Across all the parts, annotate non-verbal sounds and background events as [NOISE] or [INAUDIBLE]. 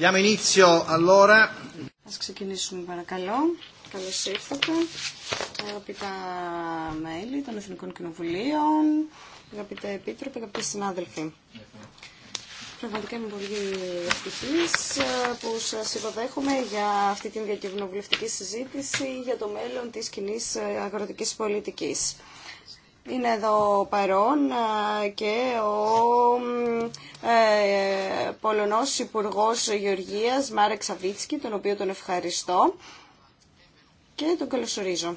Diamo inizio allora. Ας ξεκινήσουμε παρακαλώ. Καλώς ήρθατε, αγαπητά μέλη των Εθνικών Κοινοβουλίων, αγαπητά επίτροπε, αγαπητοί συνάδελφοι. Πραγματικά είμαι πολύ ευτυχής που σας υποδέχομαι για αυτή την διακοινοβουλευτική συζήτηση για το μέλλον της κοινή αγροτικής πολιτικής είναι εδώ παρόν και ο ε, Πολωνός Υπουργός Γεωργίας Μάρεξ τον οποίο τον ευχαριστώ και τον καλωσορίζω.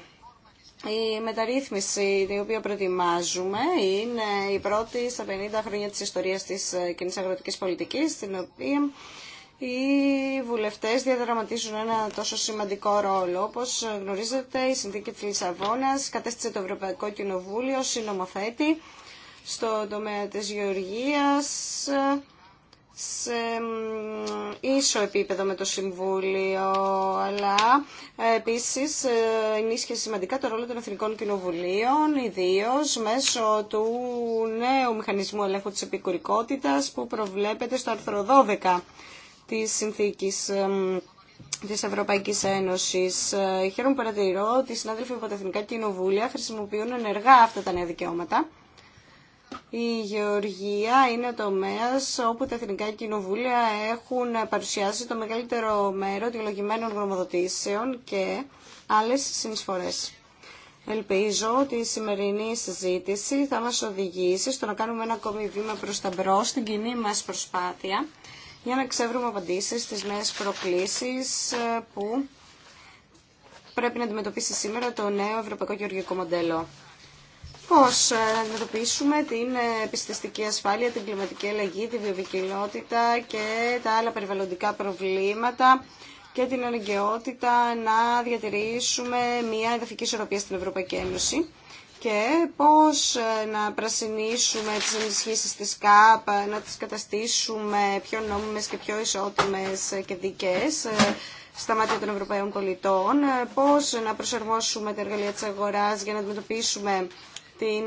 Η μεταρρύθμιση την οποία προετοιμάζουμε είναι η πρώτη στα 50 χρόνια της ιστορίας της ε, κοινή αγροτικής πολιτικής, την οποία οι βουλευτές διαδραματίζουν ένα τόσο σημαντικό ρόλο. Όπως γνωρίζετε, η Συνθήκη της Λισαβόνας κατέστησε το Ευρωπαϊκό Κοινοβούλιο συνομοθέτη στο τομέα της γεωργίας σε ίσο επίπεδο με το Συμβούλιο, αλλά επίσης ε, ενίσχυε σημαντικά το ρόλο των Εθνικών Κοινοβουλίων, ιδίως μέσω του νέου μηχανισμού ελέγχου της επικουρικότητας που προβλέπεται στο άρθρο 12 της συνθήκης της Ευρωπαϊκής Ένωσης. Ε, χαίρομαι παρατηρώ ότι οι συνάδελφοι από τα Εθνικά Κοινοβούλια χρησιμοποιούν ενεργά αυτά τα νέα δικαιώματα. Η γεωργία είναι ο τομέας όπου τα Εθνικά Κοινοβούλια έχουν παρουσιάσει το μεγαλύτερο μέρο διολογημένων γνωμοδοτήσεων και άλλες συνεισφορές. Ελπίζω ότι η σημερινή συζήτηση θα μας οδηγήσει στο να κάνουμε ένα ακόμη βήμα προς τα μπρος στην κοινή μας προσπάθεια για να ξεύρουμε απαντήσεις στις νέες προκλήσεις ε, που πρέπει να αντιμετωπίσει σήμερα το νέο ευρωπαϊκό γεωργικό μοντέλο. Πώς ε, να αντιμετωπίσουμε την ε, επιστηστική ασφάλεια, την κλιματική αλλαγή, τη βιοβικιλότητα και τα άλλα περιβαλλοντικά προβλήματα και την αναγκαιότητα να διατηρήσουμε μια εδαφική ισορροπία στην Ευρωπαϊκή Ένωση και πώς ε, να πρασινίσουμε τις ενισχύσει της ΚΑΠ, ε, να τις καταστήσουμε πιο νόμιμες και πιο ισότιμες ε, και δικές στα μάτια των Ευρωπαίων πολιτών, πώς να προσαρμόσουμε τα εργαλεία της αγοράς για να αντιμετωπίσουμε την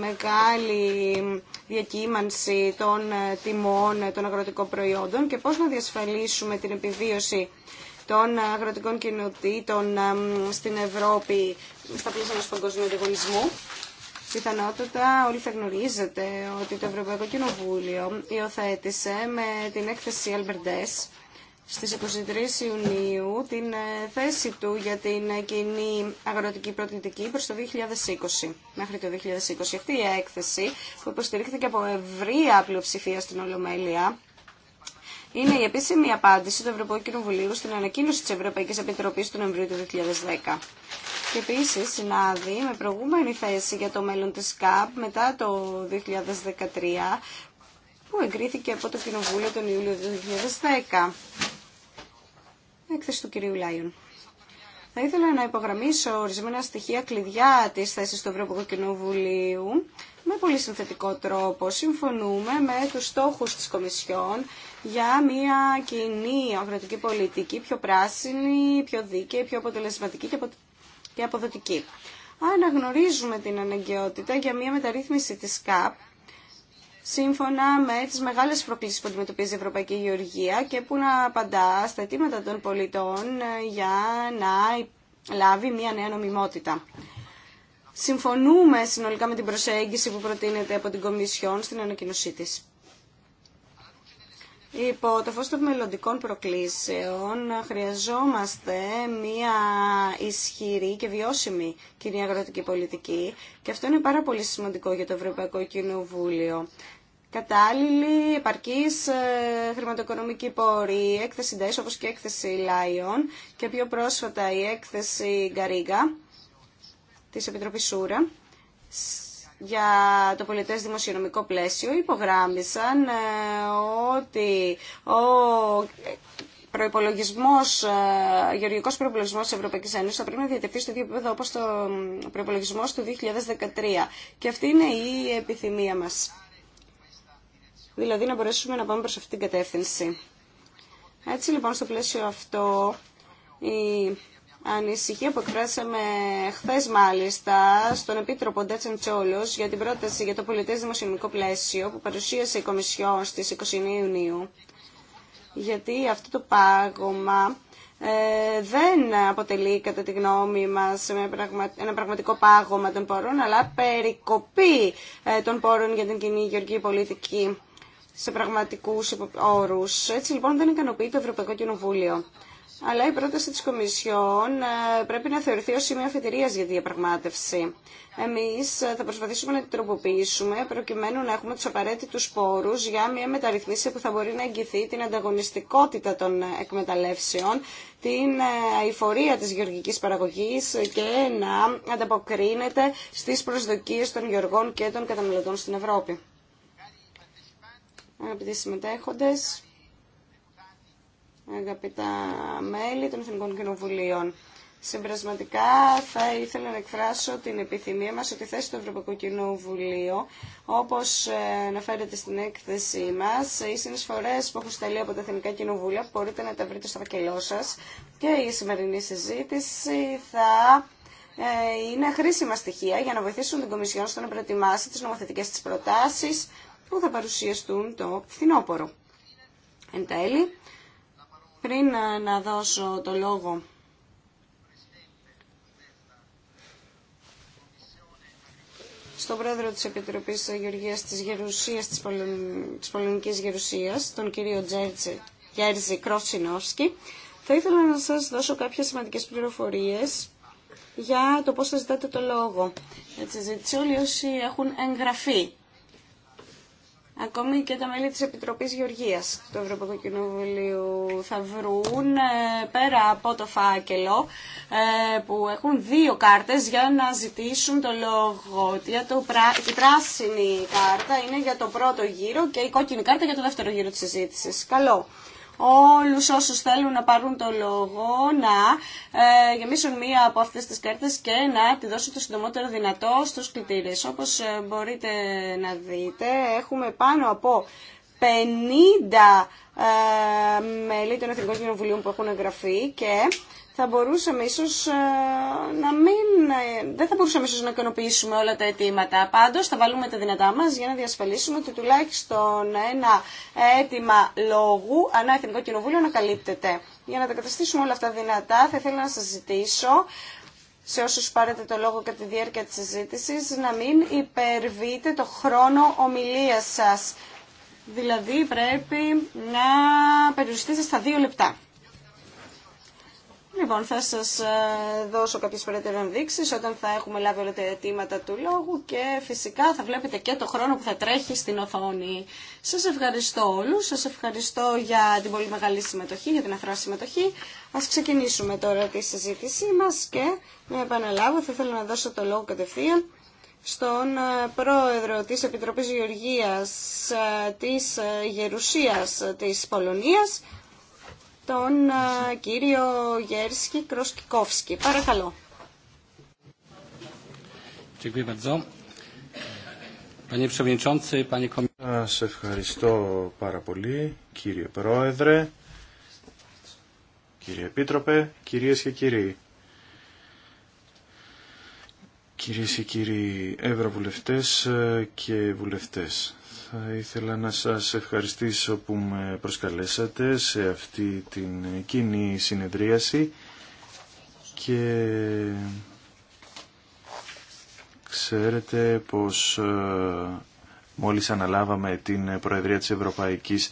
μεγάλη διακύμανση των τιμών των αγροτικών προϊόντων και πώς να διασφαλίσουμε την επιβίωση των αγροτικών κοινοτήτων ε, στην Ευρώπη στα πλαίσια ενός παγκοσμίου ανταγωνισμού. Πιθανότατα όλοι θα γνωρίζετε ότι το Ευρωπαϊκό Κοινοβούλιο υιοθέτησε με την έκθεση Αλμπερντές στις 23 Ιουνίου την ε, θέση του για την ε, κοινή αγροτική προτιμητική προς το 2020, μέχρι το 2020. Αυτή η έκθεση που υποστηρίχθηκε από ευρία πλειοψηφία στην Ολομέλεια είναι η επίσημη απάντηση του Ευρωπαϊκού Κοινοβουλίου στην ανακοίνωση της Ευρωπαϊκή Επιτροπή του Νοεμβρίου του 2010. Και επίση συνάδει με προηγούμενη θέση για το μέλλον τη ΚΑΠ μετά το 2013 που εγκρίθηκε από το Κοινοβούλιο τον Ιούλιο του 2010. Έκθεση του κυρίου Λάιον. Θα ήθελα να υπογραμμίσω ορισμένα στοιχεία κλειδιά της θέσης του Ευρωπαϊκού Κοινοβουλίου με πολύ συνθετικό τρόπο. Συμφωνούμε με τους στόχους της Κομισιόν για μια κοινή αγροτική πολιτική πιο πράσινη, πιο δίκαιη, πιο αποτελεσματική και αποδοτική. Αναγνωρίζουμε την αναγκαιότητα για μια μεταρρύθμιση της ΚΑΠ σύμφωνα με τις μεγάλες προκλήσεις που αντιμετωπίζει η Ευρωπαϊκή Γεωργία και που να απαντά στα αιτήματα των πολιτών ε, για να λάβει μια νέα νομιμότητα. Συμφωνούμε συνολικά με την προσέγγιση που προτείνεται από την Κομισιόν στην ανακοινωσή της. Υπό το φως των μελλοντικών προκλήσεων χρειαζόμαστε μια ισχυρή και βιώσιμη κοινή αγροτική πολιτική και αυτό είναι πάρα πολύ σημαντικό για το Ευρωπαϊκό Κοινοβούλιο. Κατάλληλη, επαρκής ε, χρηματοοικονομική πόρη, έκθεση DES όπως και έκθεση ΛΑΙΟΝ και πιο πρόσφατα η έκθεση Γκαρίγα της Επιτροπής Σούρα για το πολιτές δημοσιονομικό πλαίσιο υπογράμμισαν ε, ότι ο προϋπολογισμός, ε, γεωργικός προϋπολογισμός της Ευρωπαϊκής Ένωσης θα πρέπει να διατεθεί στο ίδιο επίπεδο όπως το προϋπολογισμός του 2013. Και αυτή είναι η επιθυμία μας. Δηλαδή να μπορέσουμε να πάμε προς αυτήν την κατεύθυνση. Έτσι λοιπόν στο πλαίσιο αυτό η ανησυχία που εκφράσαμε χθε μάλιστα στον Επίτροπο Ντέτσεν Τσόλο για την πρόταση για το πολιτέ δημοσιονομικό πλαίσιο που παρουσίασε η Κομισιόν στι 29 Ιουνίου. Γιατί αυτό το πάγωμα ε, δεν αποτελεί κατά τη γνώμη μας ένα πραγματικό πάγωμα των πόρων, αλλά περικοπή ε, των πόρων για την κοινή γεωργική πολιτική σε πραγματικούς όρους. Έτσι λοιπόν δεν ικανοποιεί το Ευρωπαϊκό Κοινοβούλιο αλλά η πρόταση της Κομισιόν ε, πρέπει να θεωρηθεί ως σημείο αφετηρίας για διαπραγμάτευση. Εμείς ε, θα προσπαθήσουμε να την τροποποιήσουμε προκειμένου να έχουμε τους απαραίτητους πόρους για μια μεταρρυθμίση που θα μπορεί να εγγυθεί την ανταγωνιστικότητα των εκμεταλλεύσεων, την ε, αηφορία της γεωργικής παραγωγής και να ανταποκρίνεται στις προσδοκίες των γεωργών και των καταναλωτών στην Ευρώπη. Αγαπητοί συμμετέχοντες, αγαπητά μέλη των Εθνικών Κοινοβουλίων. συμπρασματικά θα ήθελα να εκφράσω την επιθυμία μας ότι η θέση του Ευρωπαϊκού Κοινοβουλίου, όπως ε, αναφέρεται στην έκθεσή μας, οι συνεισφορές που έχουν στελεί από τα Εθνικά Κοινοβούλια, μπορείτε να τα βρείτε στο φακελό σας και η σημερινή συζήτηση θα ε, είναι χρήσιμα στοιχεία για να βοηθήσουν την Κομισιόν στο να προετοιμάσει τις νομοθετικές της προτάσεις που θα παρουσιαστούν το φθινόπωρο. Εν τέλει, πριν να δώσω το λόγο στον πρόεδρο της Επιτροπής Γεωργίας της Γερουσίας, της, Πολωνικής Γερουσίας, τον κύριο Τζέρτζε Γέρζη Κροσινόφσκι, θα ήθελα να σας δώσω κάποιες σημαντικές πληροφορίες για το πώς θα ζητάτε το λόγο. Έτσι, έτσι όλοι όσοι έχουν εγγραφεί Ακόμη και τα μέλη της Επιτροπής Γεωργίας του Ευρωπαϊκού Κοινοβουλίου θα βρουν ε, πέρα από το φάκελο ε, που έχουν δύο κάρτες για να ζητήσουν το λόγο. Η πράσινη κάρτα είναι για το πρώτο γύρο και η κόκκινη κάρτα για το δεύτερο γύρο της συζήτησης. Καλό όλους όσους θέλουν να πάρουν το λόγο να ε, γεμίσουν μία από αυτές τις κάρτες και να τη δώσουν το συντομότερο δυνατό στους κλητήρες. Όπως ε, μπορείτε να δείτε έχουμε πάνω από 50 ε, μέλη των Εθνικών Κοινοβουλίων που έχουν εγγραφεί και θα μπορούσαμε ίσως ε, να μην, ε, δεν θα μπορούσαμε ίσως να ικανοποιήσουμε όλα τα αιτήματα. Πάντως θα βάλουμε τα δυνατά μας για να διασφαλίσουμε ότι τουλάχιστον ένα αίτημα λόγου ανά Εθνικό Κοινοβούλιο να καλύπτεται. Για να τα καταστήσουμε όλα αυτά δυνατά θα ήθελα να σας ζητήσω σε όσους πάρετε το λόγο κατά τη διάρκεια της συζήτηση, να μην υπερβείτε το χρόνο ομιλίας σας. Δηλαδή πρέπει να περιοριστείτε στα δύο λεπτά. Λοιπόν, θα σα ε, δώσω κάποιε περαιτέρω ενδείξεις όταν θα έχουμε λάβει όλα τα αιτήματα του λόγου και φυσικά θα βλέπετε και το χρόνο που θα τρέχει στην οθόνη. Σα ευχαριστώ όλου, σα ευχαριστώ για την πολύ μεγάλη συμμετοχή, για την αθρά συμμετοχή. Α ξεκινήσουμε τώρα τη συζήτησή μα και με επαναλάβω, θα ήθελα να δώσω το λόγο κατευθείαν στον ε, πρόεδρο της Επιτροπής Γεωργίας ε, της Γερουσίας της Πολωνίας, τον κύριο Γέρσκι Κροσκικόφσκι. Παρακαλώ. Σας ευχαριστώ πάρα πολύ κύριε Πρόεδρε, κύριε Επίτροπε, κυρίες και κύριοι. Κυρίες και κύριοι Ευρωβουλευτές ε, και Βουλευτές. Θα ήθελα να σας ευχαριστήσω που με προσκαλέσατε σε αυτή την κοινή συνεδρίαση και ξέρετε πως ε, μόλις αναλάβαμε την Προεδρία της Ευρωπαϊκής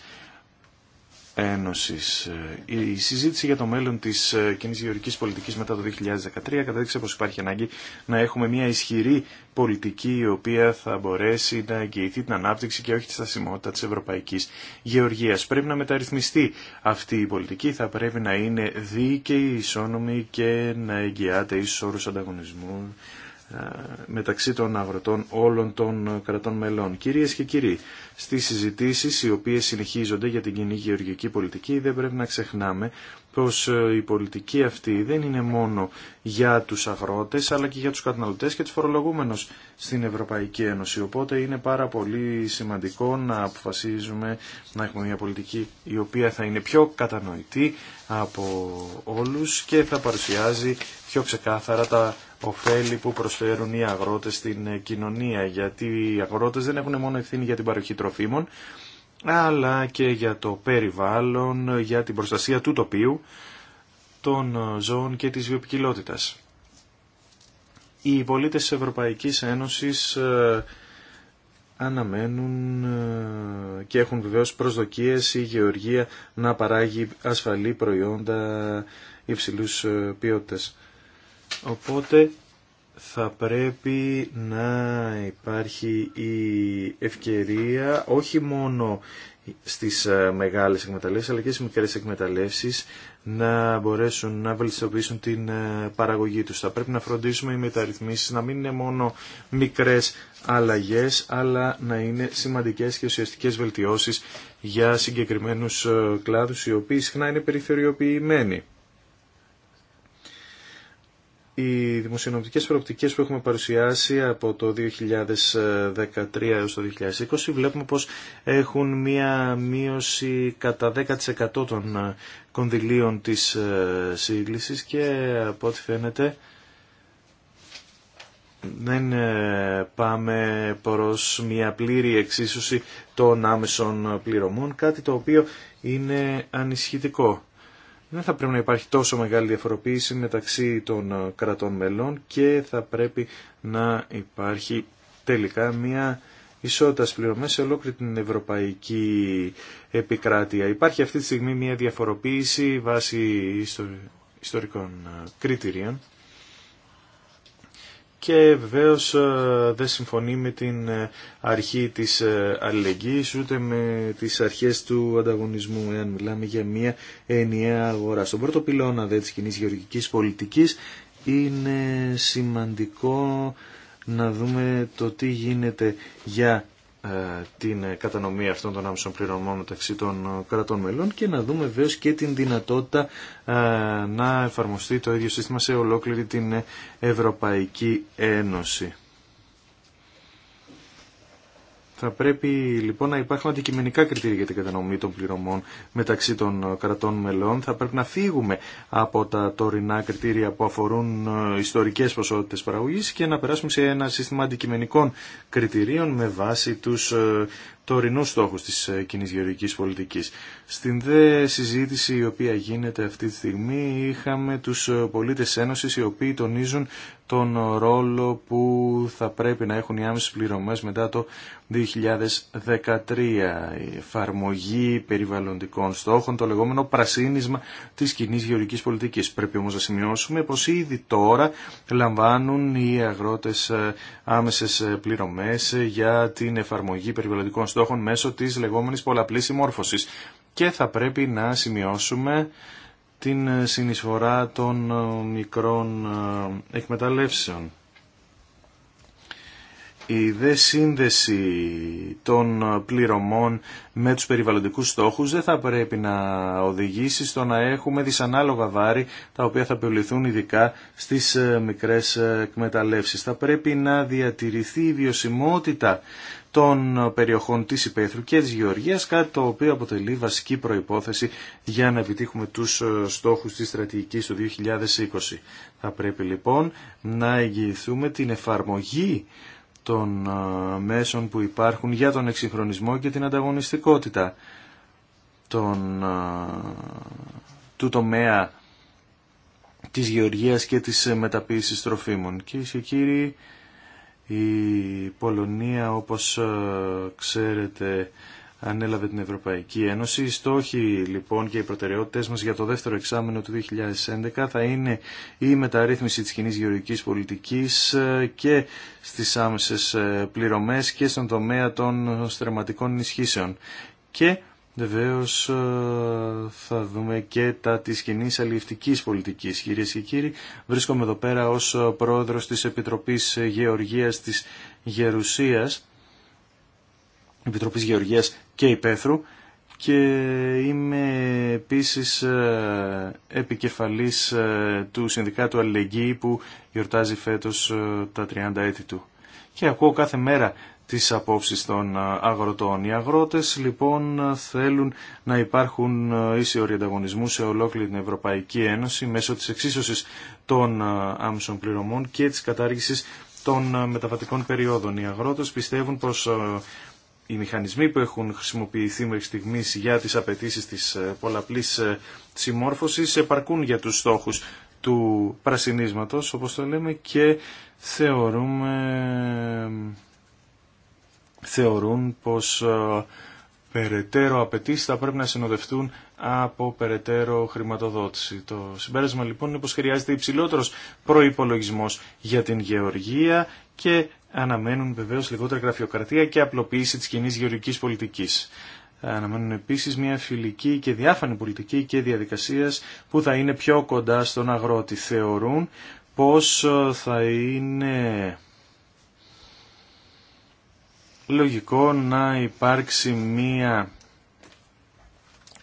ε, η συζήτηση για το μέλλον της ε, κοινή γεωργικής πολιτικής μετά το 2013 κατέδειξε πω υπάρχει ανάγκη να έχουμε μια ισχυρή πολιτική η οποία θα μπορέσει να εγγυηθεί την ανάπτυξη και όχι τη στασιμότητα της ευρωπαϊκής γεωργίας. Πρέπει να μεταρρυθμιστεί αυτή η πολιτική, θα πρέπει να είναι δίκαιη, ισόνομη και να εγγυάται ίσως όρου ανταγωνισμού μεταξύ των αγροτών όλων των κρατών μελών. Κυρίες και κύριοι, στις συζητήσεις οι οποίες συνεχίζονται για την κοινή γεωργική πολιτική δεν πρέπει να ξεχνάμε πως ε, η πολιτική αυτή δεν είναι μόνο για τους αγρότες αλλά και για τους καταναλωτές και τους φορολογούμενους στην Ευρωπαϊκή Ένωση. Οπότε είναι πάρα πολύ σημαντικό να αποφασίζουμε να έχουμε μια πολιτική η οποία θα είναι πιο κατανοητή από όλους και θα παρουσιάζει πιο ξεκάθαρα τα Οφέλη που προσφέρουν οι αγρότες στην κοινωνία, γιατί οι αγρότες δεν έχουν μόνο ευθύνη για την παροχή τροφίμων, αλλά και για το περιβάλλον, για την προστασία του τοπίου, των ζώων και της βιοποικιλότητας. Οι πολίτες της Ευρωπαϊκής Ένωσης ε, αναμένουν ε, και έχουν βεβαίως προσδοκίες η γεωργία να παράγει ασφαλή προϊόντα υψηλούς ε, ποιότητες. Οπότε θα πρέπει να υπάρχει η ευκαιρία όχι μόνο στις ε, μεγάλες εκμεταλλεύσεις αλλά και στις μικρές εκμεταλλεύσεις να μπορέσουν να βελτιστοποιήσουν την ε, παραγωγή τους. Θα πρέπει να φροντίσουμε οι μεταρρυθμίσεις να μην είναι μόνο μικρές αλλαγές αλλά να είναι σημαντικές και ουσιαστικές βελτιώσεις για συγκεκριμένους ε, κλάδους οι οποίοι συχνά είναι περιθωριοποιημένοι οι δημοσιονομικές προοπτικές που έχουμε παρουσιάσει από το 2013 έως το 2020 βλέπουμε πως έχουν μία μείωση κατά 10% των ε, κονδυλίων της ε, σύγκλησης και από ό,τι φαίνεται δεν ε, πάμε προς μια πλήρη εξίσωση των άμεσων πληρωμών, κάτι το οποίο είναι ανισχυτικό δεν θα πρέπει να υπάρχει τόσο μεγάλη διαφοροποίηση μεταξύ των ε, κρατών μελών και θα πρέπει να υπάρχει τελικά μια ισότητα πληρωμές σε ολόκληρη την ευρωπαϊκή επικράτεια. Υπάρχει αυτή τη στιγμή μια διαφοροποίηση βάσει ιστορικών ε, κριτηρίων και βεβαίως ε, δεν συμφωνεί με την ε, αρχή της ε, αλληλεγγύης ούτε με τις αρχές του ανταγωνισμού εάν μιλάμε για μια ενιαία αγορά. Στον πρώτο πυλώνα δε της κοινής γεωργικής πολιτικής είναι σημαντικό να δούμε το τι γίνεται για ε, την ε, κατανομή αυτών των άμεσων πληρωμών μεταξύ των ε, κρατών μελών και να δούμε βέβαια και την δυνατότητα να εφαρμοστεί το ίδιο σύστημα σε ολόκληρη την Ευρωπαϊκή Ένωση. Θα πρέπει λοιπόν να υπάρχουν αντικειμενικά κριτήρια για την κατανομή των πληρωμών μεταξύ των ε, κρατών μελών. Θα πρέπει να φύγουμε από τα τωρινά κριτήρια που αφορούν ε, ιστορικές ποσότητες παραγωγής και να περάσουμε σε ένα σύστημα αντικειμενικών κριτηρίων με βάση τους ε, τωρινούς στόχους της ε, κοινή γεωργικής πολιτικής. Στην δε συζήτηση η οποία γίνεται αυτή τη στιγμή είχαμε τους ε, πολίτες Ένωσης οι οποίοι τονίζουν τον ρόλο που θα πρέπει να έχουν οι άμεσες πληρωμές μετά το 2013. Η εφαρμογή περιβαλλοντικών στόχων, το λεγόμενο πρασίνισμα της κοινή γεωργικής πολιτικής. Πρέπει όμως να σημειώσουμε πως ήδη τώρα λαμβάνουν οι αγρότες ε, άμεσες πληρωμές για την εφαρμογή περιβαλλοντικών στόχων στόχων μέσω της λεγόμενης πολλαπλής συμμόρφωσης. Και θα πρέπει να σημειώσουμε την συνεισφορά των ε, μικρών ε, εκμεταλλεύσεων. Η δε σύνδεση των πληρωμών με τους περιβαλλοντικούς στόχους δεν θα πρέπει να οδηγήσει στο να έχουμε δυσανάλογα βάρη τα οποία θα επιβληθούν ειδικά στις ε, μικρές εκμεταλλεύσεις. Θα πρέπει να διατηρηθεί η βιωσιμότητα των περιοχών της υπαίθρου και της γεωργίας, κάτι το οποίο αποτελεί βασική προϋπόθεση για να επιτύχουμε τους ε, στόχους της στρατηγικής του 2020. Θα πρέπει λοιπόν να εγγυηθούμε την εφαρμογή των ε, μέσων που υπάρχουν για τον εξυγχρονισμό και την ανταγωνιστικότητα των, ε, του τομέα της γεωργίας και της μεταποίησης τροφίμων. και κύριοι, η Πολωνία, όπως ε, ξέρετε, ανέλαβε την Ευρωπαϊκή Ένωση. Οι στόχοι λοιπόν και οι προτεραιότητες μας για το δεύτερο εξάμενο του 2011 θα είναι η μεταρρύθμιση της κοινή γεωργικής πολιτικής ε, και στις άμεσες ε, πληρωμές και στον τομέα των στρεματικών ενισχύσεων. Και Βεβαίω ε, θα δούμε και τα τη κοινή αλληλευτική πολιτική Κυρίες και κύριοι, βρίσκομαι εδώ πέρα ω πρόεδρο της Επιτροπή Γεωργία της Γερουσίας, Επιτροπή Γεωργία και Υπέθρου και είμαι επίσης ε, επικεφαλής ε, του Συνδικάτου Αλληλεγγύη που γιορτάζει φέτος τα 30 έτη του. Και ακούω κάθε μέρα τις απόψεις των ε, αγροτών. Οι αγρότες λοιπόν θέλουν να υπάρχουν ε, ίσοι όροι ανταγωνισμού σε ολόκληρη την Ευρωπαϊκή Ένωση μέσω της εξίσωσης των ε, άμεσων πληρωμών και της κατάργησης των μεταβατικών περιόδων. Οι αγρότες πιστεύουν πως οι μηχανισμοί που έχουν χρησιμοποιηθεί μέχρι στιγμή για τις απαιτήσει της πολλαπλής συμμόρφωσης επαρκούν για τους στόχους του πρασινίσματος, όπως το λέμε, και θεωρούμε θεωρούν πως ε, περαιτέρω απαιτήσει θα πρέπει να συνοδευτούν από περαιτέρω χρηματοδότηση. Το συμπέρασμα λοιπόν είναι πως χρειάζεται υψηλότερος προϋπολογισμός για την γεωργία και αναμένουν βεβαίως λιγότερα γραφειοκρατία και απλοποίηση της κοινή γεωργικής πολιτικής. Ε, αναμένουν επίσης μια φιλική και διάφανη πολιτική και διαδικασίας που θα είναι πιο κοντά στον αγρότη. Θεωρούν πως ε, θα είναι λογικό να υπάρξει μία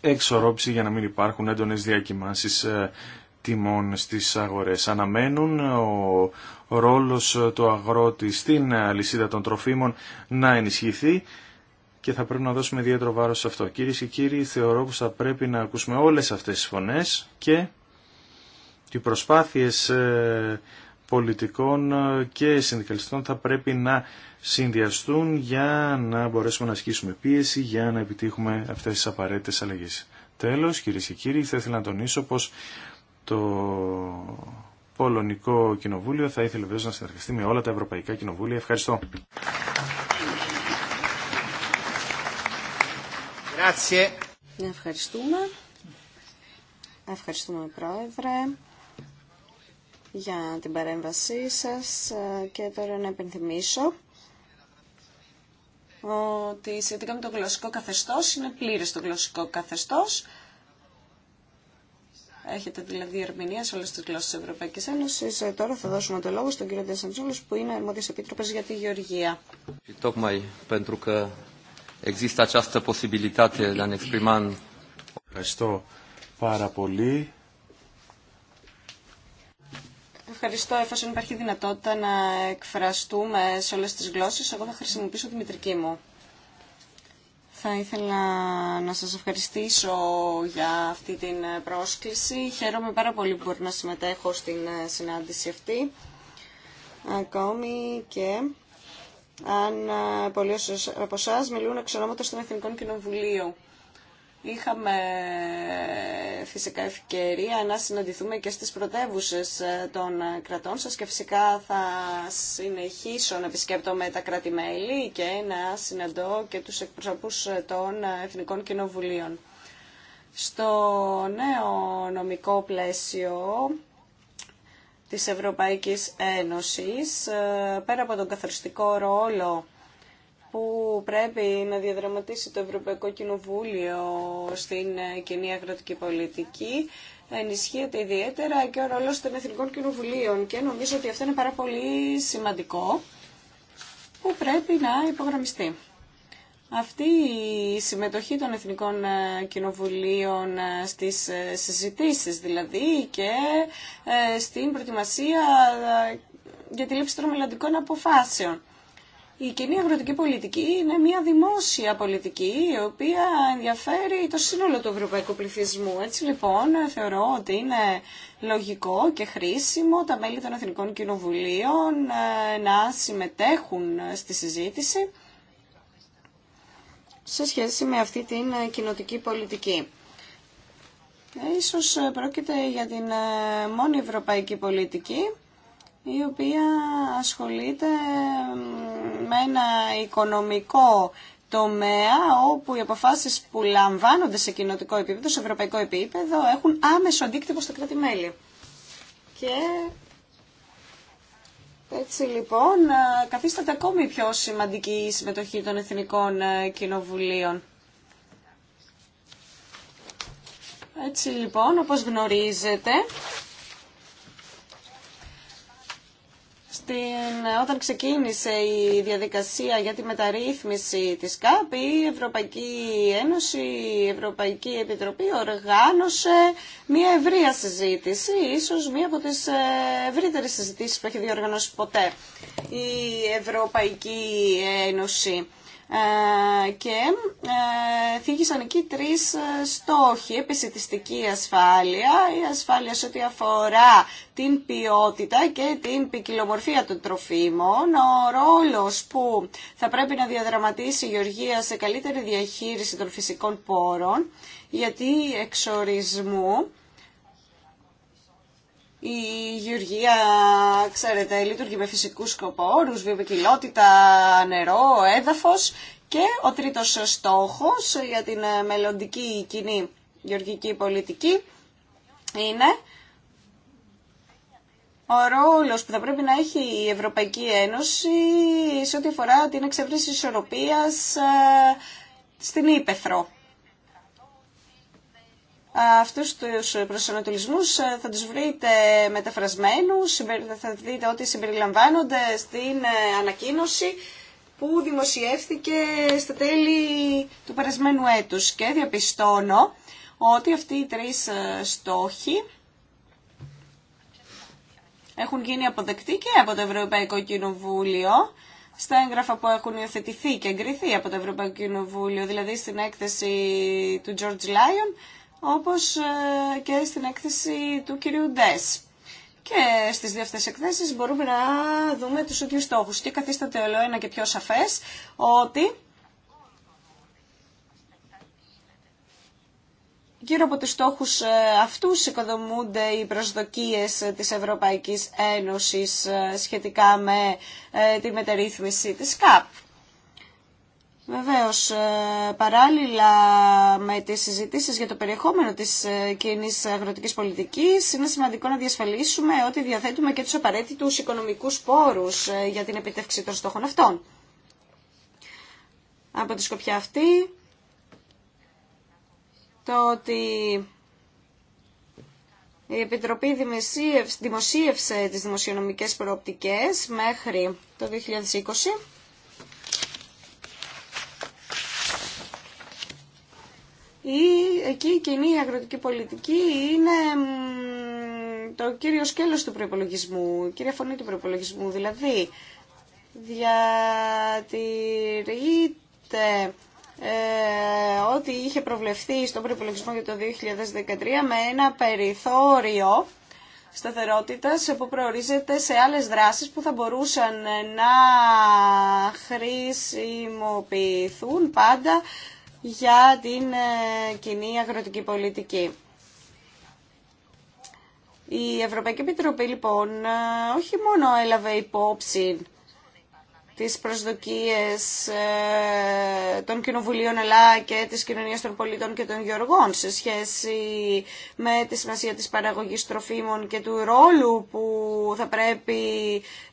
εξορόψη για να μην υπάρχουν έντονες διακοιμάνσεις ε, τιμών στις αγορές. Αναμένουν ο ρόλος του αγρότη στην αλυσίδα ε, των τροφίμων να ενισχυθεί και θα πρέπει να δώσουμε ιδιαίτερο βάρος σε αυτό. Κυρίε και κύριοι, θεωρώ πως θα πρέπει να ακούσουμε όλες αυτές τις φωνές και οι προσπάθειες ε, πολιτικών ε, και συνδικαλιστών θα πρέπει να συνδυαστούν για να μπορέσουμε να ασκήσουμε πίεση για να επιτύχουμε αυτές τις απαραίτητες αλλαγές. Τέλος, κυρίε και κύριοι, θα ήθελα να τονίσω πως το Πολωνικό Κοινοβούλιο θα ήθελε βέβαια να συνεργαστεί με όλα τα Ευρωπαϊκά Κοινοβούλια. Ευχαριστώ. Ευχαριστούμε. Ευχαριστούμε, Πρόεδρε για την παρέμβασή σας ε, και τώρα να επενθυμίσω ότι σχετικά με το γλωσσικό καθεστώς είναι πλήρες το γλωσσικό καθεστώς. Έχετε δηλαδή ερμηνεία σε όλες τις γλώσσες της Ευρωπαϊκής Ένωσης. Ε, τώρα θα δώσουμε το λόγο στον κύριο Ντεσαντζούλος που είναι αρμόδιος επίτροπο για τη Γεωργία. Ευχαριστώ πάρα πολύ ευχαριστώ εφόσον υπάρχει δυνατότητα να εκφραστούμε σε όλες τις γλώσσες. Εγώ θα χρησιμοποιήσω τη μητρική μου. Θα ήθελα να σας ευχαριστήσω για αυτή την πρόσκληση. Χαίρομαι πάρα πολύ που μπορώ να συμμετέχω στην συνάντηση αυτή. Ακόμη και αν ε, πολλοί από εσά μιλούν εξ ονόματος των Εθνικών Κοινοβουλίων. Είχαμε ε, φυσικά ευκαιρία να συναντηθούμε και στις πρωτεύουσε ε, των ε, κρατών σας και φυσικά θα συνεχίσω να επισκέπτομαι τα κράτη-μέλη και να συναντώ και τους εκπροσωπούς των Εθνικών Κοινοβουλίων. Στο νέο νομικό πλαίσιο της Ευρωπαϊκής Ένωσης, πέρα από τον καθοριστικό ρόλο που πρέπει να διαδραματίσει το Ευρωπαϊκό Κοινοβούλιο στην κοινή αγροτική πολιτική ενισχύεται ιδιαίτερα και ο ρόλος των Εθνικών Κοινοβουλίων και νομίζω ότι αυτό είναι πάρα πολύ σημαντικό που πρέπει να υπογραμμιστεί. Αυτή η συμμετοχή των Εθνικών Κοινοβουλίων στις συζητήσεις δηλαδή και ε, στην προετοιμασία ε, για τη λήψη των μελλοντικών αποφάσεων. Η κοινή αγροτική πολιτική είναι μια δημόσια πολιτική η οποία ενδιαφέρει το σύνολο του ευρωπαϊκού πληθυσμού. Έτσι λοιπόν θεωρώ ότι είναι λογικό και χρήσιμο τα μέλη των Εθνικών Κοινοβουλίων ε, να συμμετέχουν στη συζήτηση σε σχέση με αυτή την κοινοτική πολιτική. Ε, ίσως πρόκειται για την ε, μόνη ευρωπαϊκή πολιτική η οποία ασχολείται με ένα οικονομικό τομέα όπου οι αποφάσεις που λαμβάνονται σε κοινοτικό επίπεδο, σε ευρωπαϊκό επίπεδο, έχουν άμεσο αντίκτυπο στα κράτη-μέλη. Και έτσι λοιπόν καθίσταται ακόμη πιο σημαντική η συμμετοχή των εθνικών κοινοβουλίων. Έτσι λοιπόν, όπως γνωρίζετε, όταν ξεκίνησε η διαδικασία για τη μεταρρύθμιση της ΚΑΠ, η Ευρωπαϊκή Ένωση, η Ευρωπαϊκή Επιτροπή οργάνωσε μια ευρεία συζήτηση, ίσως μια από τις ε, ευρύτερες συζητήσεις που έχει διοργανώσει ποτέ η Ευρωπαϊκή Ένωση. Ε, και ε, θίγησαν εκεί τρεις ε, στόχοι. Επισητιστική ασφάλεια, η ασφάλεια σε ό,τι αφορά την ποιότητα και την ποικιλομορφία των τροφίμων, ο ρόλος που θα πρέπει να διαδραματίσει η Γεωργία σε καλύτερη διαχείριση των φυσικών πόρων, γιατί εξορισμού η γεωργία, ξέρετε, λειτουργεί με φυσικούς σκοπόρους, βιοποικιλότητα, νερό, έδαφος και ο τρίτος στόχος για την ε, μελλοντική κοινή γεωργική πολιτική είναι ο ρόλος που θα πρέπει να έχει η Ευρωπαϊκή Ένωση σε ό,τι αφορά την εξεύρυνση ισορροπίας ε, στην Ήπεθρο αυτούς τους προσανατολισμούς ε, θα τους βρείτε μεταφρασμένους, θα δείτε ότι συμπεριλαμβάνονται στην ε, ανακοίνωση που δημοσιεύθηκε στα τέλη του περασμένου έτους και διαπιστώνω ότι αυτοί οι τρεις ε, στόχοι έχουν γίνει αποδεκτοί και από το Ευρωπαϊκό Κοινοβούλιο στα έγγραφα που έχουν υιοθετηθεί και εγκριθεί από το Ευρωπαϊκό Κοινοβούλιο, δηλαδή στην έκθεση του George Lyon όπως ε, και στην έκθεση του κυρίου Ντες. Και στις δύο αυτές εκθέσεις μπορούμε να δούμε τους ίδιους στόχους. Και καθίσταται όλο ένα και πιο σαφές ότι γύρω από τους στόχους ε, αυτούς οικοδομούνται οι προσδοκίες ε, της Ευρωπαϊκής Ένωσης σχετικά με τη μεταρρύθμιση της ΚΑΠ. Βεβαίως, ε, παράλληλα με τις συζητήσεις για το περιεχόμενο της ε, κοινή αγροτικής πολιτικής, είναι σημαντικό να διασφαλίσουμε ότι διαθέτουμε και τους απαραίτητους οικονομικούς πόρους ε, για την επιτεύξη των στόχων αυτών. Από τη σκοπιά αυτή, το ότι η Επιτροπή δημοσίευσε τις δημοσιονομικές προοπτικές μέχρι το 2020, ή εκεί η κοινή αγροτική πολιτική είναι το κύριο σκέλος του προϋπολογισμού, η κυρία φωνή του προϋπολογισμού, δηλαδή διατηρείται ε, ότι είχε προβλεφθεί στον προϋπολογισμό για το 2013 με ένα περιθώριο σταθερότητας που προορίζεται σε άλλες δράσεις που θα μπορούσαν να χρησιμοποιηθούν πάντα για την ε, κοινή αγροτική πολιτική. Η Ευρωπαϊκή Επιτροπή λοιπόν ε, όχι μόνο έλαβε υπόψη τις προσδοκίες ε, των κοινοβουλίων αλλά και της κοινωνίας των πολιτών και των γεωργών σε σχέση με τη σημασία της παραγωγής τροφίμων και του ρόλου που θα πρέπει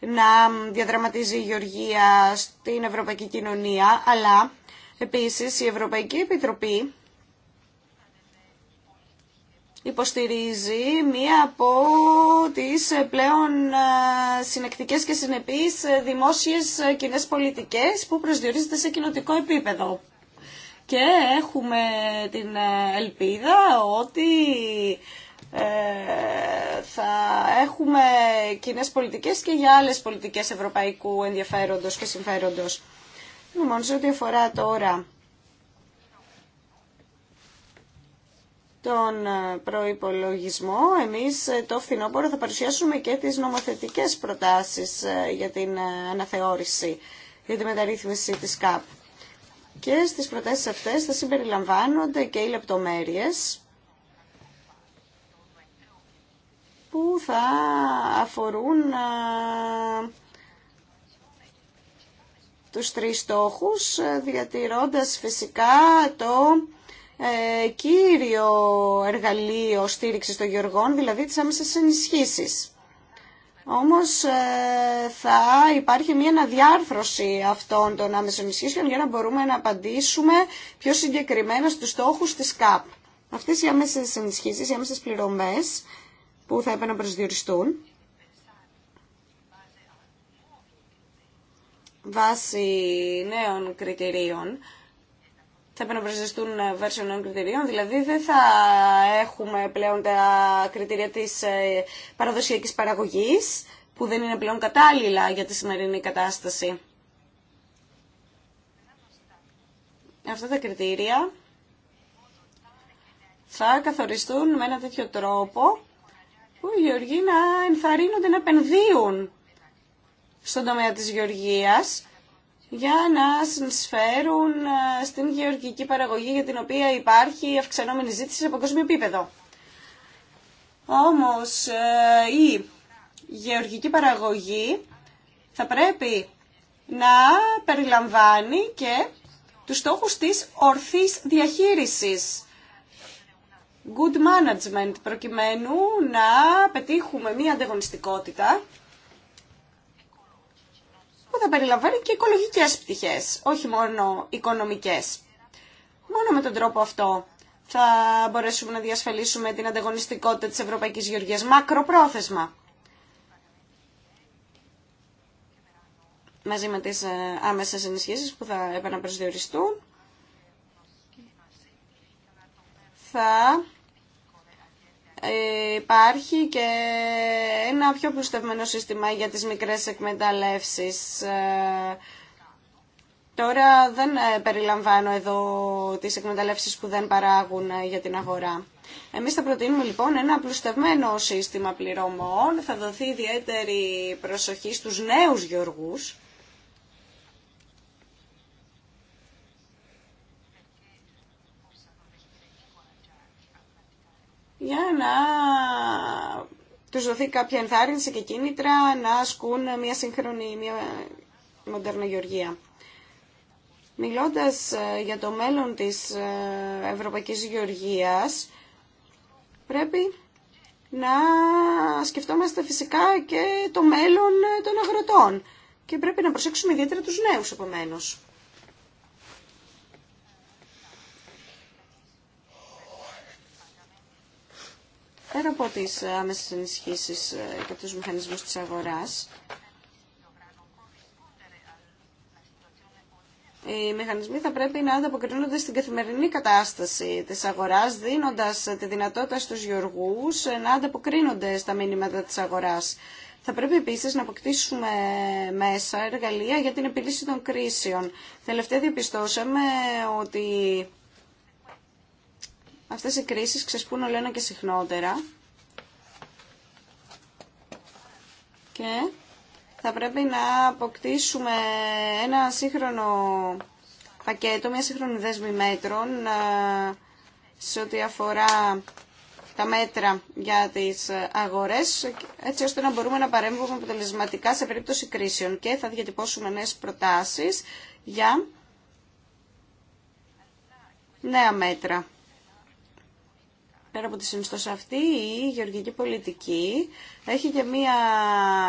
να διαδραματίζει η γεωργία στην ευρωπαϊκή κοινωνία αλλά Επίσης, η Ευρωπαϊκή Επιτροπή υποστηρίζει μία από τις πλέον ε, συνεκτικές και συνεπείς ε, δημόσιες ε, κοινέ πολιτικές που προσδιορίζεται σε κοινοτικό επίπεδο. Και έχουμε την ελπίδα ότι θα έχουμε κοινέ πολιτικές και για άλλες πολιτικές ευρωπαϊκού ενδιαφέροντος και συμφέροντος. Λοιπόν, σε ό,τι αφορά τώρα τον ε, προϋπολογισμό, εμείς ε, το φθινόπωρο θα παρουσιάσουμε και τις νομοθετικές προτάσεις ε, για την αναθεώρηση, για τη μεταρρύθμιση της ΚΑΠ. Και στις προτάσεις αυτές θα συμπεριλαμβάνονται και οι λεπτομέρειες που θα αφορούν τους τρεις στόχους, ε, διατηρώντας φυσικά το ε, κύριο εργαλείο στήριξης των γεωργών, δηλαδή τις άμεσες ενισχύσεις. Όμως ε, θα υπάρχει μια αναδιάρθρωση αυτών των άμεσων ενισχύσεων για να μπορούμε να απαντήσουμε πιο συγκεκριμένα στους στόχους της ΚΑΠ. Αυτές οι άμεσες ενισχύσεις, οι άμεσες πληρωμές που θα έπρεπε προσδιοριστούν, βάσει νέων κριτηρίων. Θα πρέπει να βάσει νέων κριτηρίων, δηλαδή δεν θα έχουμε πλέον τα κριτήρια της ε, παραδοσιακής παραγωγής, που δεν είναι πλέον κατάλληλα για τη σημερινή κατάσταση. Αυτά τα κριτήρια θα καθοριστούν με ένα τέτοιο τρόπο που οι γεωργοί να ενθαρρύνονται να επενδύουν στον τομέα της γεωργίας για να συνεισφέρουν ε, στην γεωργική παραγωγή για την οποία υπάρχει αυξανόμενη ζήτηση σε παγκόσμιο επίπεδο. Όμως ε, η γεωργική παραγωγή θα πρέπει να περιλαμβάνει και τους στόχους της ορθής διαχείρισης good management προκειμένου να πετύχουμε μία ανταγωνιστικότητα που θα περιλαμβάνει και οικολογικές πτυχές, όχι μόνο οικονομικές. Μόνο με τον τρόπο αυτό θα μπορέσουμε να διασφαλίσουμε την ανταγωνιστικότητα της Ευρωπαϊκής Γεωργίας μακροπρόθεσμα. Μαζί με τις ε, άμεσες ενισχύσεις που θα επαναπροσδιοριστούν, θα υπάρχει και ένα πιο προστευμένο σύστημα για τις μικρές εκμεταλλεύσεις. Ε, τώρα δεν ε, περιλαμβάνω εδώ τις εκμεταλλεύσεις που δεν παράγουν ε, για την αγορά. Εμείς θα προτείνουμε λοιπόν ένα απλουστευμένο σύστημα πληρωμών, θα δοθεί ιδιαίτερη προσοχή στους νέους γεωργούς, για να τους δοθεί κάποια ενθάρρυνση και κίνητρα να ασκούν μια σύγχρονη, μια μοντέρνα γεωργία. Μιλώντας ε, για το μέλλον της ε, Ευρωπαϊκής Γεωργίας, πρέπει να σκεφτόμαστε φυσικά και το μέλλον ε, των αγροτών και πρέπει να προσέξουμε ιδιαίτερα τους νέους επομένως. Πέρα από τις άμεσες ενισχύσεις ε, και τους μηχανισμούς της αγοράς, οι μηχανισμοί θα πρέπει να ανταποκρίνονται στην καθημερινή κατάσταση της αγοράς, δίνοντας τη δυνατότητα στους γεωργούς ε, να ανταποκρίνονται στα μήνυματα της αγοράς. Θα πρέπει επίσης να αποκτήσουμε μέσα εργαλεία για την επιλύση των κρίσεων. Τελευταία διαπιστώσαμε ότι Αυτές οι κρίσεις ξεσπούν όλο ένα και συχνότερα και θα πρέπει να αποκτήσουμε ένα σύγχρονο πακέτο, μια σύγχρονη δέσμη μέτρων ε, σε ό,τι αφορά τα μέτρα για τις αγορές, έτσι ώστε να μπορούμε να παρέμβουμε αποτελεσματικά σε περίπτωση κρίσεων και θα διατυπώσουμε νέες προτάσεις για νέα μέτρα. Πέρα από τη συνιστόσα αυτή, η γεωργική πολιτική έχει και μία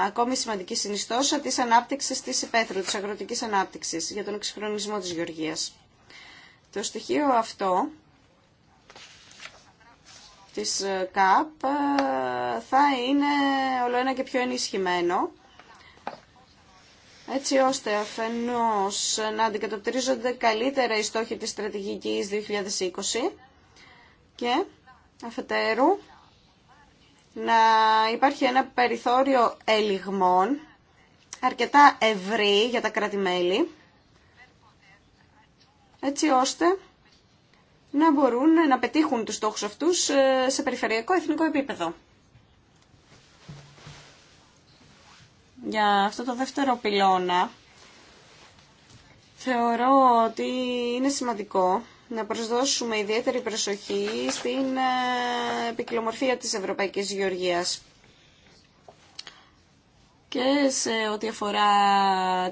ακόμη σημαντική συνιστόσα της ανάπτυξης της υπαίθρου, της αγροτικής ανάπτυξης για τον εξυγχρονισμό της γεωργίας. Το στοιχείο αυτό της ε, ΚΑΠ ε, θα είναι όλο ένα και πιο ενισχυμένο έτσι ώστε αφενός να αντικατοπτρίζονται καλύτερα οι στόχοι της στρατηγικής 2020 και αφετέρου να υπάρχει ένα περιθώριο ελιγμών αρκετά ευρύ για τα κράτη-μέλη έτσι ώστε να μπορούν να πετύχουν τους στόχους αυτούς ε, σε περιφερειακό εθνικό επίπεδο. Για αυτό το δεύτερο πυλώνα θεωρώ ότι είναι σημαντικό να προσδώσουμε ιδιαίτερη προσοχή στην επικλομορφία της Ευρωπαϊκής Γεωργίας και σε ό,τι αφορά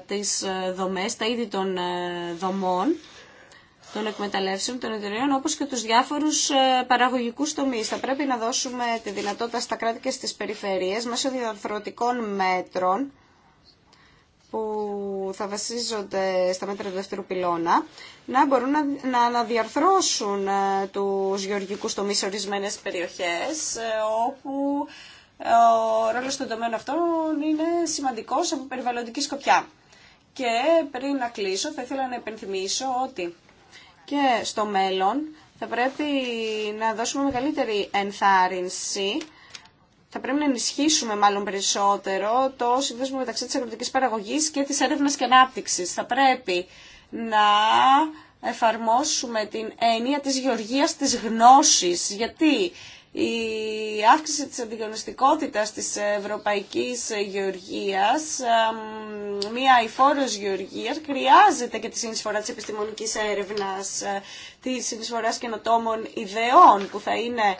τις ε, δομές, τα είδη των ε, δομών, των εκμεταλλεύσεων των εταιρεών, όπως και τους διάφορους ε, παραγωγικούς τομείς. Θα πρέπει να δώσουμε τη δυνατότητα στα κράτη και στις περιφέρειες μέσω διαφορετικών μέτρων που θα βασίζονται στα μέτρα του δεύτερου πυλώνα να μπορούν να, να αναδιαρθρώσουν ε, τους γεωργικούς τομείς σε ορισμένες περιοχές ε, όπου ε, ο ρόλος των τομέων αυτών είναι σημαντικός από περιβαλλοντική σκοπιά. Και πριν να κλείσω θα ήθελα να επενθυμίσω ότι και στο μέλλον θα πρέπει να δώσουμε μεγαλύτερη ενθάρρυνση θα πρέπει να ενισχύσουμε μάλλον περισσότερο το συνδέσμο μεταξύ της αγροτικής παραγωγής και της έρευνας και ανάπτυξης. Θα πρέπει να εφαρμόσουμε την έννοια της γεωργίας της γνώσης, γιατί η αύξηση της αντιγνωστικότητας της ευρωπαϊκής γεωργίας, μια αηφόρος γεωργία, χρειάζεται και τη συνεισφορά της επιστημονικής έρευνας, ε, τη συνεισφοράς καινοτόμων ιδεών που θα είναι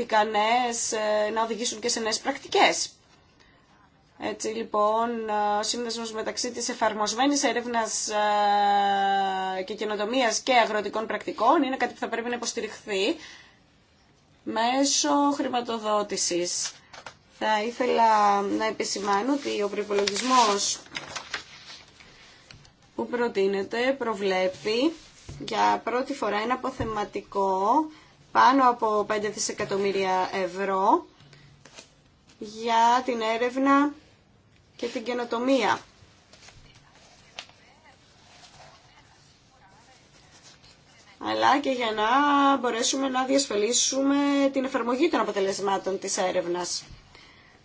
ικανές ε, να οδηγήσουν και σε νέες πρακτικές. Έτσι λοιπόν, ε, ο σύνδεσμος μεταξύ της εφαρμοσμένης έρευνας ε, και καινοτομίας και αγροτικών πρακτικών είναι κάτι που θα πρέπει να υποστηριχθεί μέσω χρηματοδότησης. Θα ήθελα να επισημάνω ότι ο προπολογισμό που προτείνεται προβλέπει για πρώτη φορά ένα αποθεματικό πάνω από 5 δισεκατομμύρια ευρώ για την έρευνα και την καινοτομία. αλλά και για να μπορέσουμε να διασφαλίσουμε την εφαρμογή των αποτελεσμάτων της έρευνας.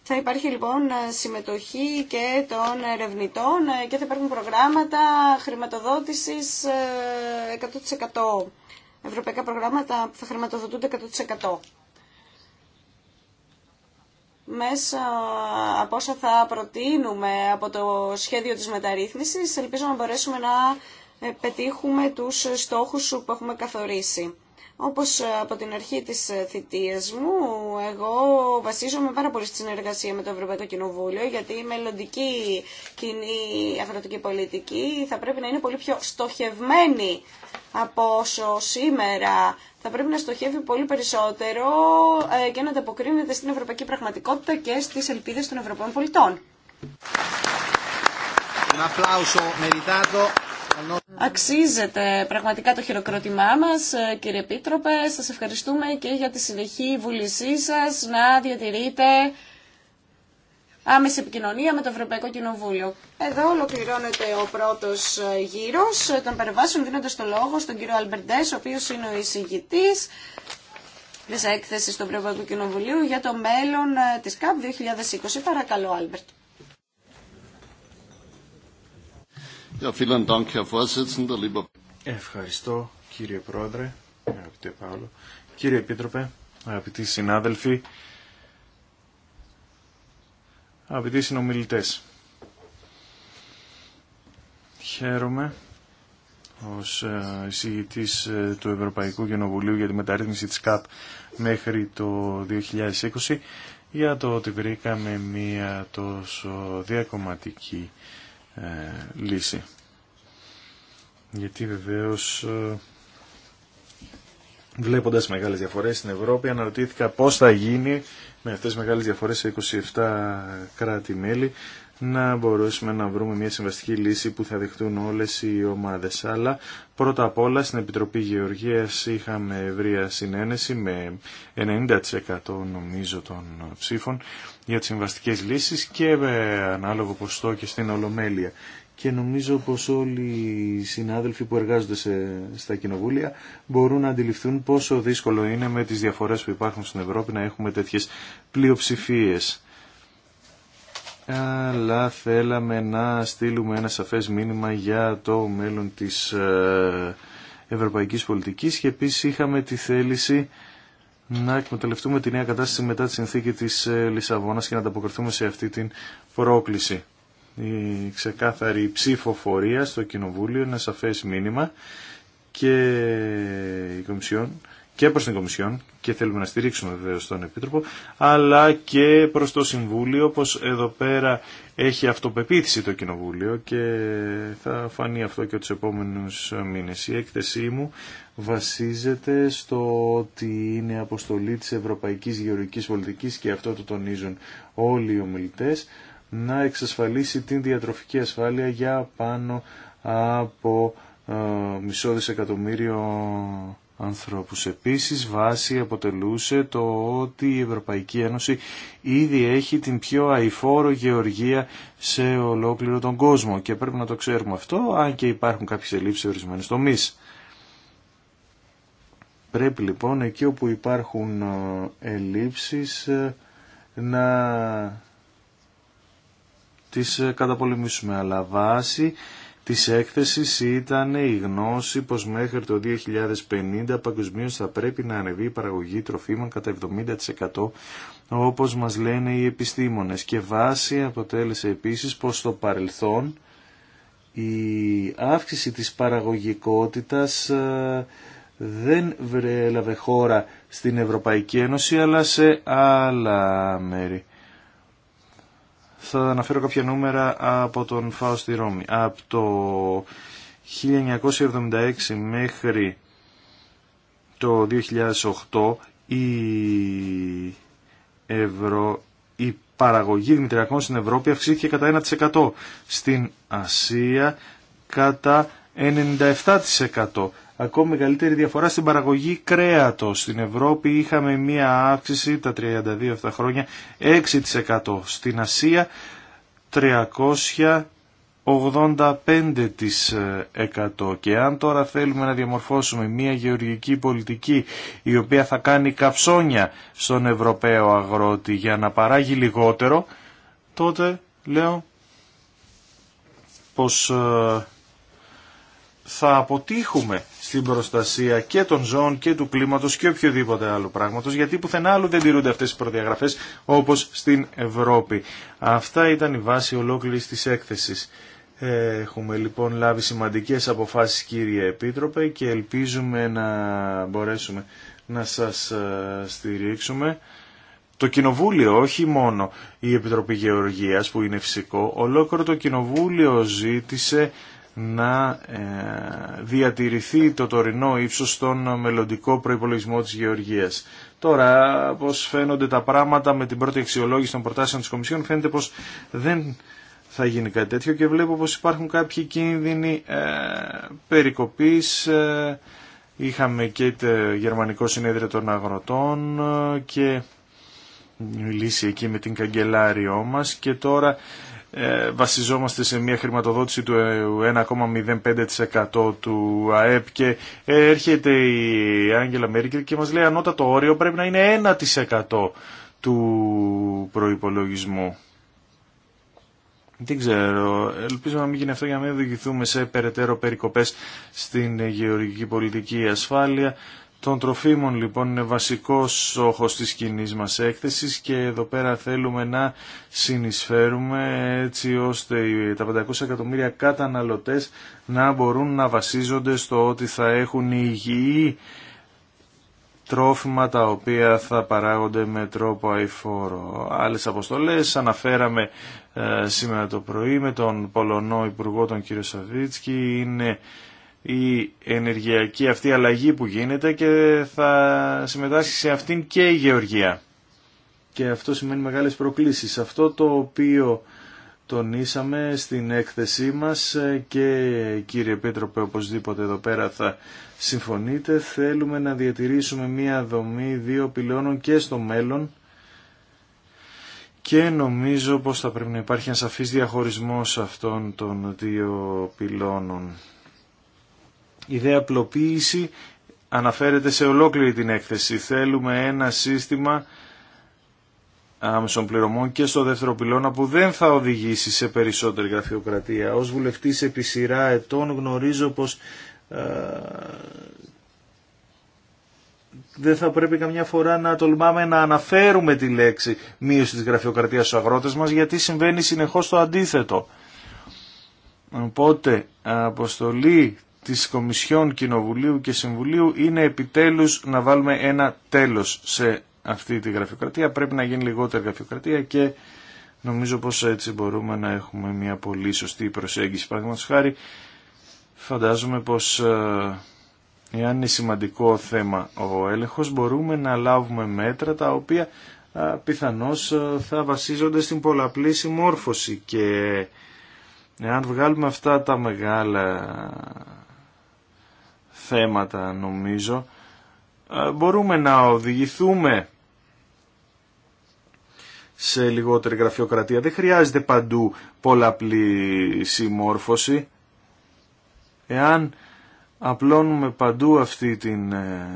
Θα υπάρχει λοιπόν συμμετοχή και των ερευνητών και θα υπάρχουν προγράμματα χρηματοδότησης 100%. Ε, ευρωπαϊκά προγράμματα που θα χρηματοδοτούνται 100% μέσα από όσα θα προτείνουμε από το σχέδιο της μεταρρύθμισης, ελπίζω να μπορέσουμε να ε, πετύχουμε τους στόχους που έχουμε καθορίσει. Όπως ε, από την αρχή της ε, θητείας μου, εγώ βασίζομαι πάρα πολύ στη συνεργασία με το Ευρωπαϊκό Κοινοβούλιο, γιατί η μελλοντική κοινή αγροτική πολιτική θα πρέπει να είναι πολύ πιο στοχευμένη από όσο σήμερα θα πρέπει να στοχεύει πολύ περισσότερο ε, και να ανταποκρίνεται στην ευρωπαϊκή πραγματικότητα και στις ελπίδες των Ευρωπαίων πολιτών. Αξίζεται πραγματικά το χειροκρότημά μας, ε, κύριε Επίτροπε. Σας ευχαριστούμε και για τη συνεχή βούλησή σας να διατηρείτε άμεση επικοινωνία με το Ευρωπαϊκό Κοινοβούλιο. Εδώ ολοκληρώνεται ο πρώτος ε, γύρος των παρεμβάσεων δίνοντα το λόγο στον κύριο Αλμπερντέ, ο οποίος είναι ο εισηγητή τη έκθεση του Ευρωπαϊκού Κοινοβουλίου για το μέλλον ε, της ΚΑΠ 2020. Παρακαλώ, Άλμπερτ. Ευχαριστώ, κύριε Πρόεδρε, αγαπητέ Παύλο, κύριε Επίτροπε, αγαπητοί συνάδελφοι. Αγαπητοί συνομιλητές, χαίρομαι ως ε, εισηγητής ε, του Ευρωπαϊκού Γενοβουλίου για τη μεταρρύθμιση της ΚΑΠ μέχρι το 2020 για το ότι βρήκαμε μία τόσο διακομματική ε, λύση. Γιατί βεβαίως Βλέποντας μεγάλες διαφορές στην Ευρώπη, αναρωτήθηκα πώς θα γίνει με αυτές τις μεγάλες διαφορές σε 27 κράτη-μέλη να μπορούσουμε να βρούμε μια συμβαστική λύση που θα δεχτούν όλες οι ομάδες. Αλλά πρώτα απ' όλα στην Επιτροπή Γεωργίας είχαμε ευρεία συνένεση με 90% νομίζω των ψήφων για τις συμβαστικές λύσεις και ανάλογο ποστό και στην Ολομέλεια και νομίζω πως όλοι οι συνάδελφοι που εργάζονται στα κοινοβούλια μπορούν να αντιληφθούν πόσο δύσκολο είναι με τις διαφορές που υπάρχουν στην Ευρώπη να έχουμε τέτοιες πλειοψηφίες. Αλλά θέλαμε να στείλουμε ένα σαφές μήνυμα για το μέλλον της ε, ευρωπαϊκής πολιτικής και επίσης είχαμε τη θέληση να εκμεταλλευτούμε τη νέα κατάσταση μετά τη συνθήκη της ε, Λισαβόνας και να ανταποκριθούμε σε αυτή την πρόκληση η ξεκάθαρη ψηφοφορία στο Κοινοβούλιο, ένα σαφές μήνυμα και η Κομισιόν και προς την Κομισιόν και θέλουμε να στηρίξουμε βέβαια τον Επίτροπο αλλά και προς το Συμβούλιο πως εδώ πέρα έχει αυτοπεποίθηση το Κοινοβούλιο και θα φανεί αυτό και τους επόμενους μήνες. Η έκθεσή μου βασίζεται στο ότι είναι αποστολή της Ευρωπαϊκής Γεωργικής Πολιτικής και αυτό το τονίζουν όλοι οι ομιλητές να εξασφαλίσει την διατροφική ασφάλεια για πάνω από ε, μισό δισεκατομμύριο ανθρώπους. Επίσης, βάση αποτελούσε το ότι η Ευρωπαϊκή Ένωση ήδη έχει την πιο αηφόρο γεωργία σε ολόκληρο τον κόσμο και πρέπει να το ξέρουμε αυτό, αν και υπάρχουν κάποιες ελλείψεις σε ορισμένες τομείς. Πρέπει λοιπόν εκεί όπου υπάρχουν ε, ελλείψεις ε, να τις ε, καταπολεμήσουμε. Αλλά βάση της έκθεσης ήταν η γνώση πως μέχρι το 2050 παγκοσμίω θα πρέπει να ανεβεί η παραγωγή τροφίμων κατά 70% όπως μας λένε οι επιστήμονες. Και βάση αποτέλεσε επίσης πως στο παρελθόν η αύξηση της παραγωγικότητας ε, δεν έλαβε χώρα στην Ευρωπαϊκή Ένωση αλλά σε άλλα μέρη. Θα αναφέρω κάποια νούμερα από τον ΦΑΟ στη Ρώμη. Από το 1976 μέχρι το 2008 η, Ευρω... η παραγωγή δημητριακών στην Ευρώπη αυξήθηκε κατά 1%. Στην Ασία κατά 97% ακόμη μεγαλύτερη διαφορά στην παραγωγή κρέατος. Στην Ευρώπη είχαμε μία αύξηση τα 32 αυτά χρόνια 6%. Στην Ασία 385% και αν τώρα θέλουμε να διαμορφώσουμε μια γεωργική πολιτική η οποία θα κάνει καψόνια στον Ευρωπαίο αγρότη για να παράγει λιγότερο τότε λέω πως ε, θα αποτύχουμε στην προστασία και των ζώων και του κλίματος και οποιοδήποτε άλλο πράγματος, γιατί πουθενά άλλου δεν τηρούνται αυτές οι προδιαγραφές όπως στην Ευρώπη. Αυτά ήταν η βάση ολόκληρης της έκθεσης. Έχουμε λοιπόν λάβει σημαντικές αποφάσεις κύριε Επίτροπε και ελπίζουμε να μπορέσουμε να σας ε, στηρίξουμε. Το Κοινοβούλιο, όχι μόνο η Επιτροπή Γεωργίας που είναι φυσικό, ολόκληρο το Κοινοβούλιο ζήτησε να ε, διατηρηθεί το τωρινό ύψος στον μελλοντικό προϋπολογισμό της Γεωργίας. Τώρα, όπως φαίνονται τα πράγματα με την πρώτη αξιολόγηση των προτάσεων της Κομισιόν, φαίνεται πως δεν θα γίνει κάτι τέτοιο και βλέπω πως υπάρχουν κάποιοι κίνδυνοι ε, περικοπής. Ε, είχαμε και το Γερμανικό Συνέδριο των Αγροτών ε, και μιλήσει εκεί με την καγκελάριό μας και τώρα ε, βασιζόμαστε σε μια χρηματοδότηση του 1,05% ε, του ΑΕΠ και ε, έρχεται η Άγγελα Μέρκελ και μας λέει ανώτατο όριο πρέπει να είναι 1% του προϋπολογισμού. Δεν ξέρω. Ελπίζω να μην γίνει αυτό για να μην οδηγηθούμε σε περαιτέρω περικοπές στην γεωργική πολιτική ασφάλεια των τροφίμων λοιπόν είναι βασικός όχος της κοινή μας έκθεσης και εδώ πέρα θέλουμε να συνεισφέρουμε έτσι ώστε τα 500 εκατομμύρια καταναλωτές να μπορούν να βασίζονται στο ότι θα έχουν υγιή τρόφιμα τα οποία θα παράγονται με τρόπο αηφόρο. Άλλες αποστολές αναφέραμε ε, σήμερα το πρωί με τον Πολωνό Υπουργό τον κύριο Σαβίτσκι είναι η ενεργειακή αυτή αλλαγή που γίνεται και θα συμμετάσχει σε αυτήν και η γεωργία. Και αυτό σημαίνει μεγάλες προκλήσεις. Αυτό το οποίο τονίσαμε στην έκθεσή μας ε, και κύριε Επίτροπε οπωσδήποτε εδώ πέρα θα συμφωνείτε θέλουμε να διατηρήσουμε μια δομή δύο πυλώνων και στο μέλλον και νομίζω πως θα πρέπει να υπάρχει ένα σαφής διαχωρισμός αυτών των δύο πυλώνων η απλοποίηση αναφέρεται σε ολόκληρη την έκθεση. Θέλουμε ένα σύστημα άμεσων πληρωμών και στο δεύτερο πυλώνα που δεν θα οδηγήσει σε περισσότερη γραφειοκρατία. Ως βουλευτής επί σειρά ετών γνωρίζω πως ε, δεν θα πρέπει καμιά φορά να τολμάμε να αναφέρουμε τη λέξη μείωση της γραφειοκρατίας στους αγρότες μας γιατί συμβαίνει συνεχώς το αντίθετο. Οπότε, αποστολή της Κομισιόν Κοινοβουλίου και Συμβουλίου είναι επιτέλους να βάλουμε ένα τέλος σε αυτή τη γραφειοκρατία. Πρέπει να γίνει λιγότερη γραφειοκρατία και νομίζω πως έτσι μπορούμε να έχουμε μια πολύ σωστή προσέγγιση. Παραδείγματος χάρη φαντάζομαι πως ε, εάν είναι σημαντικό θέμα ο έλεγχος μπορούμε να λάβουμε μέτρα τα οποία ε, πιθανώς ε, θα βασίζονται στην πολλαπλή συμμόρφωση και εάν βγάλουμε αυτά τα μεγάλα θέματα νομίζω ε, μπορούμε να οδηγηθούμε σε λιγότερη γραφειοκρατία. Δεν χρειάζεται παντού πολλαπλή συμμόρφωση. Εάν απλώνουμε παντού αυτή την ε,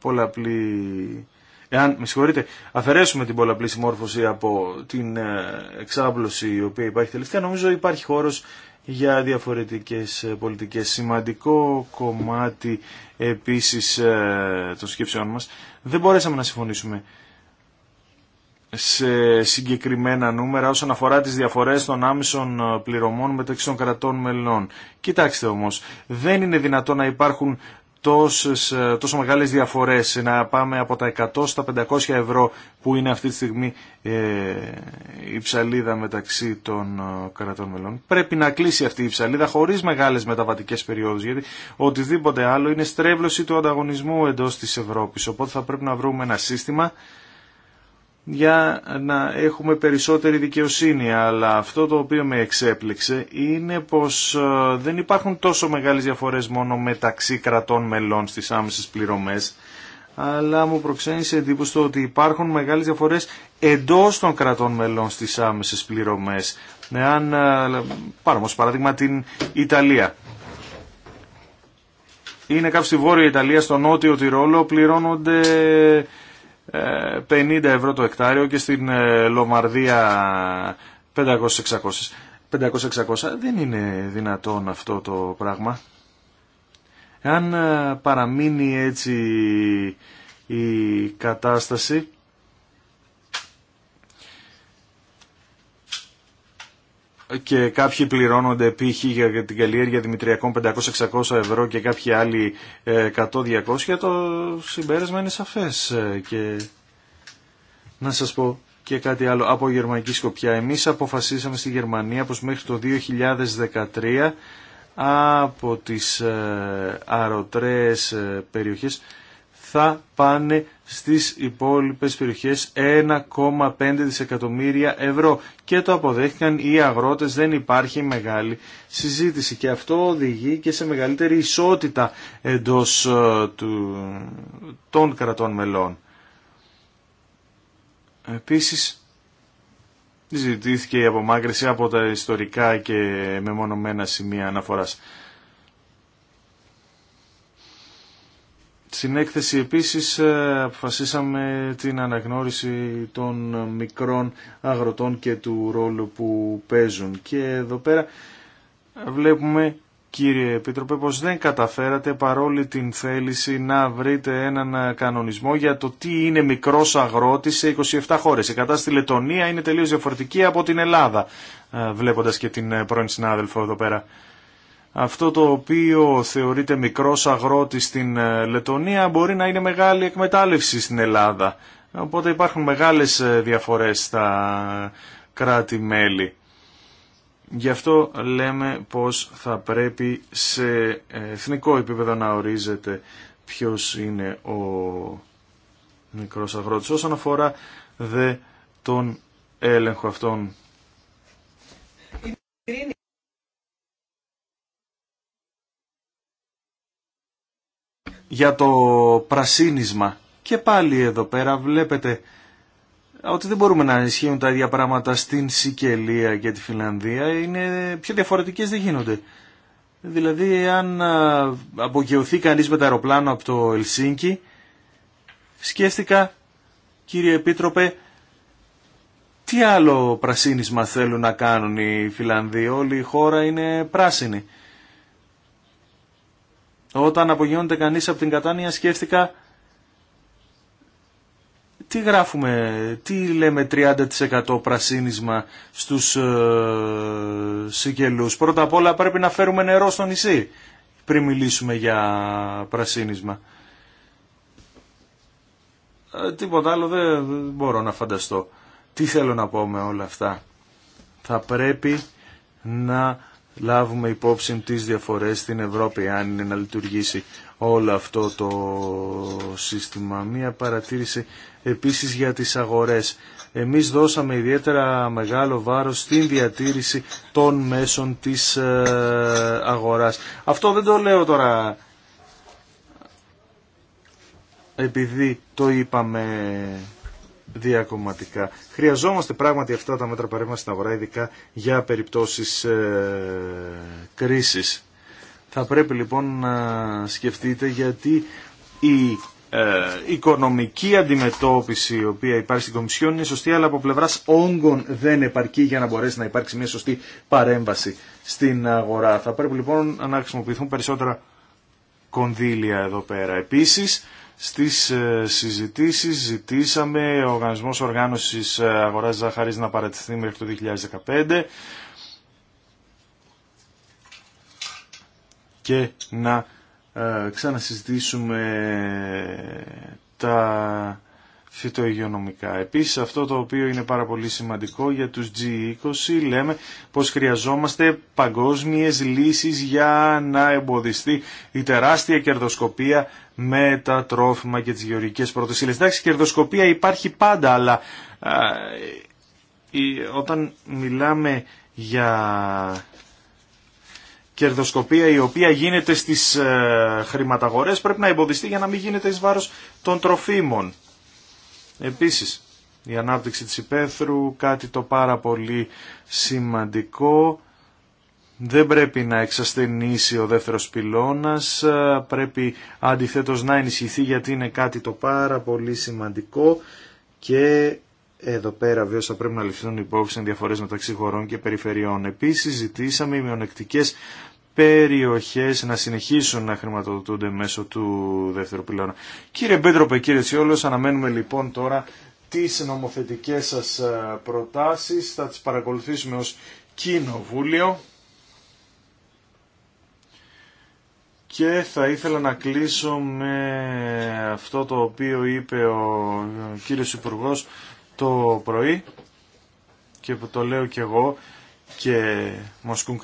πολλαπλή... Εάν, με συγχωρείτε, αφαιρέσουμε την πολλαπλή συμμόρφωση από την ε, εξάπλωση η οποία υπάρχει τελευταία, νομίζω υπάρχει χώρος για διαφορετικές ε, πολιτικές. Σημαντικό κομμάτι επίσης ε, των σκέψεών μας. Δεν μπορέσαμε να συμφωνήσουμε σε συγκεκριμένα νούμερα όσον αφορά τις διαφορές των άμεσων ε, πληρωμών μεταξύ των κρατών μελών. Κοιτάξτε όμως, δεν είναι δυνατό να υπάρχουν τόσες, ε, τόσο μεγάλες διαφορές, να πάμε από τα 100 στα 500 ευρώ που είναι αυτή τη στιγμή ε, η ψαλίδα μεταξύ των ε, κρατών μελών. Πρέπει να κλείσει αυτή η ψαλίδα χωρίς μεγάλες μεταβατικές περιόδους, γιατί οτιδήποτε άλλο είναι στρέβλωση του ανταγωνισμού εντός της Ευρώπης. Οπότε θα πρέπει να βρούμε ένα σύστημα για να έχουμε περισσότερη δικαιοσύνη. Αλλά αυτό το οποίο με εξέπληξε είναι πως ε, δεν υπάρχουν τόσο μεγάλες διαφορές μόνο μεταξύ κρατών μελών στις άμεσες πληρωμές, αλλά μου προξένησε εντύπωση το ότι υπάρχουν μεγάλες διαφορές εντός των κρατών μελών στις άμεσες πληρωμές. Εάν ε, πάρουμε ως παράδειγμα την Ιταλία. Είναι κάποιοι στη Βόρεια Ιταλία, στο Νότιο Τυρόλο, πληρώνονται 50 ε, ευρώ το εκτάριο και στην ε, Λομαρδία 500-600. 500-600 δεν είναι δυνατόν αυτό το πράγμα. Αν ε, παραμείνει έτσι η κατάσταση και κάποιοι πληρώνονται π.χ. για την καλλιέργεια δημητριακών 500-600 ευρώ και κάποιοι άλλοι 100-200 ε, το συμπέρασμα είναι σαφές ε, και να σας πω και κάτι άλλο από γερμανική σκοπιά εμείς αποφασίσαμε στη Γερμανία πως μέχρι το 2013 από τις ε, αρωτρές περιοχές θα πάνε στις υπόλοιπες περιοχές 1,5 δισεκατομμύρια ευρώ και το αποδέχτηκαν οι αγρότες, δεν υπάρχει μεγάλη συζήτηση και αυτό οδηγεί και σε μεγαλύτερη ισότητα εντός ε, του, των κρατών μελών. Επίσης ζητήθηκε η απομάκρυση από τα ιστορικά και μεμονωμένα σημεία αναφοράς. Στην έκθεση επίσης ε, αποφασίσαμε την αναγνώριση των μικρών αγροτών και του ρόλου που παίζουν. Και εδώ πέρα βλέπουμε κύριε Επίτροπε πως δεν καταφέρατε παρόλη την θέληση να βρείτε έναν κανονισμό για το τι είναι μικρός αγρότης σε 27 χώρες. Η κατάσταση στη Λετωνία είναι τελείως διαφορετική από την Ελλάδα ε, βλέποντας και την πρώην συνάδελφο εδώ πέρα αυτό το οποίο θεωρείται μικρός αγρότης στην ε, Λετωνία μπορεί να είναι μεγάλη εκμετάλλευση στην Ελλάδα. Οπότε υπάρχουν μεγάλες ε, διαφορές στα κράτη-μέλη. Γι' αυτό λέμε πως θα πρέπει σε ε, εθνικό επίπεδο να ορίζεται ποιος είναι ο μικρός αγρότης. Όσον αφορά δε τον έλεγχο αυτών για το πρασίνισμα. Και πάλι εδώ πέρα βλέπετε ότι δεν μπορούμε να ισχύουν τα ίδια πράγματα στην Σικελία και τη Φιλανδία. Είναι πιο διαφορετικές δεν γίνονται. Δηλαδή αν απογειωθεί κανείς με το αεροπλάνο από το Ελσίνκι, σκέφτηκα κύριε Επίτροπε τι άλλο πρασίνισμα θέλουν να κάνουν οι Φιλανδοί. Όλη η χώρα είναι πράσινη. Όταν απογειώνεται κανείς από την Κατάνια σκέφτηκα τι γράφουμε, τι λέμε 30% πρασίνισμα στους ε, Πρώτα απ' όλα πρέπει να φέρουμε νερό στο νησί πριν μιλήσουμε για πρασίνισμα. Ε, τίποτα άλλο δεν μπορώ να φανταστώ. Τι θέλω να πω με όλα αυτά. Θα πρέπει να λάβουμε υπόψη τις διαφορές στην Ευρώπη αν είναι να λειτουργήσει όλο αυτό το σύστημα. Μία παρατήρηση επίσης για τις αγορές. Εμείς δώσαμε ιδιαίτερα μεγάλο βάρος στην διατήρηση των μέσων της ε, αγοράς. Αυτό δεν το λέω τώρα επειδή το είπαμε διακομματικά. Χρειαζόμαστε πράγματι αυτά τα μέτρα παρέμβαση στην αγορά, ειδικά για περιπτώσεις ε, κρίσης. Θα πρέπει λοιπόν να σκεφτείτε γιατί η ε, οικονομική αντιμετώπιση η οποία υπάρχει στην Κομισιόν είναι σωστή, αλλά από πλευράς όγκων δεν επαρκεί για να μπορέσει να υπάρξει μια σωστή παρέμβαση στην αγορά. Θα πρέπει λοιπόν να χρησιμοποιηθούν περισσότερα κονδύλια εδώ πέρα. Επίσης, στις ε, συζητήσεις ζητήσαμε ο Οργανισμός Οργάνωσης ε, Αγοράς Ζάχαρης να παρατηθεί μέχρι το 2015 και να ε, ξανασυζητήσουμε τα φυτοαιγειονομικά. Επίσης αυτό το οποίο είναι πάρα πολύ σημαντικό για τους G20 λέμε πως χρειαζόμαστε παγκόσμιες λύσεις για να εμποδιστεί η τεράστια κερδοσκοπία με τα τρόφιμα και τις γεωργικές πρωτοσύλλες. Εντάξει, κερδοσκοπία υπάρχει πάντα, αλλά όταν μιλάμε για κερδοσκοπία η οποία γίνεται στις ε, χρηματαγορές πρέπει να εμποδιστεί για να μην γίνεται εις βάρος των τροφίμων. Επίσης, η ανάπτυξη της υπαίθρου, κάτι το πάρα πολύ σημαντικό, δεν πρέπει να εξασθενήσει ο δεύτερος πυλώνας, πρέπει αντιθέτως να ενισχυθεί γιατί είναι κάτι το πάρα πολύ σημαντικό και εδώ πέρα βέβαια πρέπει να ληφθούν υπόψη διαφορές μεταξύ χωρών και περιφερειών. Επίσης ζητήσαμε οι μειονεκτικές περιοχές να συνεχίσουν να χρηματοδοτούνται μέσω του δεύτερου πυλώνα. Κύριε Μπέντροπε, κύριε Τσιόλος, αναμένουμε λοιπόν τώρα τις νομοθετικές σας ε, προτάσεις, θα τις παρακολουθήσουμε ως κοινοβούλιο και θα ήθελα να κλείσω με αυτό το οποίο είπε ο κύριος Υπουργό το πρωί και που το λέω και εγώ και μου ασκούν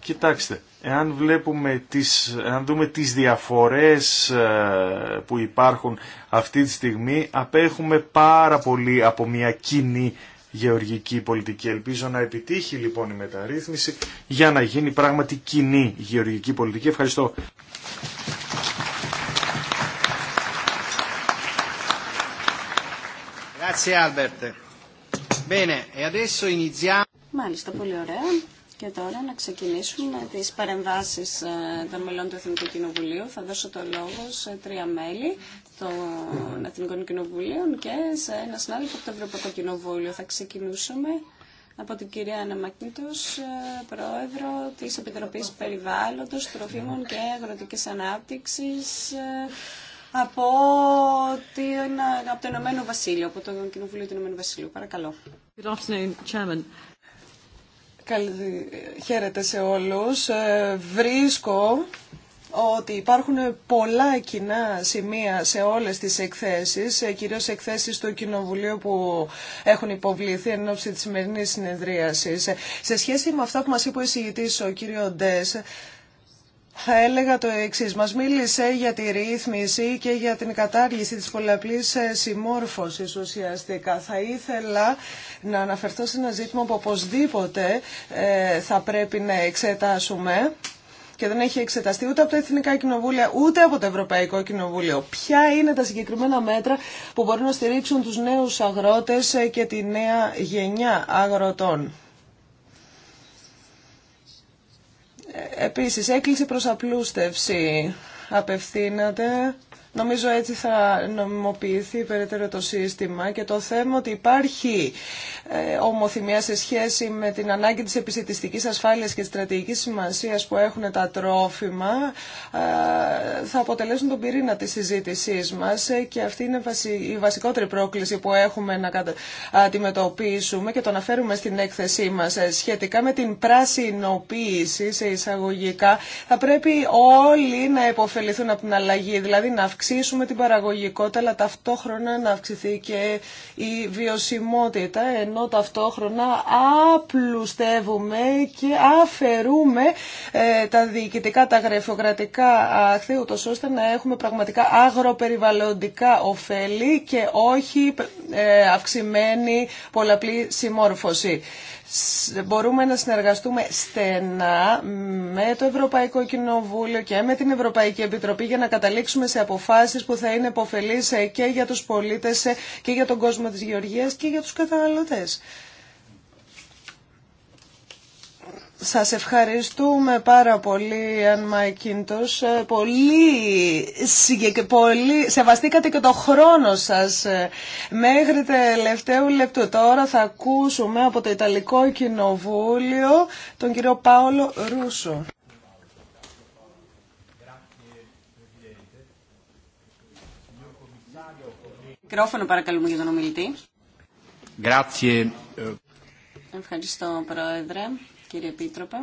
Κοιτάξτε, εάν, βλέπουμε τις, εάν δούμε τις διαφορές ε, που υπάρχουν αυτή τη στιγμή, απέχουμε πάρα πολύ από μια κοινή γεωργική πολιτική. Ελπίζω να επιτύχει λοιπόν η μεταρρύθμιση για να γίνει πράγματι κοινή γεωργική πολιτική. Ευχαριστώ. E Μάλιστα, πολύ ωραία. Και τώρα να ξεκινήσουμε τις παρεμβάσεις ε, των μελών του Εθνικού Κοινοβουλίου. Θα δώσω το λόγο σε τρία μέλη των Εθνικών Κοινοβουλίων και σε ένα συνάδελφο από το Ευρωπαϊκό Κοινοβούλιο. Θα ξεκινήσουμε από την κυρία Άννα ε, πρόεδρο της Επιτροπής Περιβάλλοντος, Τροφίμων και Αγροτικής Ανάπτυξης ε, από, την, από το Ηνωμένο Βασίλειο, από το Κοινοβούλιο του Ηνωμένου Βασίλειου. Παρακαλώ. Good afternoon, Chairman. Χαίρετε σε όλους. Ε, βρίσκω ότι υπάρχουν πολλά κοινά σημεία σε όλες τις εκθέσεις, ε, κυρίως εκθέσεις του Κοινοβουλίου που έχουν υποβληθεί εν ώψη της σημερινής συνεδρίασης. Ε, σε σχέση με αυτά που μας είπε ο εισηγητής ο κύριο Ντές, θα έλεγα το εξή. Μα μίλησε για τη ρύθμιση και για την κατάργηση τη πολλαπλή ε, συμμόρφωση ουσιαστικά. Θα ήθελα να αναφερθώ σε ένα ζήτημα που οπωσδήποτε ε, θα πρέπει να εξετάσουμε και δεν έχει εξεταστεί ούτε από τα Εθνικά Κοινοβούλια ούτε από το Ευρωπαϊκό Κοινοβούλιο. Ποια είναι τα συγκεκριμένα μέτρα που μπορούν να στηρίξουν του νέου αγρότε ε, και τη νέα γενιά αγροτών. Επίσης, έκκληση προς απλούστευση απευθύνατε Νομίζω έτσι θα νομιμοποιηθεί περαιτέρω το σύστημα και το θέμα ότι υπάρχει ε, ομοθυμία σε σχέση με την ανάγκη της επισητιστικής ασφάλειας και της στρατηγικής σημασίας που έχουν τα τρόφιμα ε, θα αποτελέσουν τον πυρήνα της συζήτησής μας ε, και αυτή είναι η βασικότερη πρόκληση που έχουμε να αντιμετωπίσουμε και το αναφέρουμε στην έκθεσή μας σχετικά με την πράσινοποίηση σε εισαγωγικά θα πρέπει όλοι να υποφεληθούν από την αλλαγή δηλαδή να αυξήσουμε την παραγωγικότητα, αλλά ταυτόχρονα να αυξηθεί και η βιωσιμότητα, ενώ ταυτόχρονα απλουστεύουμε και αφαιρούμε ε, τα διοικητικά, τα γραφειοκρατικά άχθη, ούτως ώστε να έχουμε πραγματικά αγροπεριβαλλοντικά ωφέλη και όχι ε, αυξημένη πολλαπλή συμμόρφωση μπορούμε να συνεργαστούμε στενά με το Ευρωπαϊκό Κοινοβούλιο και με την Ευρωπαϊκή Επιτροπή για να καταλήξουμε σε αποφάσεις που θα είναι υποφελείς ε, και για τους πολίτες ε, και για τον κόσμο της Γεωργίας και για τους καταναλωτές. Σας ευχαριστούμε πάρα πολύ, Αν Μαϊκίντος. Ε, πολύ, πολύ σεβαστήκατε και το χρόνο σας ε, μέχρι τελευταίου λεπτού. Τώρα θα ακούσουμε από το Ιταλικό Κοινοβούλιο τον κύριο Πάολο Ρούσο. Μικρόφωνο παρακαλούμε για τον ομιλητή. Ευχαριστώ, Πρόεδρε κύριε Επίτροπε.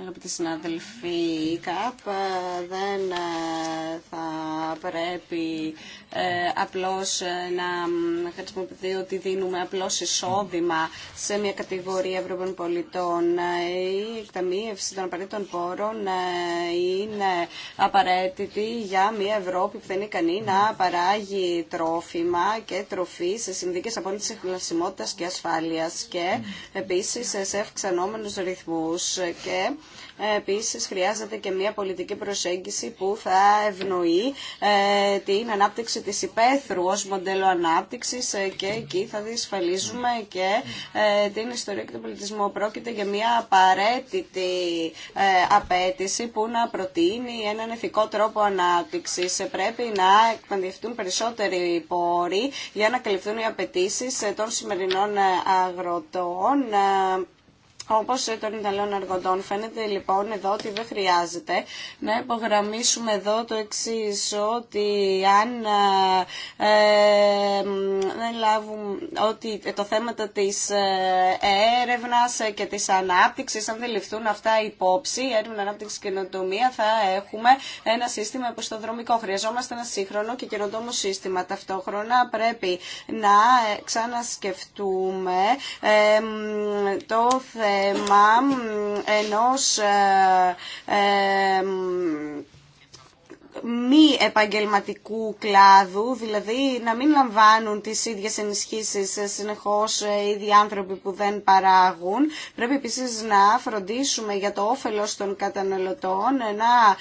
Αγαπητοί συνάδελφοι, η ΚΑΠ ε, δεν ε, θα πρέπει ε, απλώς ε, να χρησιμοποιεί ότι δίνουμε απλώς εισόδημα σε μια κατηγορία Ευρωπαίων πολιτών. Ε, η εκταμείευση των απαραίτητων πόρων είναι απαραίτητη για μια Ευρώπη που δεν είναι ικανή να παράγει τρόφιμα και τροφή σε συνδίκες απόλυτης εχνασιμότητας και ασφάλειας και επίσης σε ευξανόμενους ρυθμούς και ε, επίσης χρειάζεται και μια πολιτική προσέγγιση που θα ευνοεί ε, την ανάπτυξη της υπαίθρου ως μοντέλο ανάπτυξης ε, και εκεί θα διασφαλίζουμε και την ιστορία και τον πολιτισμό. Πρόκειται για μια απαραίτητη απέτηση που να προτείνει έναν ηθικό τρόπο ανάπτυξης. Πρέπει να εκπαιδευτούν περισσότεροι πόροι για να καλυφθούν οι απαιτήσει των σημερινών αγροτών Όπω των Ιταλών εργοντών. Φαίνεται λοιπόν εδώ ότι δεν χρειάζεται να υπογραμμίσουμε εδώ το εξή ότι αν ε, ε ότι το θέμα της ε, έρευνα και της ανάπτυξη, αν δεν ληφθούν αυτά υπόψη, έρευνα, ανάπτυξη και καινοτομία, θα έχουμε ένα σύστημα αποστοδρομικό. Χρειαζόμαστε ένα σύγχρονο και καινοτόμο σύστημα. Ταυτόχρονα πρέπει να ξανασκεφτούμε ε, το θέμα θέμα ε, ενός ε, ε, μη επαγγελματικού κλάδου, δηλαδή να μην λαμβάνουν τις ίδιες ενισχύσεις ε, συνεχώς ε, οι ίδιοι άνθρωποι που δεν παράγουν. Πρέπει επίσης να φροντίσουμε για το όφελος των καταναλωτών, ε, να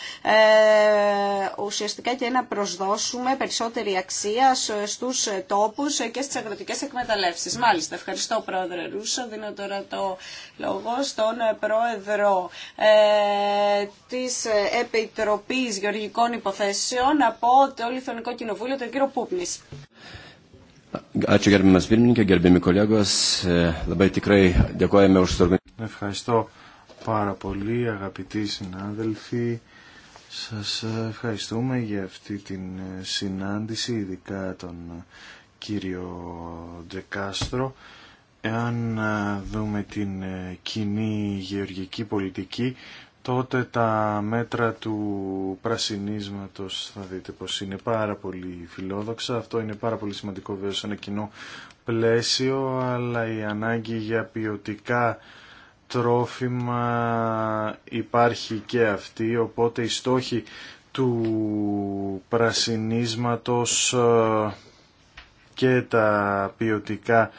ουσιαστικά και να προσδώσουμε περισσότερη αξία στους τόπους και στις αγροτικές εκμεταλλεύσεις. Μάλιστα, ευχαριστώ Πρόεδρε Ρούσο. Δίνω τώρα το λόγο στον Πρόεδρο ε, της Επιτροπής Γεωργικών Υποθέσεων από το Λιθωνικό Κοινοβούλιο, τον κύριο Πούπνης. Ε, Ευχαριστώ πάρα πολύ αγαπητοί συνάδελφοι. Σας ε, ευχαριστούμε για αυτή την ε, συνάντηση, ειδικά τον κύριο Ντεκάστρο. Εάν δούμε την κοινή γεωργική πολιτική, τότε τα μέτρα του πρασινίσματος θα δείτε πως είναι πάρα πολύ φιλόδοξα. Αυτό είναι πάρα πολύ σημαντικό βέβαια σε ένα κοινό πλαίσιο, αλλά η ανάγκη για ποιοτικά τρόφιμα υπάρχει και αυτή, οπότε οι στόχοι του πρασινίσματος ε, και τα ποιοτικά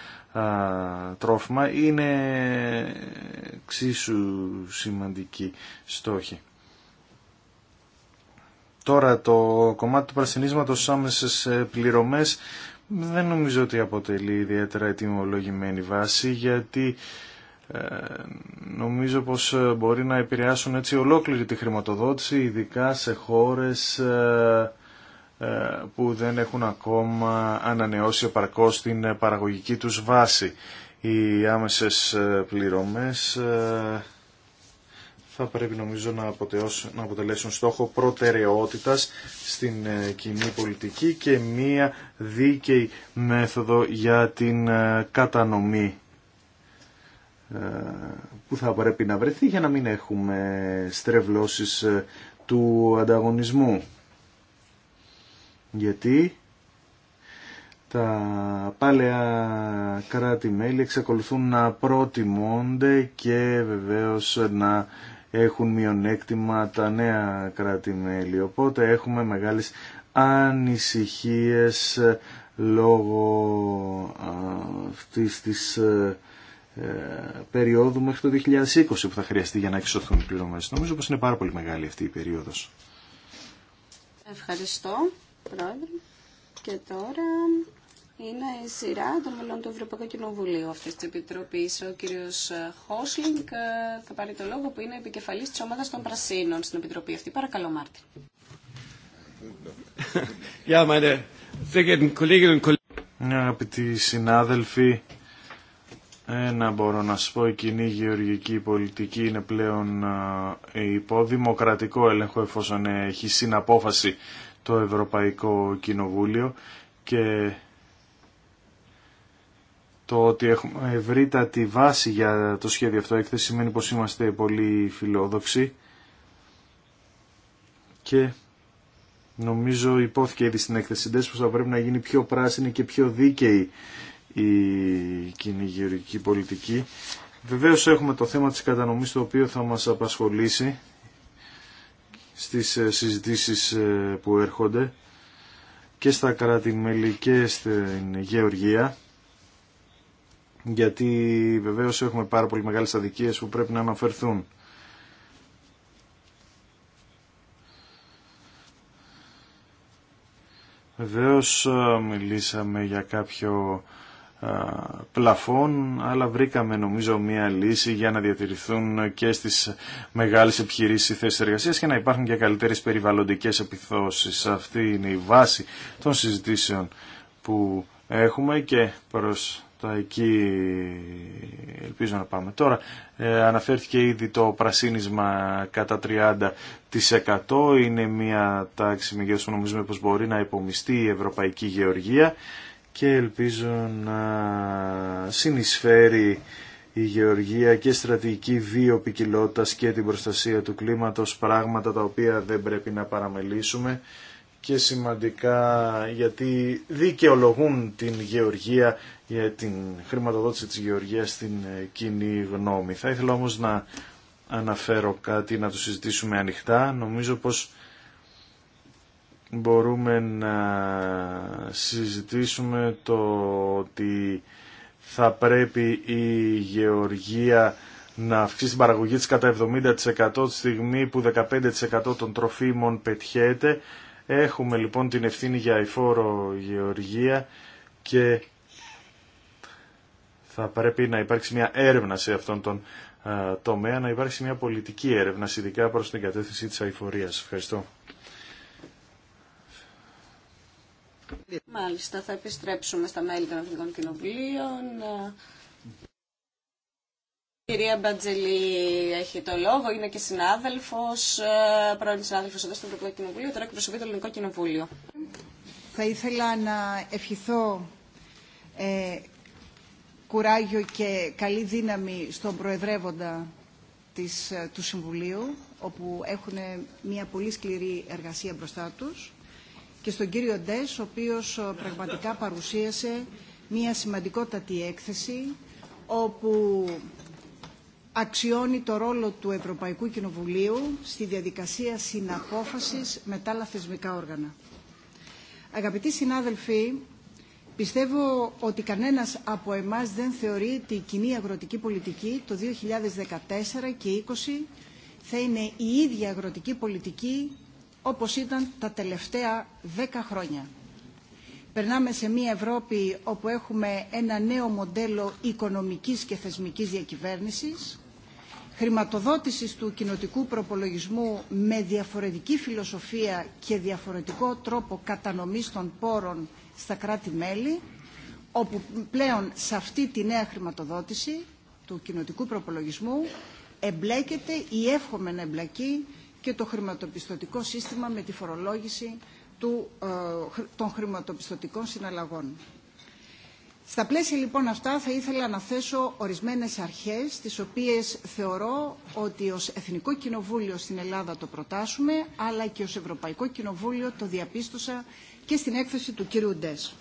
τρόφιμα είναι εξίσου σημαντική στόχη. Τώρα το κομμάτι του πρασινίσματος στις άμεσες ε, πληρωμές δεν νομίζω ότι αποτελεί ιδιαίτερα ετοιμολογημένη βάση γιατί ε, νομίζω πως ε, μπορεί να επηρεάσουν έτσι ολόκληρη τη χρηματοδότηση ειδικά σε χώρες ε, που δεν έχουν ακόμα ανανεώσει επαρκώς την παραγωγική τους βάση. Οι άμεσες ε, πληρωμές ε, θα πρέπει νομίζω να, να αποτελέσουν στόχο προτεραιότητας στην κοινή πολιτική και μία δίκαιη μέθοδο για την κατανομή που θα πρέπει να βρεθεί για να μην έχουμε στρεβλώσεις του ανταγωνισμού γιατί τα παλαιά κράτη-μέλη εξακολουθούν να προτιμώνται και βεβαίως να έχουν μειονέκτημα τα νέα κράτη-μέλη. Οπότε έχουμε μεγάλες ανησυχίες λόγω αυτής της ε, ε, περίοδου μέχρι το 2020 που θα χρειαστεί για να εξωθούν οι πληρωμές. Νομίζω πως είναι πάρα πολύ μεγάλη αυτή η περίοδος. Ευχαριστώ. Πρόεδρε. Και τώρα είναι η σειρά των μελών του Ευρωπαϊκού Κοινοβουλίου αυτή τη επιτροπή. Ο κύριο Χόσλινγκ ε, θα πάρει το λόγο που είναι επικεφαλή τη ομάδα των Πρασίνων στην επιτροπή αυτή. Παρακαλώ, Μάρτιν. [LAUGHS] Ναι, αγαπητοί συνάδελφοι, ένα ε, μπορώ να σου πω, η κοινή γεωργική πολιτική είναι πλέον ε, υπό έλεγχο εφόσον έχει συναπόφαση το Ευρωπαϊκό Κοινοβούλιο και το ότι έχουμε ευρύτατη βάση για το σχέδιο αυτό έκθεση σημαίνει πως είμαστε πολύ φιλόδοξοι και νομίζω υπόθηκε ήδη στην έκθεση πως θα πρέπει να γίνει πιο πράσινη και πιο δίκαιη η κυνηγερική πολιτική. Βεβαίως έχουμε το θέμα της κατανομής το οποίο θα μας απασχολήσει στις ε, συζητήσεις ε, που έρχονται και στα κράτη-μέλη και στην Γεωργία γιατί βεβαίως έχουμε πάρα πολύ μεγάλες αδικίες που πρέπει να αναφερθούν. Βεβαίως ε, μιλήσαμε για κάποιο πλαφών, αλλά βρήκαμε νομίζω μία λύση για να διατηρηθούν και στις μεγάλες επιχειρήσεις θέσεις εργασίας και να υπάρχουν και καλύτερες περιβαλλοντικές επιθώσεις. Αυτή είναι η βάση των συζητήσεων που έχουμε και προς τα εκεί ελπίζω να πάμε. Τώρα ε, αναφέρθηκε ήδη το πρασίνισμα κατά 30% είναι μια τάξη μεγέθους που νομίζουμε μπορεί να υπομειστεί η Ευρωπαϊκή Γεωργία και ελπίζω να συνεισφέρει η γεωργία και στρατηγική βιοπικιλότητας και την προστασία του κλίματος, πράγματα τα οποία δεν πρέπει να παραμελήσουμε και σημαντικά γιατί δικαιολογούν την γεωργία για την χρηματοδότηση της γεωργίας στην κοινή γνώμη. Θα ήθελα όμως να αναφέρω κάτι, να το συζητήσουμε ανοιχτά. Νομίζω πως μπορούμε να συζητήσουμε το ότι θα πρέπει η Γεωργία να αυξήσει την παραγωγή της κατά 70% τη στιγμή που 15% των τροφίμων πετυχαίνεται. Έχουμε λοιπόν την ευθύνη για αηφόρο Γεωργία και θα πρέπει να υπάρξει μια έρευνα σε αυτόν τον ε, τομέα, να υπάρξει μια πολιτική έρευνα, ειδικά προς την κατεύθυνση της αηφορίας. Ευχαριστώ. Μάλιστα, θα επιστρέψουμε στα μέλη των Εθνικών Κοινοβουλίων. Η κυρία Μπατζελή έχει το λόγο, είναι και συνάδελφος, ε, πρώην συνάδελφος εδώ στο Ευρωπαϊκό Κοινοβούλιο, τώρα εκπροσωπεί το Ελληνικό Κοινοβούλιο. Θα ήθελα να ευχηθώ ε, κουράγιο και καλή δύναμη στον Προεδρεύοντα της, ε, του Συμβουλίου, όπου έχουν μια πολύ σκληρή εργασία μπροστά τους και στον κύριο Ντές, ο οποίος ε, πραγματικά παρουσίασε μια σημαντικότατη έκθεση, όπου αξιώνει το ρόλο του Ευρωπαϊκού Κοινοβουλίου στη διαδικασία συναπόφασης με τα άλλα θεσμικά όργανα. Αγαπητοί συνάδελφοι, πιστεύω ότι κανένας από εμάς δεν θεωρεί ότι η κοινή αγροτική πολιτική το 2014 και 2020 θα είναι η ίδια αγροτική πολιτική όπως ήταν τα τελευταία δέκα χρόνια. Περνάμε σε μια Ευρώπη όπου έχουμε ένα νέο μοντέλο οικονομικής και θεσμικής διακυβέρνησης, χρηματοδότησης του κοινοτικού προπολογισμού με διαφορετική φιλοσοφία και διαφορετικό τρόπο κατανομής των πόρων στα κράτη-μέλη, όπου πλέον σε αυτή τη νέα χρηματοδότηση του κοινοτικού προπολογισμού εμπλέκεται ή εύχομαι να εμπλακεί και το χρηματοπιστωτικό σύστημα με τη φορολόγηση του, ε, των χρηματοπιστωτικών συναλλαγών. Στα πλαίσια λοιπόν αυτά θα ήθελα να θέσω ορισμένες αρχές τις οποίες θεωρώ ότι ως Εθνικό Κοινοβούλιο στην Ελλάδα το προτάσουμε αλλά και ως Ευρωπαϊκό Κοινοβούλιο το διαπίστωσα και στην έκθεση του κύριου Ντές.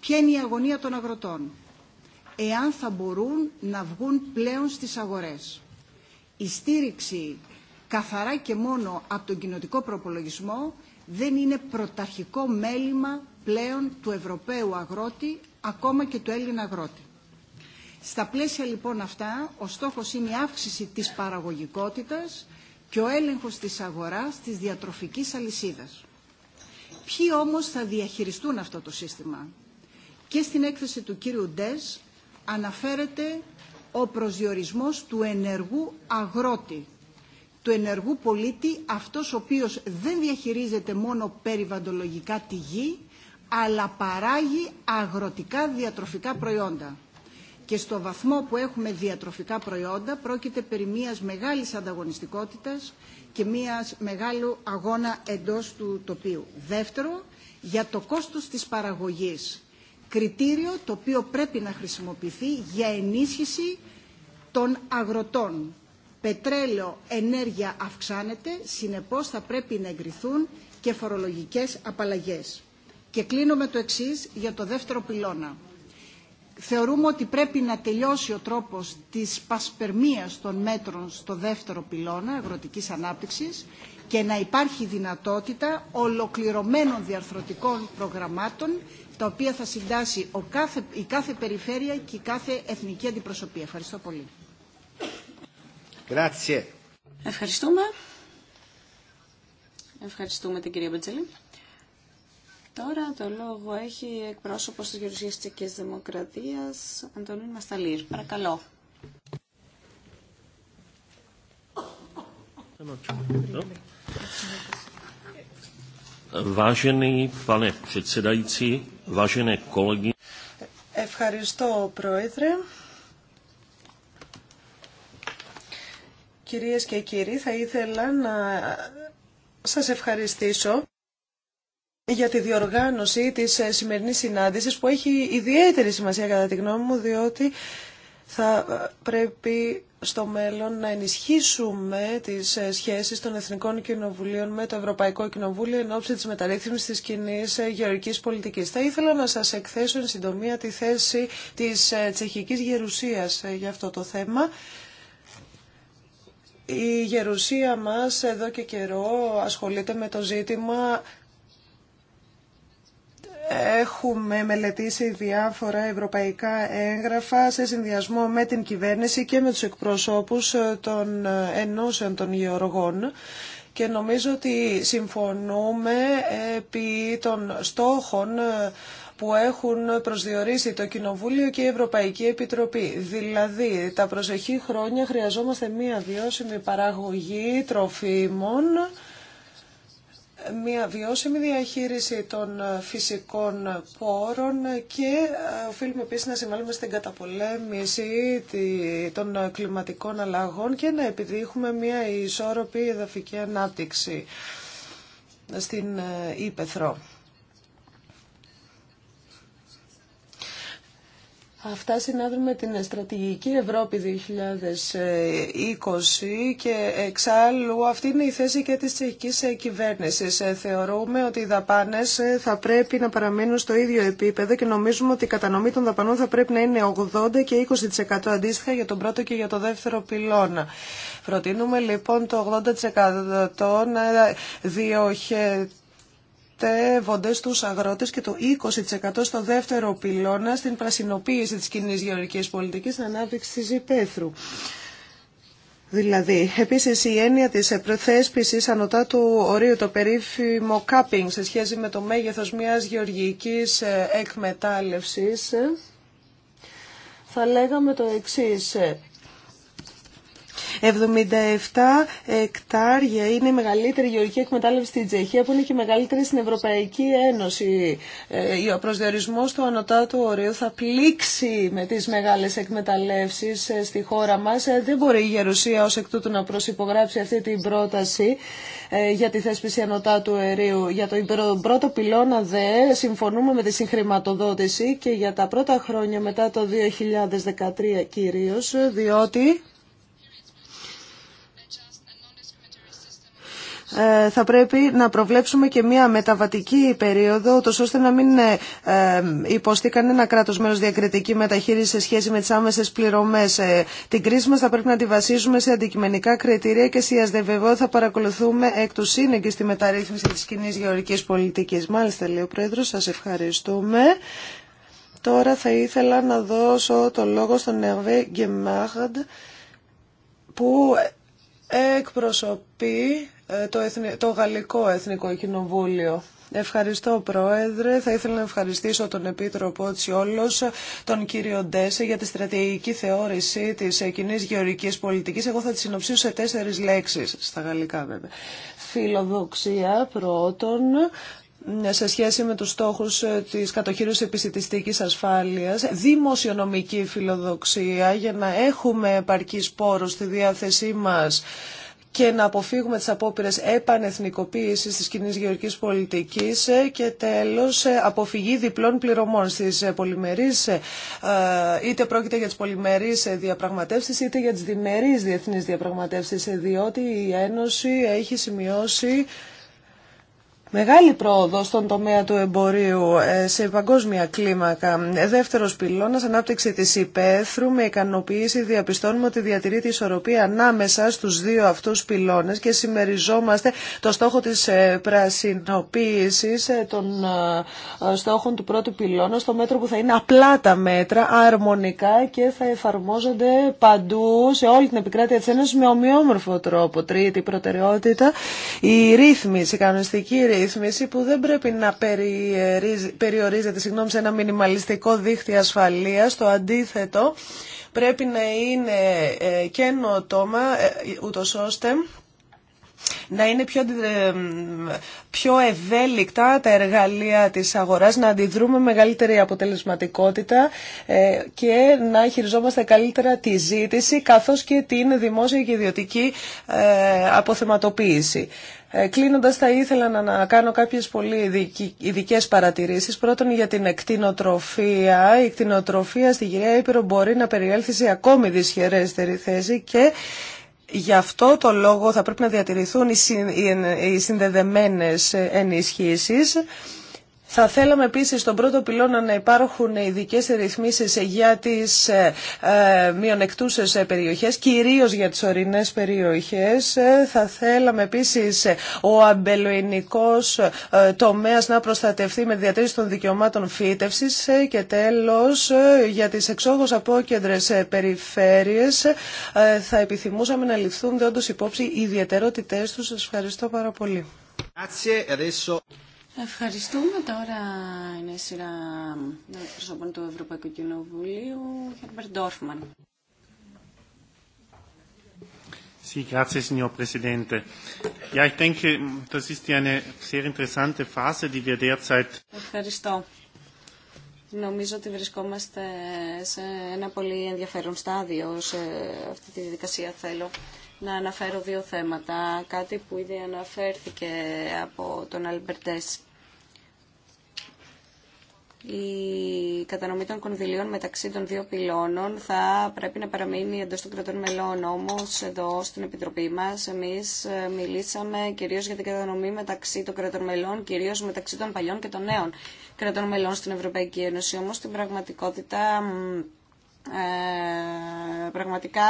Ποια είναι η αγωνία των αγροτών. Εάν θα μπορούν να βγουν πλέον στις αγορές. Η στήριξη καθαρά και μόνο από τον κοινοτικό προπολογισμό δεν είναι πρωταρχικό μέλημα πλέον του Ευρωπαίου αγρότη, ακόμα και του Έλληνα αγρότη. Στα πλαίσια λοιπόν αυτά, ο στόχος είναι η αύξηση της παραγωγικότητας και ο έλεγχος της αγοράς της διατροφικής αλυσίδας. Ποιοι όμως θα διαχειριστούν αυτό το σύστημα. Και στην έκθεση του κύριου Ντες αναφέρεται ο προσδιορισμός του ενεργού αγρότη του ενεργού πολίτη, αυτός ο οποίος δεν διαχειρίζεται μόνο περιβαντολογικά τη γη, αλλά παράγει αγροτικά διατροφικά προϊόντα. Και στο βαθμό που έχουμε διατροφικά προϊόντα πρόκειται περί μιας μεγάλης ανταγωνιστικότητας και μιας μεγάλου αγώνα εντός του τοπίου. Δεύτερο, για το κόστος της παραγωγής. Κριτήριο το οποίο πρέπει να χρησιμοποιηθεί για ενίσχυση των αγροτών πετρέλαιο, ενέργεια αυξάνεται, συνεπώς θα πρέπει να εγκριθούν και φορολογικές απαλλαγές. Και κλείνω με το εξής για το δεύτερο πυλώνα. Θεωρούμε ότι πρέπει να τελειώσει ο τρόπος της πασπερμίας των μέτρων στο δεύτερο πυλώνα αγροτικής ανάπτυξης και να υπάρχει δυνατότητα ολοκληρωμένων διαρθρωτικών προγραμμάτων τα οποία θα συντάσει ο κάθε, η κάθε περιφέρεια και η κάθε εθνική αντιπροσωπεία. Ευχαριστώ πολύ. Ευχαριστούμε. Ευχαριστούμε την κυρία Μπετζελή. Τώρα το λόγο έχει εκπρόσωπο τη Γερουσία Τσεκή Δημοκρατία, Αντωνίου Μασταλήρ. Παρακαλώ. Ευχαριστώ, Πρόεδρε. Κυρίες και κύριοι, θα ήθελα να σας ευχαριστήσω για τη διοργάνωση της ε, σημερινής συνάντησης που έχει ιδιαίτερη σημασία κατά τη γνώμη μου διότι θα ε, πρέπει στο μέλλον να ενισχύσουμε τις ε, σχέσεις των Εθνικών Κοινοβουλίων με το Ευρωπαϊκό Κοινοβούλιο εν ώψη της μεταρρύθμισης της κοινή γεωργικής πολιτικής. Θα ήθελα να σας εκθέσω εν συντομία τη θέση της τσεχικής γερουσίας για αυτό το θέμα. Η γερουσία μας εδώ και καιρό ασχολείται με το ζήτημα Έχουμε μελετήσει διάφορα ευρωπαϊκά έγγραφα σε συνδυασμό με την κυβέρνηση και με τους εκπροσώπους των ενώσεων των γεωργών και νομίζω ότι συμφωνούμε επί των στόχων που έχουν προσδιορίσει το Κοινοβούλιο και η Ευρωπαϊκή Επιτροπή. Δηλαδή, τα προσεχή χρόνια χρειαζόμαστε μία βιώσιμη παραγωγή τροφίμων, μια βιώσιμη διαχείριση των φυσικών πόρων και ε, οφείλουμε επίσης να συμβάλλουμε στην καταπολέμηση των κλιματικών αλλαγών και να επιδείχουμε μια ισόρροπη εδαφική ανάπτυξη στην ε, Ήπεθρο. Αυτά συνάδουν με την στρατηγική Ευρώπη 2020 και εξάλλου αυτή είναι η θέση και της τσεχικής κυβέρνησης. Θεωρούμε ότι οι δαπάνες θα πρέπει να παραμείνουν στο ίδιο επίπεδο και νομίζουμε ότι η κατανομή των δαπανών θα πρέπει να είναι 80 και 20% αντίστοιχα για τον πρώτο και για τον δεύτερο πυλώνα. Προτείνουμε λοιπόν το 80% να διοχετήσουμε στοχεύονται στου αγρότε και το 20% στο δεύτερο πυλώνα στην πρασινοποίηση της κοινή γεωργικής πολιτικής στην ανάπτυξη τη υπαίθρου. Δηλαδή, επίσης η έννοια της προθέσπιση ανωτά του ορίου, το περίφημο κάπινγκ σε σχέση με το μέγεθος μιας γεωργικής ε, εκμετάλλευσης, ε, θα λέγαμε το εξής ε, 77 εκτάρια είναι η μεγαλύτερη γεωργική εκμετάλλευση στην Τσεχία που είναι και μεγαλύτερη στην Ευρωπαϊκή Ένωση. Ε, ο προσδιορισμό του ανωτάτου ορίου θα πλήξει με τις μεγάλες εκμεταλλεύσεις ε, στη χώρα μας. Ε, δεν μπορεί η Γερουσία ω εκ τούτου να προσυπογράψει αυτή την πρόταση για τη θέσπιση ανωτάτου αερίου. Για τον πρώτο πυλώνα δε συμφωνούμε με τη συγχρηματοδότηση και για τα πρώτα χρόνια μετά το 2013 κυρίω, διότι Ε, θα πρέπει να προβλέψουμε και μια μεταβατική περίοδο, ώστε να μην ε, ε, υποστεί κανένα κράτο μέρο διακριτική μεταχείριση σε σχέση με τι άμεσε πληρωμέ. Την κρίση μα θα πρέπει να τη βασίζουμε σε αντικειμενικά κριτήρια και σε θα παρακολουθούμε εκ του σύνεγγυ στη μεταρρύθμιση τη κοινή γεωργική πολιτική. Μάλιστα, λέει ο Πρόεδρο, σα ευχαριστούμε. Τώρα θα ήθελα να δώσω το λόγο στον Ερβέ Γκεμάχαντ που εκπροσωπεί ε, το, το Γαλλικό Εθνικό Κοινοβούλιο. Ευχαριστώ Πρόεδρε. Θα ήθελα να ευχαριστήσω τον Επίτροπο Τσιόλος, τον κύριο Ντέσε για τη στρατηγική θεώρηση της κοινή γεωρικής πολιτικής. Εγώ θα τη συνοψίσω σε τέσσερις λέξεις, στα γαλλικά βέβαια. Φιλοδοξία πρώτον, σε σχέση με τους στόχους της κατοχύρωσης επιστημιστική ασφάλειας, δημοσιονομική φιλοδοξία για να έχουμε επαρκή πόρους στη διάθεσή μας και να αποφύγουμε τις απόπειρες επανεθνικοποίησης της κοινή γεωργικής πολιτικής ε, και τέλος ε, αποφυγή διπλών πληρωμών στις ε, πολυμερείς, είτε πρόκειται για τις πολυμερείς διαπραγματεύσεις είτε για τις διμερείς διεθνείς διαπραγματεύσεις, διότι η Ένωση έχει σημειώσει Μεγάλη πρόοδο στον τομέα του εμπορίου ε, σε παγκόσμια κλίμακα. Ε, Δεύτερο πυλώνα, ανάπτυξη τη υπαίθρου. Με ικανοποίηση διαπιστώνουμε ότι διατηρεί τη ισορροπία ανάμεσα στου δύο αυτού πυλώνε και συμμεριζόμαστε το στόχο τη ε, πρασινοποίηση των στόχων του πρώτου πυλώνα, στο μέτρο που θα είναι απλά τα μέτρα, αρμονικά και θα εφαρμόζονται παντού σε όλη την επικράτεια τη Ένωση με ομοιόμορφο τρόπο. Τρίτη προτεραιότητα, η ρύθμιση, η κανονιστική ρύθμιση που δεν πρέπει να περιορίζεται συγγνώμη, σε ένα μινιμαλιστικό δίχτυ ασφαλείας. Το αντίθετο πρέπει να είναι ε, καινοτόμα ε, ούτω ώστε να είναι πιο, ε, πιο ευέλικτα τα εργαλεία της αγοράς, να αντιδρούμε μεγαλύτερη αποτελεσματικότητα και να χειριζόμαστε καλύτερα τη ζήτηση καθώς και την δημόσια και ιδιωτική αποθεματοποίηση. Ε, Κλείνοντα θα ήθελα να κάνω κάποιες πολύ ειδικέ παρατηρήσεις. Πρώτον για την εκτινοτροφία. Η εκτινοτροφία στη Γυρία Ήπειρο μπορεί να περιέλθει σε ακόμη δυσχερέστερη θέση και γι' αυτό το λόγο θα πρέπει να διατηρηθούν οι συνδεδεμένες ενισχύσει. Θα θέλαμε επίσης στον πρώτο πυλώνα να υπάρχουν ειδικέ ρυθμίσεις για τις ε, ε, μειονεκτούσες περιοχές, κυρίως για τις ορεινές περιοχές. Θα θέλαμε επίσης ο ε, τομέας να προστατευτεί με διατήρηση των δικαιωμάτων φύτευσης ε, και τέλος για τις εξόχως απόκεντρες περιφέρειες θα επιθυμούσαμε να ληφθούν όντω υπόψη οι ιδιαιτερότητές του Σας ευχαριστώ πάρα πολύ. Ευχαριστούμε. Τώρα είναι σειρά προσώπων του Ευρωπαϊκού Κοινοβουλίου, Χέρμπερτ Ντόρφμαν. Sí, grazie signor Presidente. Ja, ich denke, das ist ja eine sehr interessante Phase, die wir derzeit. Ευχαριστώ. Νομίζω ότι βρισκόμαστε σε ένα πολύ ενδιαφέρον στάδιο σε αυτή τη διαδικασία. Θέλω να αναφέρω δύο θέματα. Κάτι που ήδη αναφέρθηκε από τον Αλμπερτέ η κατανομή των κονδυλίων μεταξύ των δύο πυλώνων θα πρέπει να παραμείνει εντός των κρατών μελών. Όμως εδώ στην Επιτροπή μας εμείς ε, μιλήσαμε κυρίως για την κατανομή μεταξύ των κρατών μελών, κυρίως μεταξύ των παλιών και των νέων κρατών μελών στην Ευρωπαϊκή Ένωση. Όμως στην πραγματικότητα ε, πραγματικά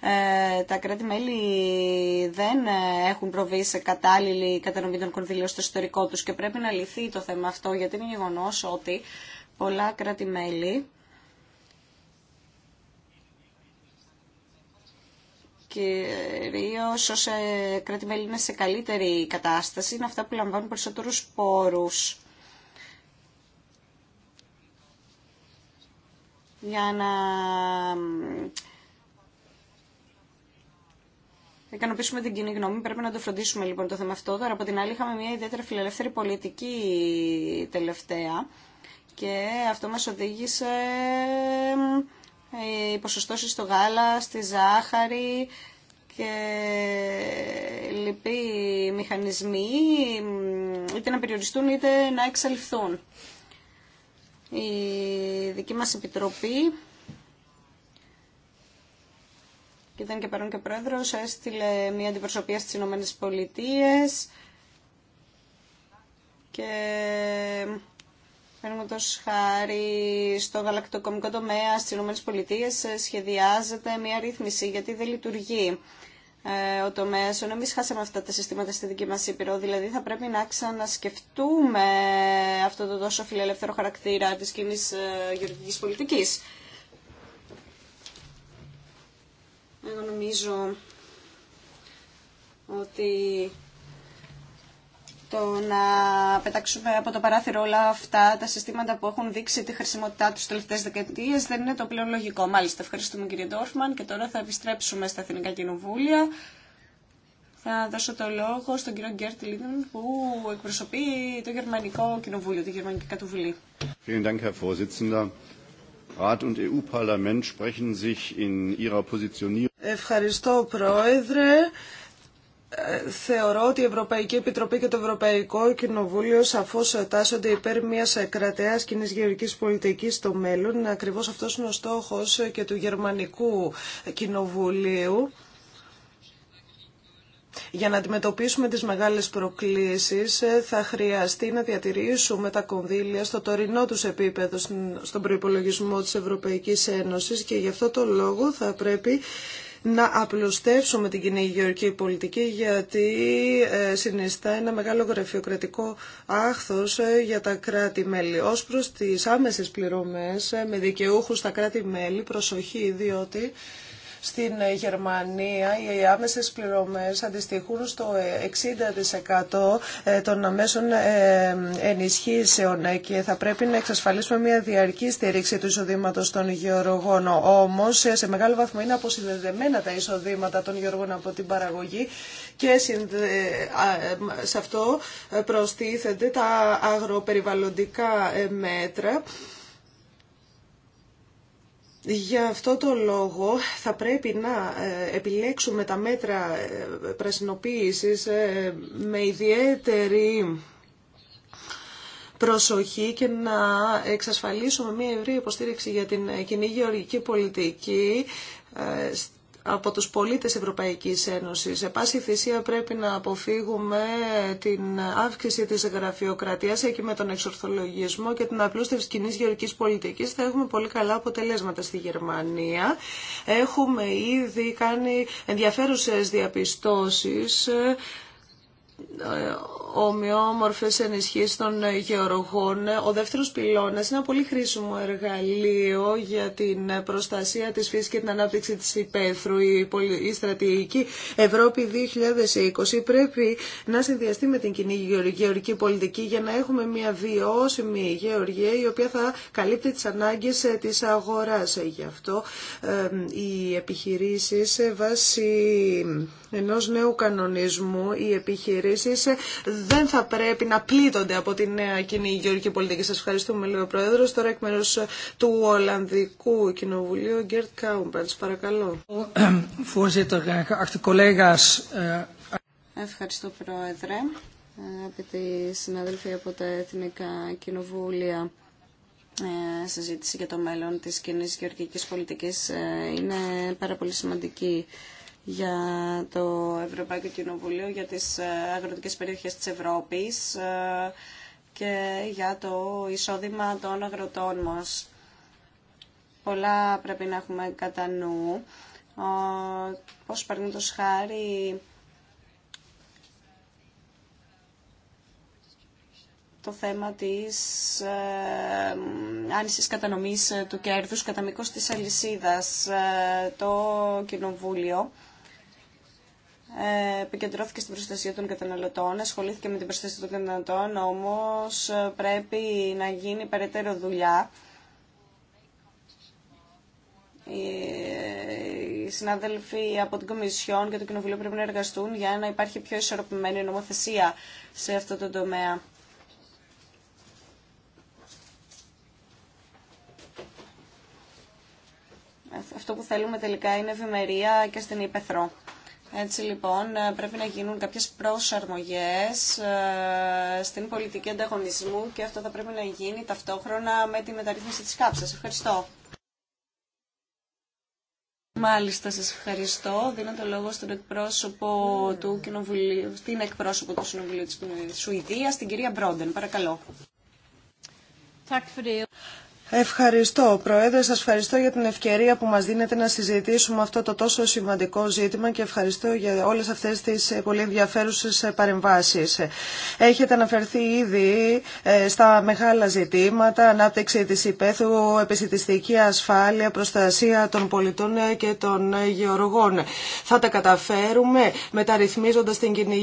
ε, τα κράτη-μέλη δεν έχουν προβεί σε κατάλληλη κατανομή των κονδυλίων στο ιστορικό τους και πρέπει να λυθεί το θέμα αυτό γιατί είναι γεγονό ότι πολλά κράτη-μέλη κυρίω όσα κράτη-μέλη είναι σε καλύτερη κατάσταση είναι αυτά που λαμβάνουν περισσότερους πόρους για να ικανοποιήσουμε την κοινή γνώμη. Πρέπει να το φροντίσουμε λοιπόν το θέμα αυτό. Τώρα από την άλλη είχαμε μια ιδιαίτερα φιλελεύθερη πολιτική τελευταία και αυτό μας οδήγησε οι ποσοστώσεις στο γάλα, στη ζάχαρη και λοιποί μηχανισμοί είτε να περιοριστούν είτε να εξαλειφθούν η δική μας επιτροπή και ήταν και παρόν και πρόεδρος, έστειλε μια αντιπροσωπεία στις Ηνωμένες Πολιτείες και τόσο χάρη στο γαλακτοκομικό τομέα στι Πολιτείες, ε, σχεδιάζεται μια ρύθμιση γιατί δεν λειτουργεί ε, ο ενώ Εμείς χάσαμε αυτά τα συστήματα στη δική μα Ήπειρο, δηλαδή θα πρέπει να ξανασκεφτούμε αυτό το τόσο φιλελεύθερο χαρακτήρα τη κοινή ε, γεωργικής πολιτική. Εγώ νομίζω ότι το να πετάξουμε από το παράθυρο όλα αυτά τα συστήματα που έχουν δείξει τη χρησιμότητά τους τελευταίες δεκαετίες δεν είναι το πλέον λογικό. Μάλιστα, ευχαριστούμε κύριε Ντόρφμαν και τώρα θα επιστρέψουμε στα Εθνικά Κοινοβούλια. Θα δώσω το λόγο στον κύριο Γκέρτ Λίντεν που εκπροσωπεί το Γερμανικό Κοινοβούλιο, τη Γερμανική Κατουβουλή. Ευχαριστώ, Πρόεδρε. Θεωρώ ότι η Ευρωπαϊκή Επιτροπή και το Ευρωπαϊκό Κοινοβούλιο σαφώς τάσσονται υπέρ μιας κρατεάς κοινή γεωργικής πολιτικής στο μέλλον. Ακριβώς αυτός είναι ο στόχος και του Γερμανικού Κοινοβουλίου για να αντιμετωπίσουμε τις μεγάλες προκλήσεις θα χρειαστεί να διατηρήσουμε τα κονδύλια στο τωρινό τους επίπεδο στον προϋπολογισμό της Ευρωπαϊκής Ένωσης και γι' αυτό το λόγο θα πρέπει να απλουστεύσουμε την κοινή γεωργική πολιτική γιατί ε, συνιστά ένα μεγάλο γραφειοκρατικό άχθος ε, για τα κράτη-μέλη. Ως προς τις άμεσες πληρωμές ε, με δικαιούχους στα κράτη-μέλη, προσοχή διότι στην ε, Γερμανία οι άμεσες πληρωμές αντιστοιχούν στο 60% ε, ε, των αμέσων ενισχύσεων και θα πρέπει να εξασφαλίσουμε μια διαρκή στήριξη του εισοδήματο των γεωργών. Όμως σε μεγάλο βαθμό είναι αποσυνδεδεμένα τα εισοδήματα των γεωργών από την παραγωγή και σε αυτό προστίθενται τα αγροπεριβαλλοντικά μέτρα για αυτό το λόγο θα πρέπει να ε, επιλέξουμε τα μέτρα ε, πρασινοποίησης ε, με ιδιαίτερη προσοχή και να εξασφαλίσουμε μια ευρή υποστήριξη για την κοινή γεωργική πολιτική από τους πολίτες Ευρωπαϊκής Ένωσης. Σε πάση θυσία πρέπει να αποφύγουμε την αύξηση της γραφειοκρατίας και με τον εξορθολογισμό και την απλούστευση κοινή γεωρικής πολιτικής θα έχουμε πολύ καλά αποτελέσματα στη Γερμανία. Έχουμε ήδη κάνει ενδιαφέρουσες διαπιστώσεις ε, ε, ομοιόμορφες ενισχύσει των ε, γεωργών. Ο δεύτερος πυλώνας είναι ένα πολύ χρήσιμο εργαλείο για την προστασία της φύσης και την ανάπτυξη της υπαίθρου. Η στρατηγική Ευρώπη 2020 πρέπει να συνδυαστεί με την κοινή γεωργική πολιτική για να έχουμε μια βιώσιμη γεωργία η οποία θα καλύπτει τις ανάγκες ε, της αγοράς. Γι' αυτό οι επιχειρήσεις βάση ενός νέου κανονισμού, οι επιχειρήσεις δεν θα πρέπει να πλήττονται από τη νέα κοινή γεωργική πολιτική. Σα ευχαριστούμε, λέει ο Πρόεδρο. Τώρα εκ μέρου του Ολλανδικού Κοινοβουλίου, Γκέρτ Κάουμπερτ, παρακαλώ. Ε, Ευχαριστώ, Πρόεδρε. Αγαπητοί συναδελφοί από τα Εθνικά Κοινοβούλια, ε, συζήτηση για το μέλλον της κοινή γεωργικής πολιτικής ε, είναι πάρα πολύ σημαντική για το Ευρωπαϊκό Κοινοβουλίο για τις ε, αγροτικές περιοχές της Ευρώπης ε, και για το εισόδημα των αγροτών μας. Πολλά πρέπει να έχουμε κατά νου. Πώς παίρνει το σχάρι το θέμα της ε, άνησης κατανομής του κέρδους κατά μήκος της αλυσίδας. Το Κοινοβούλιο επικεντρώθηκε στην προστασία των καταναλωτών, ασχολήθηκε με την προστασία των καταναλωτών, όμως ε, πρέπει να γίνει περαιτέρω δουλειά. Οι συνάδελφοι από την Κομισιόν και το Κοινοβουλίο πρέπει να εργαστούν για να υπάρχει πιο ισορροπημένη νομοθεσία σε αυτό το τομέα. Αυτό που θέλουμε τελικά είναι ευημερία και στην υπεθρό έτσι λοιπόν ε, πρέπει να γίνουν κάποιες προσαρμογές ε, στην πολιτική ανταγωνισμού και αυτό θα πρέπει να γίνει ταυτόχρονα με τη μεταρρύθμιση της κάψας. Ευχαριστώ. Μάλιστα, σας ευχαριστώ. Δίνω το λόγο στον εκπρόσωπο του κοινοβουλίου, στην εκπρόσωπο του Συνοβουλίου της Σουηδίας, την κυρία Μπρόντεν. Παρακαλώ. Ευχαριστώ, Πρόεδρε. Σα ευχαριστώ για την ευκαιρία που μα δίνετε να συζητήσουμε αυτό το τόσο σημαντικό ζήτημα και ευχαριστώ για όλε αυτέ τι ε, πολύ ενδιαφέρουσε ε, παρεμβάσει. Έχετε αναφερθεί ήδη ε, στα μεγάλα ζητήματα, ανάπτυξη τη υπαίθου, επιστημιστική ασφάλεια, προστασία των πολιτών και των γεωργών. Θα τα καταφέρουμε μεταρρυθμίζοντα την κοινή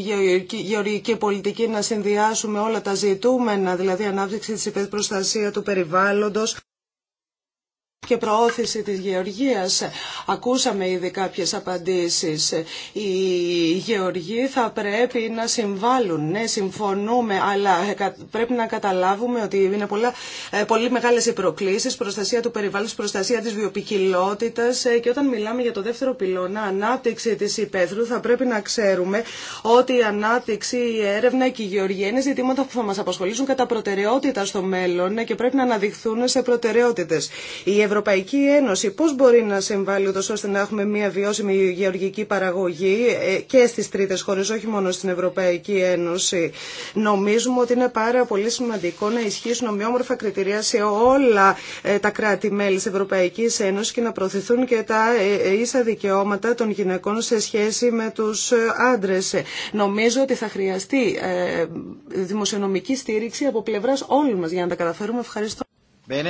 γεωργική πολιτική να συνδυάσουμε όλα τα ζητούμενα, δηλαδή ανάπτυξη τη υπαίθου, προστασία του περιβάλλοντο και προώθηση της γεωργίας. Ακούσαμε ήδη κάποιες απαντήσεις. Οι γεωργοί θα πρέπει να συμβάλλουν. Ναι, συμφωνούμε, αλλά πρέπει να καταλάβουμε ότι είναι πολλά, ε, πολύ μεγάλες οι προκλήσεις, προστασία του περιβάλλοντος, προστασία της βιοπικιλότητας ε, και όταν μιλάμε για το δεύτερο πυλώνα, ανάπτυξη της υπαίθρου, θα πρέπει να ξέρουμε ότι η ανάπτυξη, η έρευνα και η γεωργία είναι ζητήματα που θα μας απασχολήσουν κατά προτεραιότητα στο μέλλον ε, και πρέπει να αναδειχθούν σε προτεραιότητες. Η Ευρωπαϊκή Ένωση πώς μπορεί να συμβάλλει ούτως ώστε να έχουμε μια βιώσιμη γεωργική παραγωγή ε, και στις τρίτες χώρες, όχι μόνο στην Ευρωπαϊκή Ένωση. Νομίζουμε ότι είναι πάρα πολύ σημαντικό να ισχύσουν ομοιόμορφα κριτηρία σε όλα ε, τα κράτη-μέλη της Ευρωπαϊκής Ένωσης και να προωθηθούν και τα ε, ίσα δικαιώματα των γυναικών σε σχέση με τους άντρες. Νομίζω ότι θα χρειαστεί δημοσιονομική στήριξη από πλευράς όλων μας για να τα καταφέρουμε. Ευχαριστώ. Και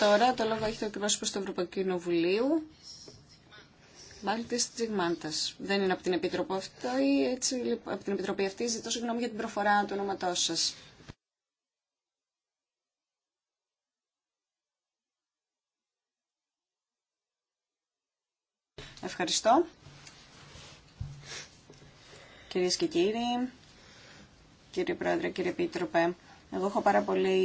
τώρα το λόγο έχει το εκπρόσωπο του Ευρωπαϊκού Κοινοβουλίου. Μάλτη Τζιγμάντα. Δεν είναι από την Επιτροπή αυτή, έτσι, λοιπόν, από την Επιτροπή αυτή. Ζητώ συγγνώμη για την προφορά του ονόματό σα. Ευχαριστώ. Κυρίες και κύριοι, κύριε Πρόεδρε, κύριε Επίτροπε. Εγώ έχω πάρα πολύ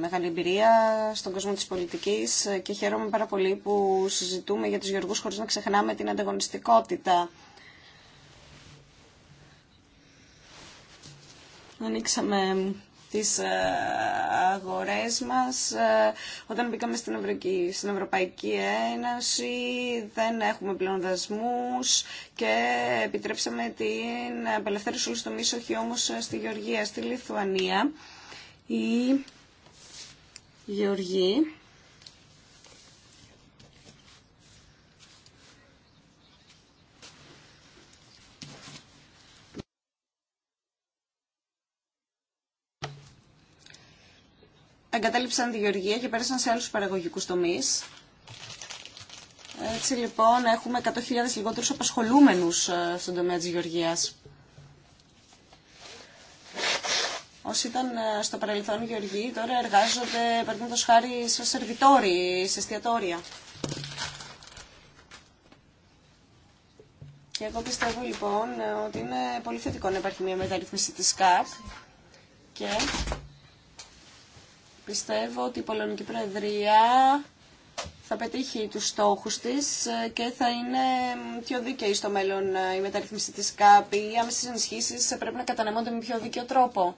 μεγάλη εμπειρία στον κόσμο της πολιτικής και χαίρομαι πάρα πολύ που συζητούμε για τους γεωργού χωρίς να ξεχνάμε την ανταγωνιστικότητα. Ανοίξαμε τις ε, αγορές μας. Ε, όταν μπήκαμε στην, Ευρωπαϊκή, στην Ευρωπαϊκή Ένωση δεν έχουμε πλέον και επιτρέψαμε την απελευθέρωση του τομείς, όχι όμως ε, στη Γεωργία, στη Λιθουανία. Η Γεωργία εγκατέλειψαν τη γεωργία και πέρασαν σε άλλους παραγωγικούς τομείς. Έτσι λοιπόν έχουμε 100.000 λιγότερους απασχολούμενους ε, στον τομέα της γεωργίας. Όσοι ήταν ε, στο παρελθόν γεωργοί τώρα εργάζονται παραδείγματος χάρη σε σερβιτόροι, σε εστιατόρια. Και εγώ πιστεύω λοιπόν ε, ότι είναι πολύ θετικό να υπάρχει μια μεταρρύθμιση της ΚΑΠ και Πιστεύω ότι η Πολωνική Προεδρία θα πετύχει τους στόχους της και θα είναι πιο δίκαιη στο μέλλον ε, η μεταρρύθμιση της ΚΑΠΗ. Οι άμεσες ενισχύσεις πρέπει να κατανεμώνται με πιο δίκαιο τρόπο.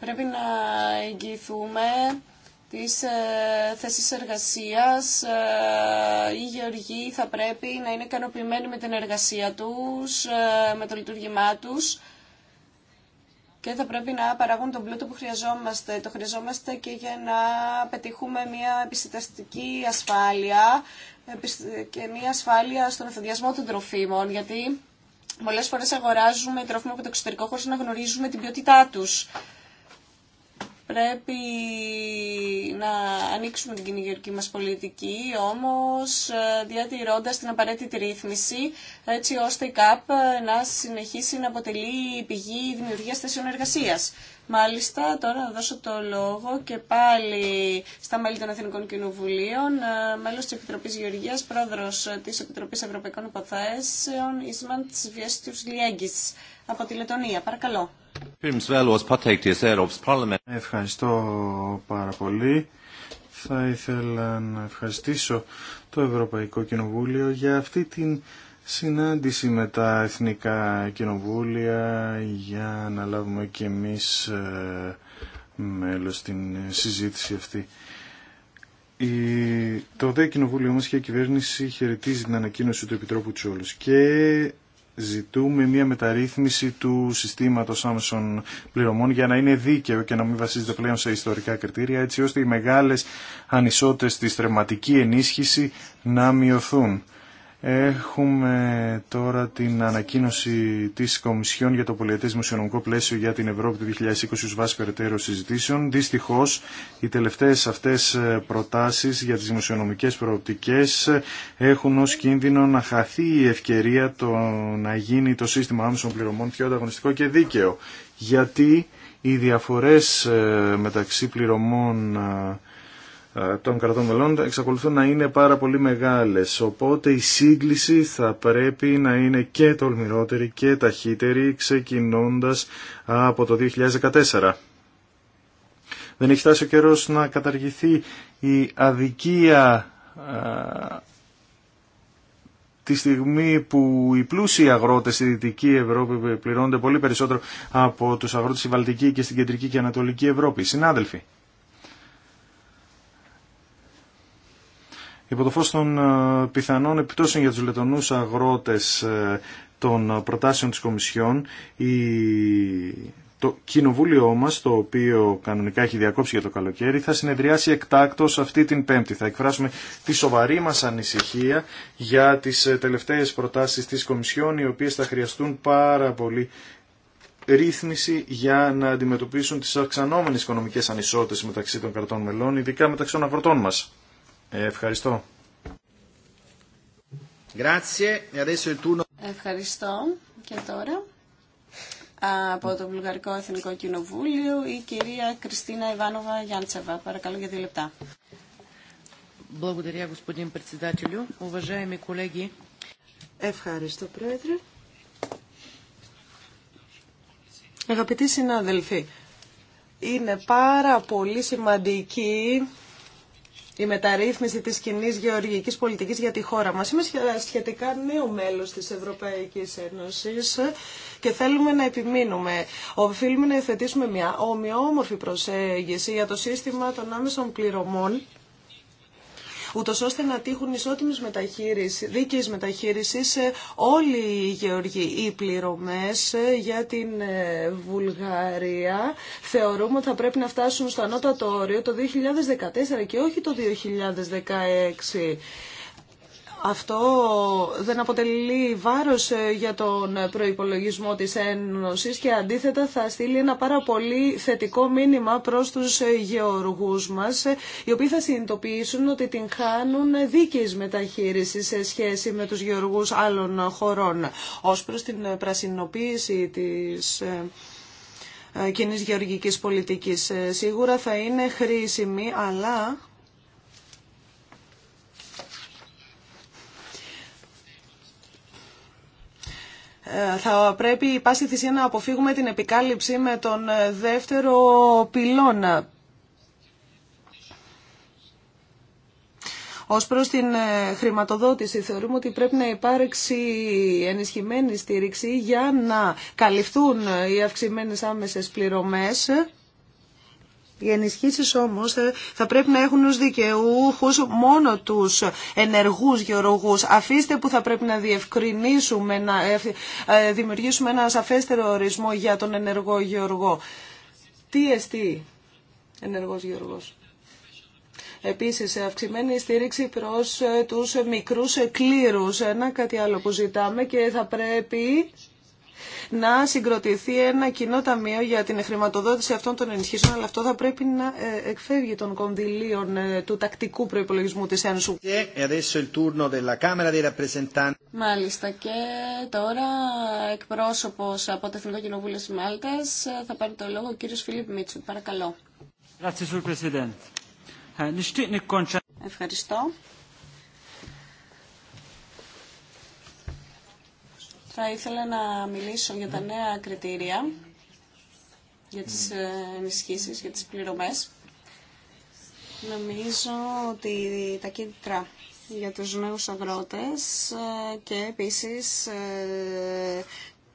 Πρέπει να εγγυηθούμε τις ε, θέσεις εργασίας. Ε, οι γεωργοί θα πρέπει να είναι ικανοποιημένοι με την εργασία τους, με το λειτουργήμά τους και θα πρέπει να παράγουν τον πλούτο που χρειαζόμαστε. Το χρειαζόμαστε και για να πετύχουμε μια επιστηταστική ασφάλεια και μια ασφάλεια στον εφοδιασμό των τροφίμων, γιατί πολλές φορές αγοράζουμε τρόφιμα από το εξωτερικό χωρίς να γνωρίζουμε την ποιότητά τους. Πρέπει να ανοίξουμε την κυνηγερική μας πολιτική, όμως ε, διατηρώντας την απαραίτητη ρύθμιση, έτσι ώστε η ΚΑΠ ε, να συνεχίσει να αποτελεί πηγή δημιουργίας θέσεων εργασίας. Μάλιστα, τώρα θα δώσω το λόγο και πάλι στα μέλη των Εθνικών Κοινοβουλίων, ε, μέλος της Επιτροπής Γεωργίας, πρόεδρος της Επιτροπής Ευρωπαϊκών Υποθέσεων, Ισμαντ Βιέστιους Λιέγκης, από τη Λετωνία. Παρακαλώ. Ευχαριστώ πάρα πολύ. Θα ήθελα να ευχαριστήσω το Ευρωπαϊκό Κοινοβούλιο για αυτή την συνάντηση με τα Εθνικά Κοινοβούλια για να λάβουμε και εμείς ε, μέλος στην συζήτηση αυτή. Το ΔΕ Κοινοβούλιο μας και η κυβέρνηση χαιρετίζει την ανακοίνωση του Επιτρόπου Τσόλους και ζητούμε μια μεταρρύθμιση του συστήματος άμεσων πληρωμών για να είναι δίκαιο και να μην βασίζεται πλέον σε ιστορικά κριτήρια έτσι ώστε οι μεγάλες ανισότητες στη στρεματική ενίσχυση να μειωθούν. Έχουμε τώρα την ανακοίνωση της Κομισιόν για το πολιετές μουσιονομικό πλαίσιο για την Ευρώπη του 2020 ως βάση περαιτέρω συζητήσεων. Δυστυχώς, οι τελευταίες αυτές προτάσεις για τις δημοσιονομικές προοπτικές έχουν ως κίνδυνο να χαθεί η ευκαιρία το να γίνει το σύστημα άμεσων πληρωμών πιο ανταγωνιστικό και δίκαιο. Γιατί οι διαφορές ε, μεταξύ πληρωμών ε, ε, των κρατών μελών εξακολουθούν να είναι πάρα πολύ μεγάλες. Οπότε η σύγκληση θα πρέπει να είναι και τολμηρότερη και ταχύτερη ξεκινώντας από το 2014. Δεν έχει φτάσει ο καιρός να καταργηθεί η αδικία ε, τη στιγμή που οι πλούσιοι αγρότες στη Δυτική Ευρώπη πληρώνονται πολύ περισσότερο από τους αγρότες στη Βαλτική και στην Κεντρική και Ανατολική Ευρώπη. Συνάδελφοι. υπό το φως των ε, πιθανών επιπτώσεων για τους λετονούς αγρότες ε, των προτάσεων της Κομισιόν, η... το κοινοβούλιο μας, το οποίο κανονικά έχει διακόψει για το καλοκαίρι, θα συνεδριάσει εκτάκτως αυτή την Πέμπτη. Θα εκφράσουμε τη σοβαρή μας ανησυχία για τις ε, τελευταίες προτάσεις της Κομισιόν, οι οποίες θα χρειαστούν πάρα πολύ ρύθμιση για να αντιμετωπίσουν τις αυξανόμενες οικονομικές ανισότητες μεταξύ των κρατών μελών, ειδικά μεταξύ των αγροτών μας. Ε, ευχαριστώ. Ευχαριστώ και τώρα από το Βουλγαρικό Εθνικό Κοινοβούλιο η κυρία Κριστίνα Ιβάνοβα Γιάντσεβα. Παρακαλώ για δύο λεπτά. Ευχαριστώ, Πρόεδρε. Αγαπητοί συνάδελφοι, είναι πάρα πολύ σημαντική η μεταρρύθμιση της κοινή γεωργικής πολιτικής για τη χώρα μας. Είμαι σχετικά νέο μέλος της Ευρωπαϊκής Ένωσης και θέλουμε να επιμείνουμε. Οφείλουμε να υφετήσουμε μια ομοιόμορφη προσέγγιση για το σύστημα των άμεσων πληρωμών ούτω ώστε να τύχουν ισότιμη μεταχείριση, δίκαιη μεταχείριση όλοι οι γεωργοί. Οι πληρωμέ ε, για την ε, Βουλγαρία θεωρούμε ότι θα πρέπει να φτάσουν στο ανώτατο όριο το 2014 και όχι το 2016. Αυτό δεν αποτελεί βάρος ε, για τον προϋπολογισμό της Ένωσης και αντίθετα θα στείλει ένα πάρα πολύ θετικό μήνυμα προς τους γεωργούς μας, ε, οι οποίοι θα συνειδητοποιήσουν ότι την χάνουν δίκης μεταχείριση σε σχέση με τους γεωργούς άλλων χωρών. Ως προς την πρασινοποίηση της ε, κοινή γεωργικής πολιτικής σίγουρα θα είναι χρήσιμη, αλλά θα πρέπει η πάση θυσία να αποφύγουμε την επικάλυψη με τον ε, δεύτερο πυλώνα. Ως προς την ε, χρηματοδότηση θεωρούμε ότι πρέπει να υπάρξει ενισχυμένη στήριξη για να καλυφθούν ε, οι αυξημένες άμεσες πληρωμές οι ενισχύσει όμω ε, θα πρέπει να έχουν ω δικαιούχου μόνο του ενεργού γεωργού. Αφήστε που θα πρέπει να διευκρινίσουμε, να ε, ε, δημιουργήσουμε ένα σαφέστερο ορισμό για τον ενεργό γεωργό. Τι εστί ενεργός γεωργός. Επίσης, αυξημένη στήριξη προς τους μικρούς κλήρους. Ένα κάτι άλλο που ζητάμε και θα πρέπει να συγκροτηθεί ένα κοινό ταμείο για την χρηματοδότηση αυτών των ενισχύσεων, αλλά αυτό θα πρέπει να ε, εκφεύγει των κονδυλίων ε, του τακτικού προπολογισμού τη Ένσου. Μάλιστα. Και τώρα εκπρόσωπο από το Εθνικό Κοινοβούλιο τη Μάλτα ε, θα πάρει το λόγο ο κύριο Φιλίπ Μίτσου. Παρακαλώ. Ευχαριστώ. Θα ήθελα να μιλήσω για τα νέα κριτήρια, για τις ε, ενισχύσεις, για τις πληρωμές. Νομίζω ότι τα κίνητρα για τους νέους αγρότες ε, και επίσης ε,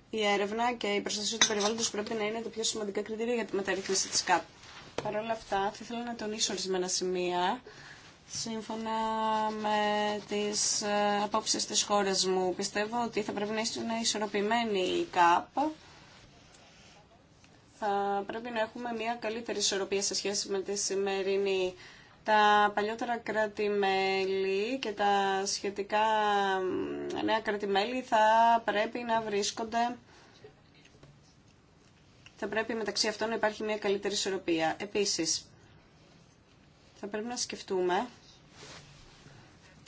η έρευνα και η προστασία του περιβάλλοντος πρέπει να είναι το πιο σημαντικό κριτήριο για τη μεταρρύθμιση της ΚΑΠ. Παρ' όλα αυτά, θα ήθελα να τονίσω ορισμένα σημεία σύμφωνα με τις ε, απόψεις της χώρας μου. Πιστεύω ότι θα πρέπει να είναι ισορροπημένη η ΚΑΠ. Θα πρέπει να έχουμε μια καλύτερη ισορροπία σε σχέση με τη σημερινή. Τα παλιότερα κράτη-μέλη και τα σχετικά νέα κράτη-μέλη θα πρέπει να βρίσκονται θα πρέπει μεταξύ αυτών να υπάρχει μια καλύτερη ισορροπία. Επίσης, θα πρέπει να σκεφτούμε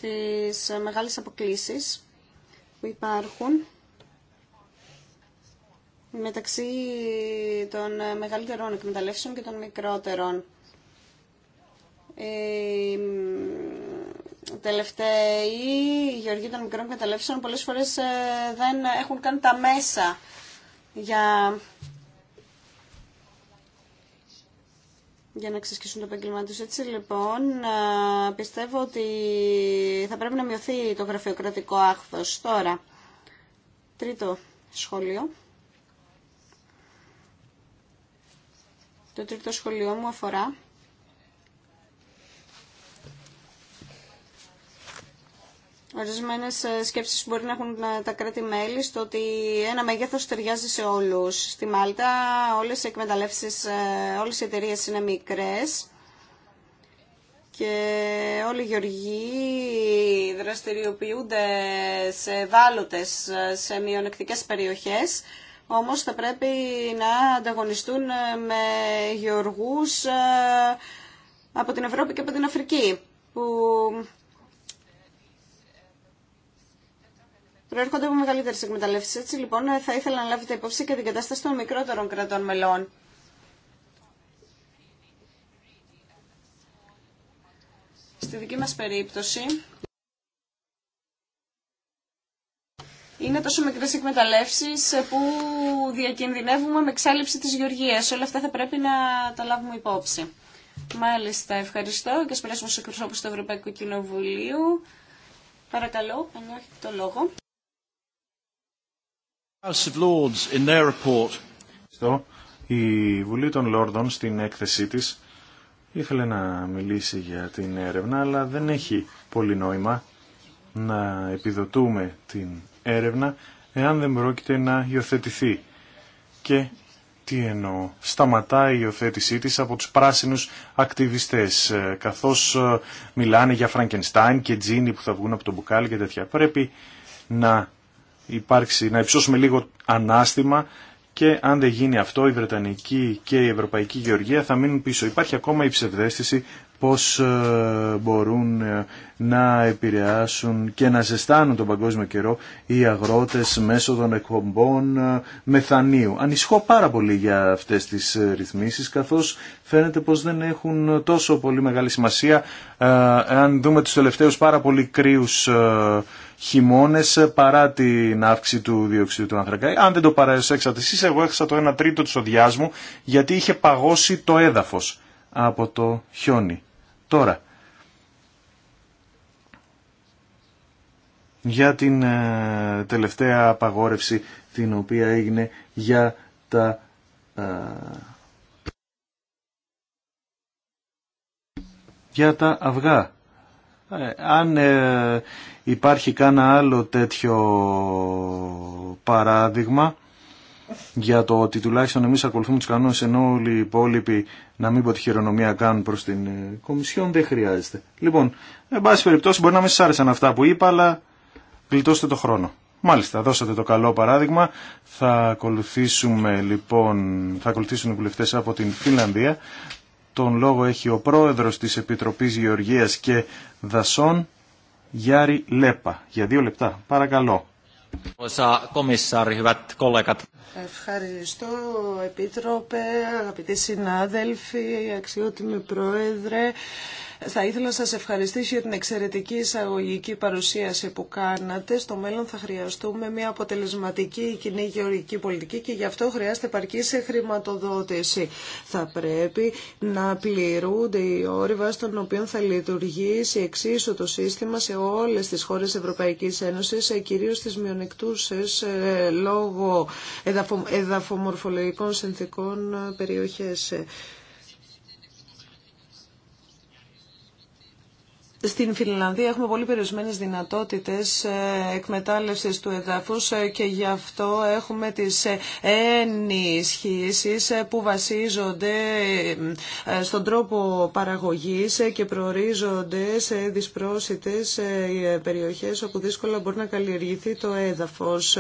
τις ε, μεγάλες αποκλίσεις που υπάρχουν μεταξύ των ε, μεγαλύτερων εκμεταλλεύσεων και των μικρότερων. Οι τελευταίοι γεωργοί των μικρών εκμεταλλεύσεων πολλές φορές ε, δεν έχουν καν τα μέσα για για να εξασκήσουν το επαγγελμά τους. Έτσι λοιπόν πιστεύω ότι θα πρέπει να μειωθεί το γραφειοκρατικό άχθος. Τώρα, τρίτο σχόλιο. Το τρίτο σχόλιο μου αφορά Ορισμένε ε, σκέψει μπορεί να έχουν ε, τα κράτη-μέλη στο ότι ένα μέγεθο ταιριάζει σε όλου. Στη Μάλτα όλε οι εκμεταλλεύσει, ε, όλε οι εταιρείε είναι μικρέ και όλοι οι γεωργοί δραστηριοποιούνται σε ευάλωτε, σε μειονεκτικέ περιοχές, Όμω θα πρέπει να ανταγωνιστούν με γεωργού από την Ευρώπη και από την Αφρική προέρχονται από μεγαλύτερε εκμεταλλεύσει. Έτσι λοιπόν θα ήθελα να λάβετε υπόψη και την κατάσταση των μικρότερων κρατών μελών. Στη δική μας περίπτωση είναι τόσο μικρές εκμεταλλεύσεις που διακινδυνεύουμε με εξάλληψη της γεωργίας. Όλα αυτά θα πρέπει να τα λάβουμε υπόψη. Μάλιστα, ευχαριστώ και ας περάσουμε στους εκπροσώπους του Ευρωπαϊκού Κοινοβουλίου. Παρακαλώ, αν έχετε το λόγο. Η Βουλή των Λόρδων στην έκθεσή της ήθελε να μιλήσει για την έρευνα, αλλά δεν έχει πολύ νόημα να επιδοτούμε την έρευνα εάν δεν πρόκειται να υιοθετηθεί. Και τι εννοώ, σταματάει η υιοθέτησή της από τους πράσινους ακτιβιστές, ε, καθώς ε, μιλάνε για Φραγκενστάιν και Τζίνι που θα βγουν από το μπουκάλι και τέτοια. Πρέπει να υπάρξει, να υψώσουμε λίγο ανάστημα και αν δεν γίνει αυτό η Βρετανική και η Ευρωπαϊκή Γεωργία θα μείνουν πίσω. Υπάρχει ακόμα η ψευδέστηση πώς ε, μπορούν ε, να επηρεάσουν και να ζεστάνουν τον παγκόσμιο καιρό οι αγρότες μέσω των εκπομπών ε, μεθανίου. Ανισχώ πάρα πολύ για αυτές τις ρυθμίσεις καθώς φαίνεται πως δεν έχουν τόσο πολύ μεγάλη σημασία αν δούμε τους τελευταίους πάρα πολύ κρύους χειμώνες παρά την αύξηση του διοξιδίου του ανθρακά. Αν δεν το παρασέξατε εσείς, εγώ έχασα το 1 τρίτο της οδιάς μου γιατί είχε παγώσει το έδαφος από το χιόνι. Τώρα, για την ε, τελευταία απαγόρευση την οποία έγινε για τα ε, για τα αυγά. Ε, αν υπάρχει κάνα άλλο τέτοιο παράδειγμα για το ότι τουλάχιστον εμείς ακολουθούμε τους κανόνες ενώ όλοι οι υπόλοιποι να μην πω τη χειρονομία κάνουν προς την ε, Κομισιόν δεν χρειάζεται. Λοιπόν, εν πάση περιπτώσει μπορεί να μην σας άρεσαν αυτά που είπα αλλά γλιτώστε το χρόνο. Μάλιστα, δώσατε το καλό παράδειγμα. Θα ακολουθήσουμε λοιπόν, θα ακολουθήσουν οι βουλευτές από την Φιλανδία. Τον λόγο έχει ο πρόεδρος της Επιτροπής Γεωργίας και Δασών, Γιάρη Λέπα. Για δύο λεπτά, παρακαλώ. Ευχαριστώ, Επίτροπε, αγαπητοί συνάδελφοι, αξιότιμοι Πρόεδρε. Θα ήθελα να σας ευχαριστήσω για την εξαιρετική εισαγωγική παρουσίαση που κάνατε. Στο μέλλον θα χρειαστούμε μια αποτελεσματική κοινή γεωργική πολιτική και γι' αυτό χρειάζεται παρκή σε χρηματοδότηση. Θα πρέπει να πληρούνται οι όροι βάσει των οποίων θα λειτουργήσει εξίσου το σύστημα σε όλες τις χώρες Ευρωπαϊκής Ένωσης, ε, κυρίως στις μειονεκτούσες ε, λόγω εδαφομορφολογικών συνθήκων ε, περιοχές. Στην Φιλανδία έχουμε πολύ περιορισμένες δυνατότητες ε, εκμετάλλευσης του εδάφους ε, και γι' αυτό έχουμε τις ε, ενισχύσεις που βασίζονται στον τρόπο παραγωγής και προορίζονται σε δυσπρόσιτες περιοχές όπου δύσκολα μπορεί να καλλιεργηθεί το έδαφος.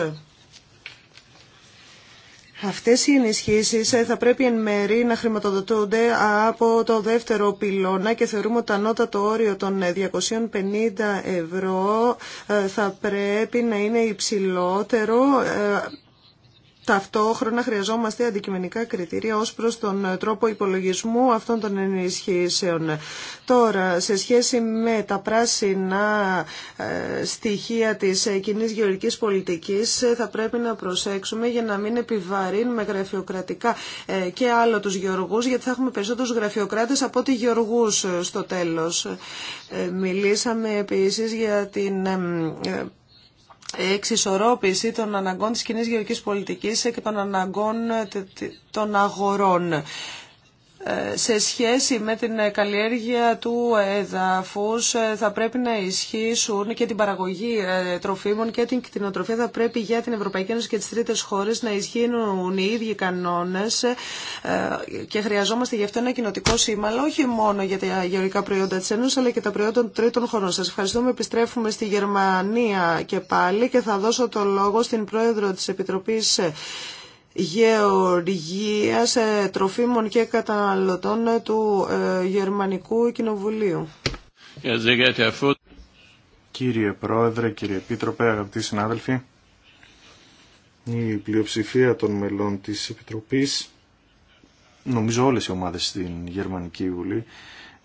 Αυτές οι ενισχύσεις ε, θα πρέπει εν μέρη να χρηματοδοτούνται από το δεύτερο πυλώνα και θεωρούμε ότι το ανώτατο όριο των 250 ε, ευρώ ε, θα πρέπει να είναι υψηλότερο Ταυτόχρονα χρειαζόμαστε αντικειμενικά κριτήρια ως προς τον τρόπο υπολογισμού αυτών των ενισχύσεων. Τώρα, σε σχέση με τα πράσινα ε, στοιχεία της ε, κοινή γεωργικής πολιτικής, ε, θα πρέπει να προσέξουμε για να μην επιβαρύνουμε γραφειοκρατικά και άλλο τους γεωργούς, γιατί θα έχουμε περισσότερους γραφειοκράτες από ό,τι γεωργούς στο τέλος. Μιλήσαμε επίσης για την εξισορρόπηση των αναγκών της κοινή γεωργικής πολιτικής και των αναγκών των αγορών. Ε, σε σχέση με την καλλιέργεια του εδάφους ε, θα πρέπει να ισχύσουν και την παραγωγή ε, τροφίμων και την κτηνοτροφία θα πρέπει για την Ευρωπαϊκή Ένωση και τις τρίτες χώρες να ισχύουν οι ίδιοι κανόνες και χρειαζόμαστε γι' αυτό ένα κοινοτικό σήμα αλλά όχι μόνο για τα γεωργικά προϊόντα της Ένωσης αλλά και τα προϊόντα των τρίτων χωρών. Σας ευχαριστούμε. Επιστρέφουμε στη Γερμανία και πάλι και θα δώσω το λόγο στην Πρόεδρο της Επιτροπής Γεωργίας ε, Τροφίμων και Καταναλωτών ε, του ε, Γερμανικού Κοινοβουλίου. Κύριε Πρόεδρε, κύριε Επίτροπε, αγαπητοί συνάδελφοι, η πλειοψηφία των μελών της Επιτροπής, νομίζω όλες οι ομάδες στην Γερμανική Βουλή,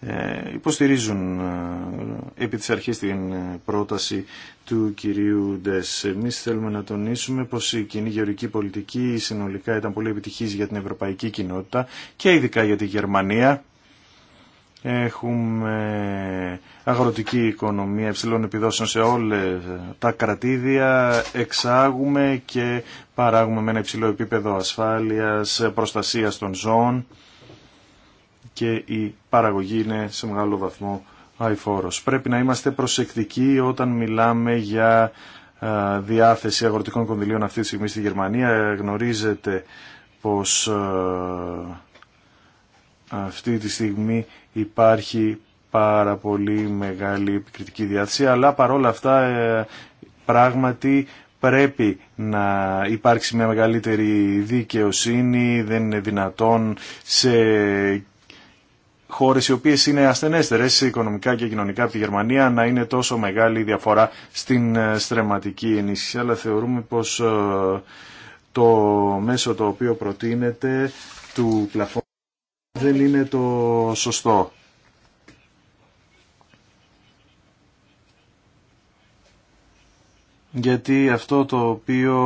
ε, υποστηρίζουν ε, επί της αρχής την ε, πρόταση του κυρίου Ντες. Εμείς θέλουμε να τονίσουμε πως η κοινή γεωρική πολιτική συνολικά ήταν πολύ επιτυχής για την ευρωπαϊκή κοινότητα και ειδικά για τη Γερμανία. Έχουμε αγροτική οικονομία υψηλών επιδόσεων σε όλα τα κρατήδια, εξάγουμε και παράγουμε με ένα υψηλό επίπεδο ασφάλειας, προστασίας των ζώων και η παραγωγή είναι σε μεγάλο βαθμό αϊφόρος. Πρέπει να είμαστε προσεκτικοί όταν μιλάμε για διάθεση αγροτικών κονδυλίων αυτή τη στιγμή στη Γερμανία. Γνωρίζετε πως αυτή τη στιγμή υπάρχει πάρα πολύ μεγάλη επικριτική διάθεση, αλλά παρόλα αυτά ε, πράγματι πρέπει να υπάρξει μια μεγαλύτερη δικαιοσύνη, δεν είναι δυνατόν σε χώρες οι οποίες είναι ασθενέστερες οικονομικά και κοινωνικά από τη Γερμανία να είναι τόσο μεγάλη η διαφορά στην ε, στρεματική ενίσχυση. Αλλά θεωρούμε πως ε, το μέσο το οποίο προτείνεται του πλαφόν δεν είναι το σωστό. γιατί αυτό το οποίο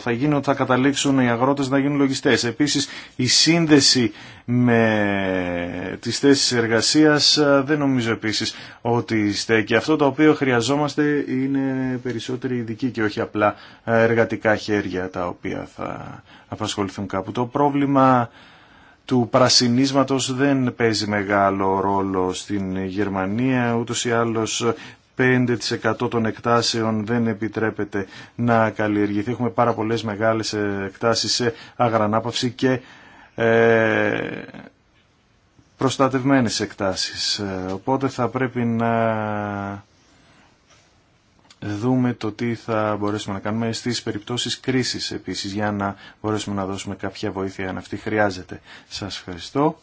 θα γίνει ότι θα καταλήξουν οι αγρότες να γίνουν λογιστές. Επίσης η σύνδεση με τις θέσεις εργασίας δεν νομίζω επίσης ότι στέκει. Αυτό το οποίο χρειαζόμαστε είναι περισσότερη ειδική και όχι απλά εργατικά χέρια τα οποία θα απασχοληθούν κάπου. Το πρόβλημα του πρασινίσματος δεν παίζει μεγάλο ρόλο στην Γερμανία, ούτως ή άλλως 5% των εκτάσεων δεν επιτρέπεται να καλλιεργηθεί. Έχουμε πάρα πολλές μεγάλες ε, εκτάσεις σε αγρανάπαυση και ε, προστατευμένες εκτάσεις. Ε, οπότε θα πρέπει να δούμε το τι θα μπορέσουμε να κάνουμε στις περιπτώσεις κρίσης επίσης για να μπορέσουμε να δώσουμε κάποια βοήθεια αν αυτή χρειάζεται. Σας ευχαριστώ.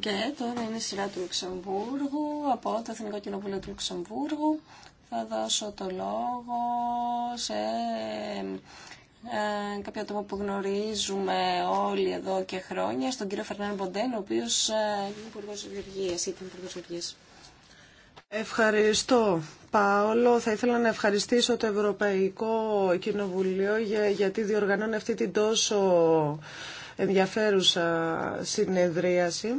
Και τώρα είναι η σειρά του Λουξεμβούργου, από το Εθνικό Κοινοβούλιο του Λουξεμβούργου. Θα δώσω το λόγο σε ε, κάποιο άτομο που γνωρίζουμε όλοι εδώ και χρόνια, στον κύριο Φερνάν Μποντέν, ο οποίος ε, είναι Υπουργός ή ήταν Υπουργός Ευχαριστώ. Παόλο, θα ήθελα να ευχαριστήσω το Ευρωπαϊκό Κοινοβουλίο για, γιατί διοργανώνει αυτή την τόσο ενδιαφέρουσα συνεδρίαση.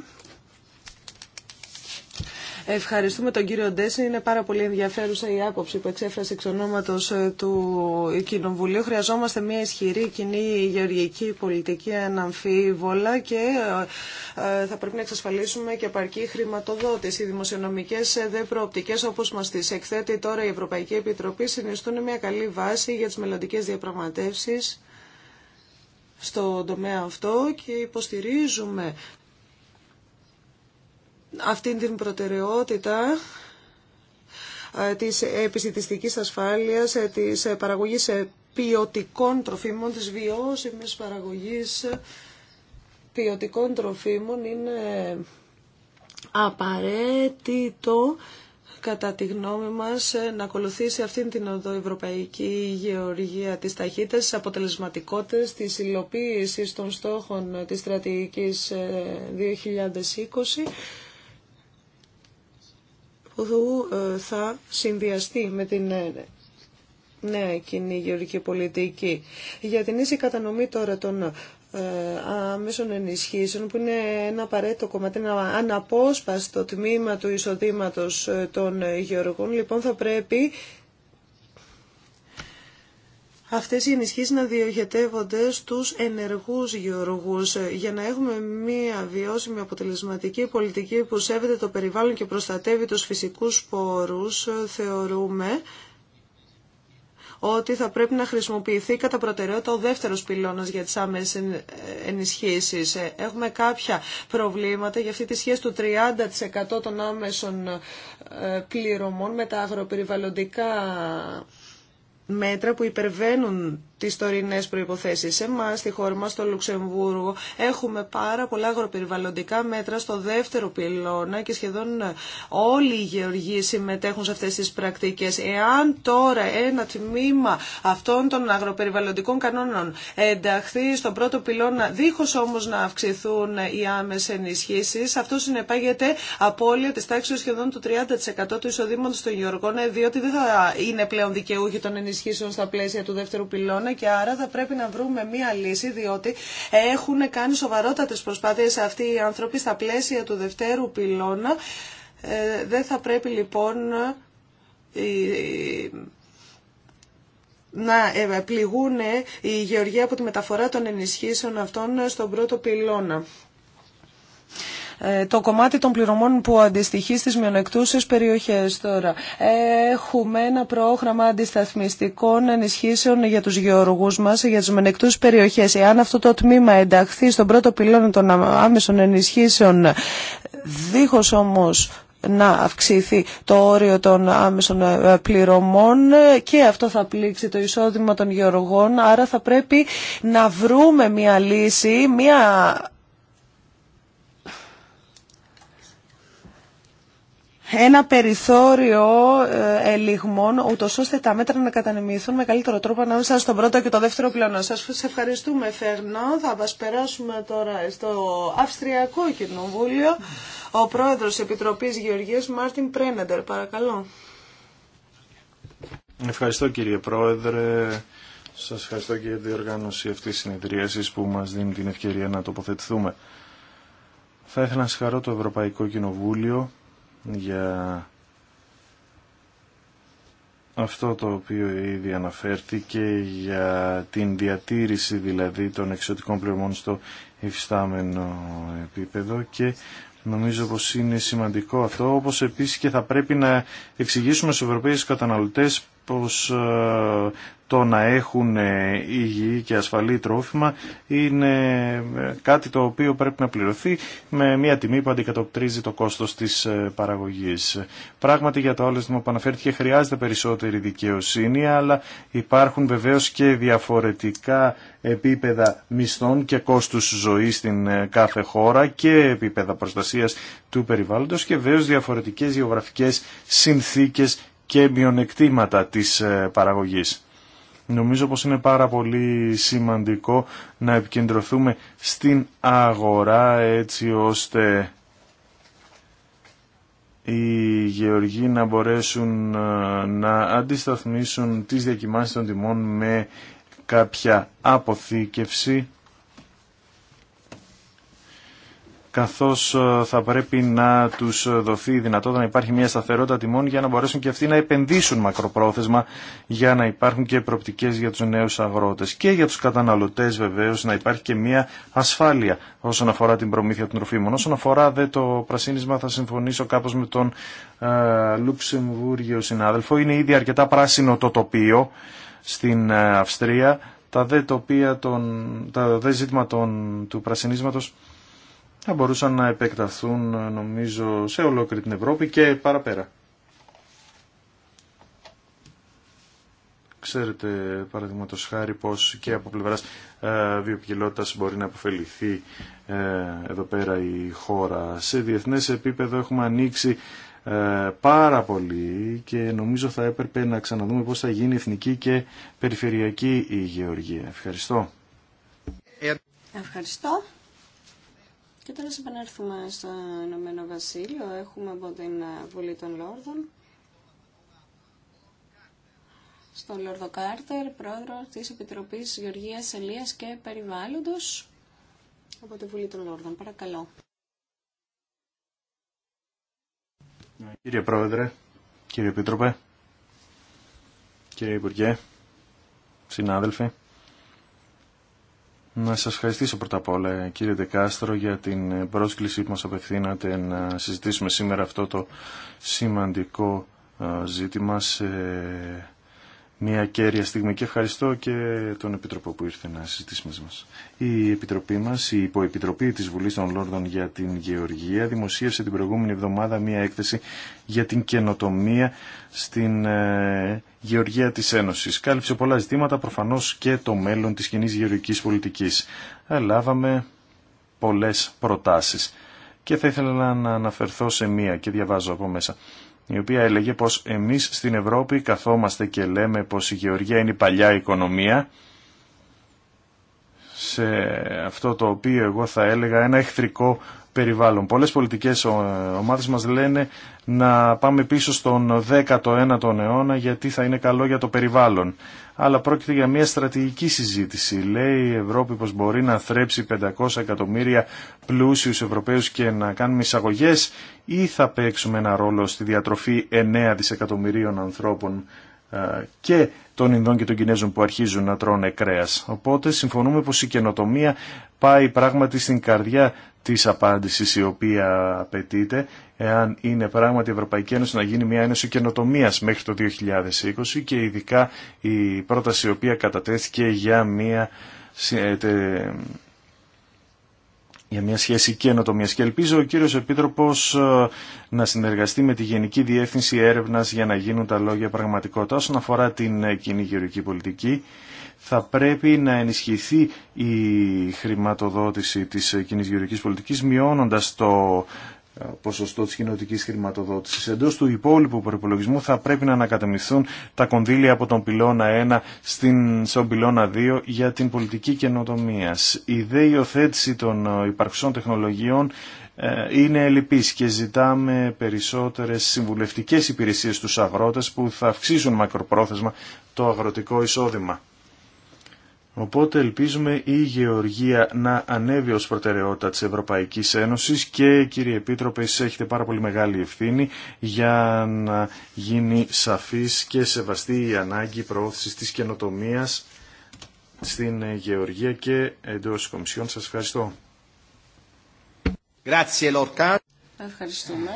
Ευχαριστούμε τον κύριο Ντέση. Είναι πάρα πολύ ενδιαφέρουσα η άποψη που εξέφρασε εξ ονόματο ε, του Κοινοβουλίου. Χρειαζόμαστε μια ισχυρή κοινή γεωργική πολιτική αναμφίβολα και ε, ε, θα πρέπει να εξασφαλίσουμε και επαρκή χρηματοδότηση. Οι δημοσιονομικές δε προοπτικέ όπως μα τις εκθέτει τώρα η Ευρωπαϊκή Επιτροπή συνιστούν μια καλή βάση για τι μελλοντικέ διαπραγματεύσει στον τομέα αυτό και υποστηρίζουμε αυτή την προτεραιότητα ε, της επιστημιστικής ασφάλειας, ε, της ε, παραγωγής ποιοτικών τροφίμων, της βιώσιμης παραγωγής ποιοτικών τροφίμων είναι απαραίτητο κατά τη γνώμη μας, ε, να ακολουθήσει αυτήν την οδοευρωπαϊκή γεωργία της ταχύτητας, της αποτελεσματικότητας, της υλοποίησης των στόχων ε, της στρατηγικής 2020, ε, που θα συνδυαστεί με την νέα κοινή γεωργική πολιτική. Για την ίση κατανομή τώρα των άμεσων ενισχύσεων που είναι ένα απαραίτητο κομμάτι, ένα αναπόσπαστο τμήμα του εισοδήματος ε, των ε, γεωργών. Λοιπόν θα πρέπει αυτές οι ενισχύσεις να διοχετεύονται στους ενεργούς γεωργούς ε, για να έχουμε μία βιώσιμη αποτελεσματική πολιτική που σέβεται το περιβάλλον και προστατεύει τους φυσικούς πόρους θεωρούμε ότι θα πρέπει να χρησιμοποιηθεί κατά προτεραιότητα ο δεύτερο πυλώνα για τι άμεσε ενισχύσεις. Ε, έχουμε κάποια προβλήματα για αυτή τη σχέση του 30% των άμεσων ε, πληρωμών με τα αγροπεριβαλλοντικά μέτρα που υπερβαίνουν τις τωρινές προϋποθέσεις. Εμά, στη χώρα μα, στο Λουξεμβούργο, έχουμε πάρα πολλά αγροπεριβαλλοντικά μέτρα στο δεύτερο πυλώνα και σχεδόν ε, όλοι οι γεωργοί συμμετέχουν σε αυτέ τι πρακτικέ, Εάν τώρα ένα τμήμα αυτών των αγροπεριβαλλοντικών κανόνων ενταχθεί στον πρώτο πυλώνα, δίχως όμω να αυξηθούν οι άμεσε ενισχύσει, αυτό συνεπάγεται απώλεια της τάξης σχεδόν του 30% του εισοδήματος των γεωργών, διότι δεν θα είναι πλέον δικαιούχοι των ενισχύσεων στα πλαίσια του δεύτερου πυλώνα και άρα θα πρέπει να βρούμε μία λύση διότι έχουν κάνει σοβαρότατες προσπάθειες αυτοί οι άνθρωποι στα πλαίσια του δευτέρου πυλώνα. Ε, δεν θα πρέπει λοιπόν να ε, πληγούν η Γεωργία από τη μεταφορά των ενισχύσεων αυτών στον πρώτο πυλώνα το κομμάτι των πληρωμών που αντιστοιχεί στις μειονεκτούσες περιοχές τώρα. Έχουμε ένα πρόγραμμα αντισταθμιστικών ενισχύσεων για τους γεωργούς μας, για τις μειονεκτούσες περιοχές. Εάν αυτό το τμήμα ενταχθεί στον πρώτο πυλώνα των άμεσων ενισχύσεων, δίχως όμως να αυξηθεί το όριο των άμεσων ε, πληρωμών και αυτό θα πλήξει το εισόδημα των γεωργών. Άρα θα πρέπει να βρούμε μια λύση, μια ένα περιθώριο ε, ελιγμών, ούτω ώστε τα μέτρα να κατανεμηθούν με καλύτερο τρόπο ανάμεσα στον πρώτο και το δεύτερο πλάνο. Σα ευχαριστούμε, Φερνό. Θα μα περάσουμε τώρα στο Αυστριακό Κοινοβούλιο. Ο πρόεδρο τη Επιτροπή Γεωργία, Μάρτιν Πρένεντερ, παρακαλώ. Ευχαριστώ, κύριε Πρόεδρε. Σα ευχαριστώ και για την διοργάνωση αυτή τη συνεδρίαση που μα δίνει την ευκαιρία να τοποθετηθούμε. Θα ήθελα να συγχαρώ το Ευρωπαϊκό Κοινοβούλιο για αυτό το οποίο ήδη αναφέρθηκε για την διατήρηση δηλαδή των εξωτικών πληρωμών στο υφιστάμενο επίπεδο και νομίζω πως είναι σημαντικό αυτό όπως επίσης και θα πρέπει να εξηγήσουμε στους Ευρωπαίους καταναλωτές πως ε, το να έχουν ε, υγιή και ασφαλή τρόφιμα είναι ε, κάτι το οποίο πρέπει να πληρωθεί με μια τιμή που αντικατοπτρίζει το κόστος της παραγωγής. Πράγματι για το όλες που αναφέρθηκε χρειάζεται περισσότερη δικαιοσύνη αλλά υπάρχουν βεβαίως και διαφορετικά επίπεδα μισθών και κόστους ζωής στην κάθε χώρα και επίπεδα προστασίας του περιβάλλοντος και βεβαίως διαφορετικές γεωγραφικές συνθήκες και μειονεκτήματα της ε, παραγωγής. Νομίζω πως είναι πάρα πολύ σημαντικό να επικεντρωθούμε στην αγορά έτσι ώστε οι γεωργοί να μπορέσουν ε, να αντισταθμίσουν τις διακοιμάνσεις των τιμών με κάποια αποθήκευση καθώς ε, θα πρέπει να τους δοθεί η δυνατότητα να υπάρχει μια σταθερότητα τιμών για να μπορέσουν και αυτοί να επενδύσουν μακροπρόθεσμα για να υπάρχουν και προπτικές για τους νέους αγρότες και για τους καταναλωτές βεβαίως να υπάρχει και μια ασφάλεια όσον αφορά την προμήθεια των τροφίμων. Όσον αφορά δε το πρασίνισμα θα συμφωνήσω κάπως με τον ε, Λουξεμβούργιο συνάδελφο. Είναι ήδη αρκετά πράσινο το τοπίο στην ε, Αυστρία. Τα δε, τοπία των, τα δε ζήτημα των, του πρασινίσματος θα μπορούσαν να επεκταθούν νομίζω σε ολόκληρη την Ευρώπη και παραπέρα. Ξέρετε, παραδείγματο χάρη, πως και από πλευράς ε, μπορεί να αποφεληθεί ε, εδώ πέρα η χώρα. Σε διεθνές επίπεδο έχουμε ανοίξει ε, πάρα πολύ και νομίζω θα έπρεπε να ξαναδούμε πώς θα γίνει εθνική και περιφερειακή η γεωργία. Ευχαριστώ. Ε, Ευχαριστώ. Και τώρα επανέρθουμε στο Ηνωμένο Βασίλειο. Έχουμε από την Βουλή των Λόρδων στον Λόρδο Κάρτερ, πρόεδρο της Επιτροπής Γεωργίας Ελίας και Περιβάλλοντος από τη Βουλή των Λόρδων. Παρακαλώ. Ναι, κύριε Πρόεδρε, κύριε Επίτροπε, κύριε Υπουργέ, συνάδελφοι, να σας ευχαριστήσω πρώτα απ' όλα κύριε Δεκάστρο για την πρόσκληση που μας απευθύνατε να συζητήσουμε σήμερα αυτό το σημαντικό ε, ζήτημα σε μια κέρια στιγμή και ευχαριστώ και τον Επιτροπό που ήρθε να συζητήσει μαζί μας. Η Επιτροπή μας, η Υποεπιτροπή της Βουλής των Λόρδων για την Γεωργία, δημοσίευσε την προηγούμενη εβδομάδα μια έκθεση για την καινοτομία στην ε, Γεωργία της Ένωσης. Κάλυψε πολλά ζητήματα, προφανώς και το μέλλον της κοινή γεωργικής πολιτικής. Ε, λάβαμε πολλές προτάσεις και θα ήθελα να αναφερθώ σε μία και διαβάζω από μέσα η οποία έλεγε πως εμείς στην Ευρώπη καθόμαστε και λέμε πως η γεωργία είναι η παλιά οικονομία σε αυτό το οποίο εγώ θα έλεγα ένα εχθρικό περιβάλλον. Πολλές πολιτικές ομάδες μας λένε να πάμε πίσω στον 19ο αιώνα γιατί θα είναι καλό για το περιβάλλον. Αλλά πρόκειται για μια στρατηγική συζήτηση. Λέει η Ευρώπη πως μπορεί να θρέψει 500 εκατομμύρια πλούσιου Ευρωπαίου και να κάνουμε εισαγωγέ ή θα παίξουμε ένα ρόλο στη διατροφή 9 δισεκατομμυρίων ανθρώπων και των Ινδών και των Κινέζων που αρχίζουν να τρώνε κρέας. Οπότε συμφωνούμε πως η καινοτομία πάει πράγματι στην καρδιά της απάντησης η οποία απαιτείται εάν είναι πράγματι η Ευρωπαϊκή Ένωση να γίνει μια ένωση καινοτομία μέχρι το 2020 και ειδικά η πρόταση η οποία κατατέθηκε για μια για μια σχέση καινοτομία. Και ελπίζω ο κύριο Επίτροπο ε, να συνεργαστεί με τη Γενική Διεύθυνση Έρευνα για να γίνουν τα λόγια πραγματικότητα. Όσον αφορά την ε, κοινή γεωργική πολιτική, θα πρέπει να ενισχυθεί η χρηματοδότηση της ε, κοινή γεωργικής πολιτικής μειώνοντα το ε, ποσοστό της κοινωτική χρηματοδότησης. Εντός του υπόλοιπου προπολογισμού θα πρέπει να ανακατεμηθούν τα κονδύλια από τον πυλώνα 1 στην, στον πυλώνα 2 για την πολιτική καινοτομία. Η δε υιοθέτηση των ε, υπαρξών τεχνολογιών ε, είναι ελλειπής και ζητάμε περισσότερες συμβουλευτικές υπηρεσίες στους αγρότες που θα αυξήσουν μακροπρόθεσμα το αγροτικό εισόδημα. Οπότε ελπίζουμε η γεωργία να ανέβει ως προτεραιότητα της Ευρωπαϊκής Ένωσης και κύριε Επίτροπε έχετε πάρα πολύ μεγάλη ευθύνη για να γίνει σαφής και σεβαστή η ανάγκη προώθησης της καινοτομίας στην γεωργία και εντός κομισιών. Σας ευχαριστώ. Ευχαριστούμε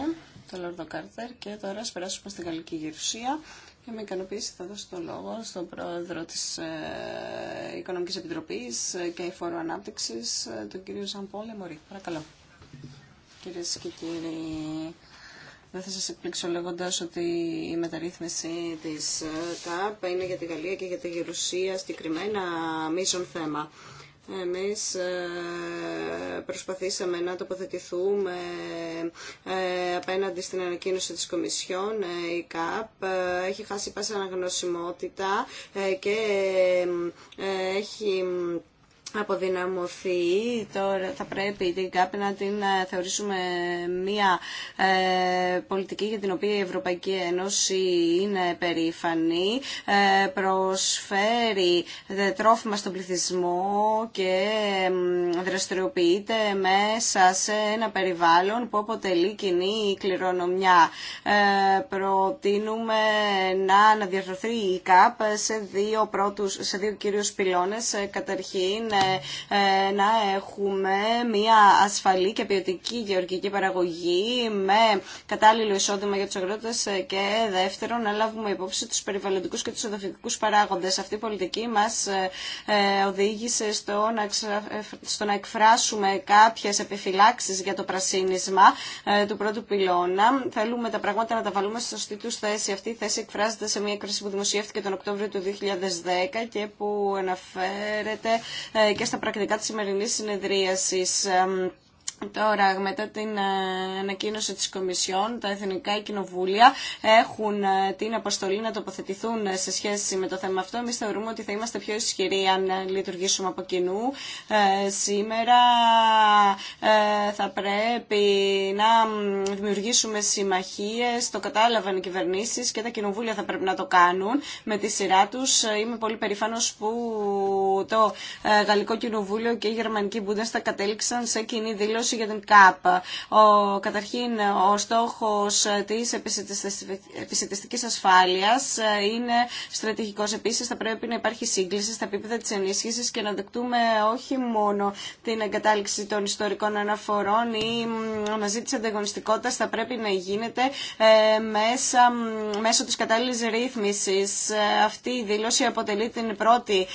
τον Λόρδο Κάρτερ και τώρα σπεράσουμε στην Γαλλική Γερουσία και με ικανοποίηση θα δώσω το λόγο στον πρόεδρο της ε, Οικονομικής Επιτροπής ε, και Φόρου Ανάπτυξης, ε, τον κύριο Ζαμπόλε Μωρή. Παρακαλώ. Κυρίες και κύριοι, δεν θα σας εκπλήξω λέγοντας ότι η μεταρρύθμιση της ΚΑΠ είναι για τη Γαλλία και για τη Γερουσία συγκεκριμένα μίσον θέμα. Εμείς ε, προσπαθήσαμε να τοποθετηθούμε ε, απέναντι στην ανακοίνωση της Κομισιόν. Ε, η ΚΑΠ έχει χάσει πάσα αναγνωσιμότητα και έχει αποδυναμωθεί. Τώρα θα πρέπει την ΚΑΠ να την ε, θεωρήσουμε μια ε, πολιτική για την οποία η Ευρωπαϊκή Ένωση είναι περήφανη, ε, προσφέρει τρόφιμα στον πληθυσμό και δραστηριοποιείται μέσα σε ένα περιβάλλον που αποτελεί κοινή κληρονομιά. Ε, προτείνουμε να αναδιαρθρωθεί η ΚΑΠ σε δύο, πρώτους, σε δύο κύριους πυλώνες. Ε, καταρχήν ε, να έχουμε μια ασφαλή και ποιοτική γεωργική παραγωγή με κατάλληλο εισόδημα για τους αγρότες ε, και δεύτερον να λάβουμε υπόψη τους περιβαλλοντικούς και τους οδοφυκτικούς παράγοντες. Αυτή η πολιτική μας ε, οδήγησε στο να, εκφράσουμε κάποιες επιφυλάξεις για το πρασίνισμα του πρώτου πυλώνα. Θέλουμε τα πράγματα να τα βάλουμε στο σωστή του θέση. Αυτή η θέση εκφράζεται σε μια έκφραση που δημοσιεύτηκε τον Οκτώβριο του 2010 και που αναφέρεται και στα πρακτικά της σημερινής συνεδρίασης. Τώρα, μετά την ε, ανακοίνωση της Κομισιόν, τα Εθνικά Κοινοβούλια έχουν ε, την αποστολή να τοποθετηθούν ε, σε σχέση με το θέμα αυτό. Εμείς θεωρούμε ότι θα είμαστε πιο ισχυροί αν λειτουργήσουμε από κοινού. σήμερα θα πρέπει να δημιουργήσουμε συμμαχίες, το κατάλαβαν οι κυβερνήσεις και τα κοινοβούλια θα πρέπει να το κάνουν με τη σειρά τους. Είμαι πολύ περήφανος που το Γαλλικό Κοινοβούλιο και η Γερμανική θα κατέληξαν σε κοινή δήλωση για την ΚΑΠ. Ο, καταρχήν, ο στόχος της επισητιστικής ασφάλειας ε, είναι στρατηγικός. Επίσης, θα πρέπει να υπάρχει σύγκληση στα επίπεδα της ενίσχυσης και να δεκτούμε όχι μόνο την εγκατάληξη των ιστορικών αναφορών ή μαζί της ανταγωνιστικότητας θα πρέπει να γίνεται ε, μέσα, μέσω της κατάλληλης ρύθμισης. Ε, αυτή η δήλωση τη πρώτη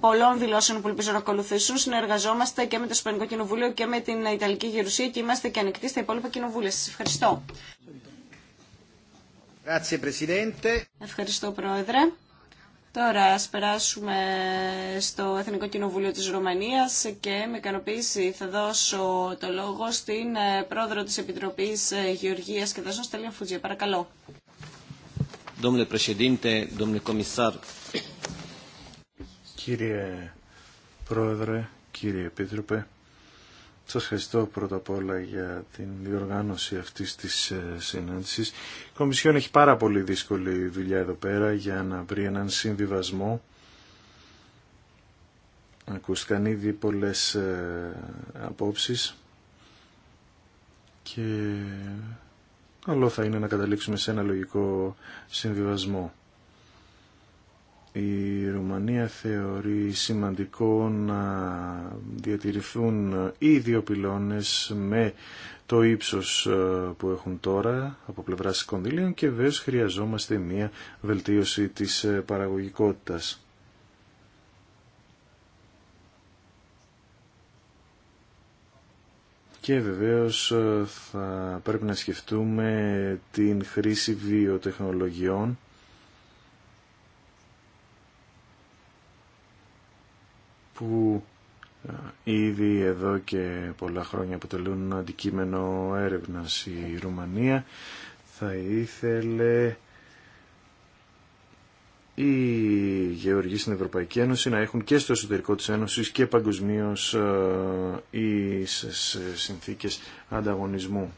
πολλών δηλώσεων που ελπίζω να ακολουθήσουν. Συνεργαζόμαστε και με το Ισπανικό Κοινοβούλιο και με την Ιταλική Γερουσία και είμαστε και ανοιχτοί στα υπόλοιπα κοινοβούλια. σα. ευχαριστώ. Ευχαριστώ Πρόεδρε. Τώρα ας περάσουμε στο Εθνικό Κοινοβούλιο της Ρουμανίας και με ικανοποίηση θα δώσω το λόγο στην ε, Πρόεδρο της Επιτροπής ε, Γεωργίας και Δάσος, Στέλια Φουτζία. Παρακαλώ. Κύριε Πρόεδρε, κύριε Επίτροπε, σας ευχαριστώ πρώτα απ' όλα για την διοργάνωση αυτής της ε, συνάντησης. Η Κομισιόν έχει πάρα πολύ δύσκολη δουλειά εδώ πέρα για να βρει έναν συμβιβασμό. Ακούστηκαν ήδη πολλές ε, απόψεις και καλό θα είναι να καταλήξουμε σε ένα λογικό συμβιβασμό η Ρουμανία θεωρεί σημαντικό να διατηρηθούν οι δύο πυλώνες με το ύψος ε, που έχουν τώρα από πλευράς κονδυλίων και βέβαια χρειαζόμαστε μια βελτίωση της ε, παραγωγικότητας. Και βεβαίως ε, θα πρέπει να σκεφτούμε την χρήση βιοτεχνολογιών που ε, ήδη εδώ και πολλά χρόνια αποτελούν αντικείμενο έρευνας η Ρουμανία θα ήθελε οι γεωργοί στην Ευρωπαϊκή Ένωση να έχουν και στο εσωτερικό της Ένωσης και παγκοσμίως ή ε, συνθήκες ανταγωνισμού.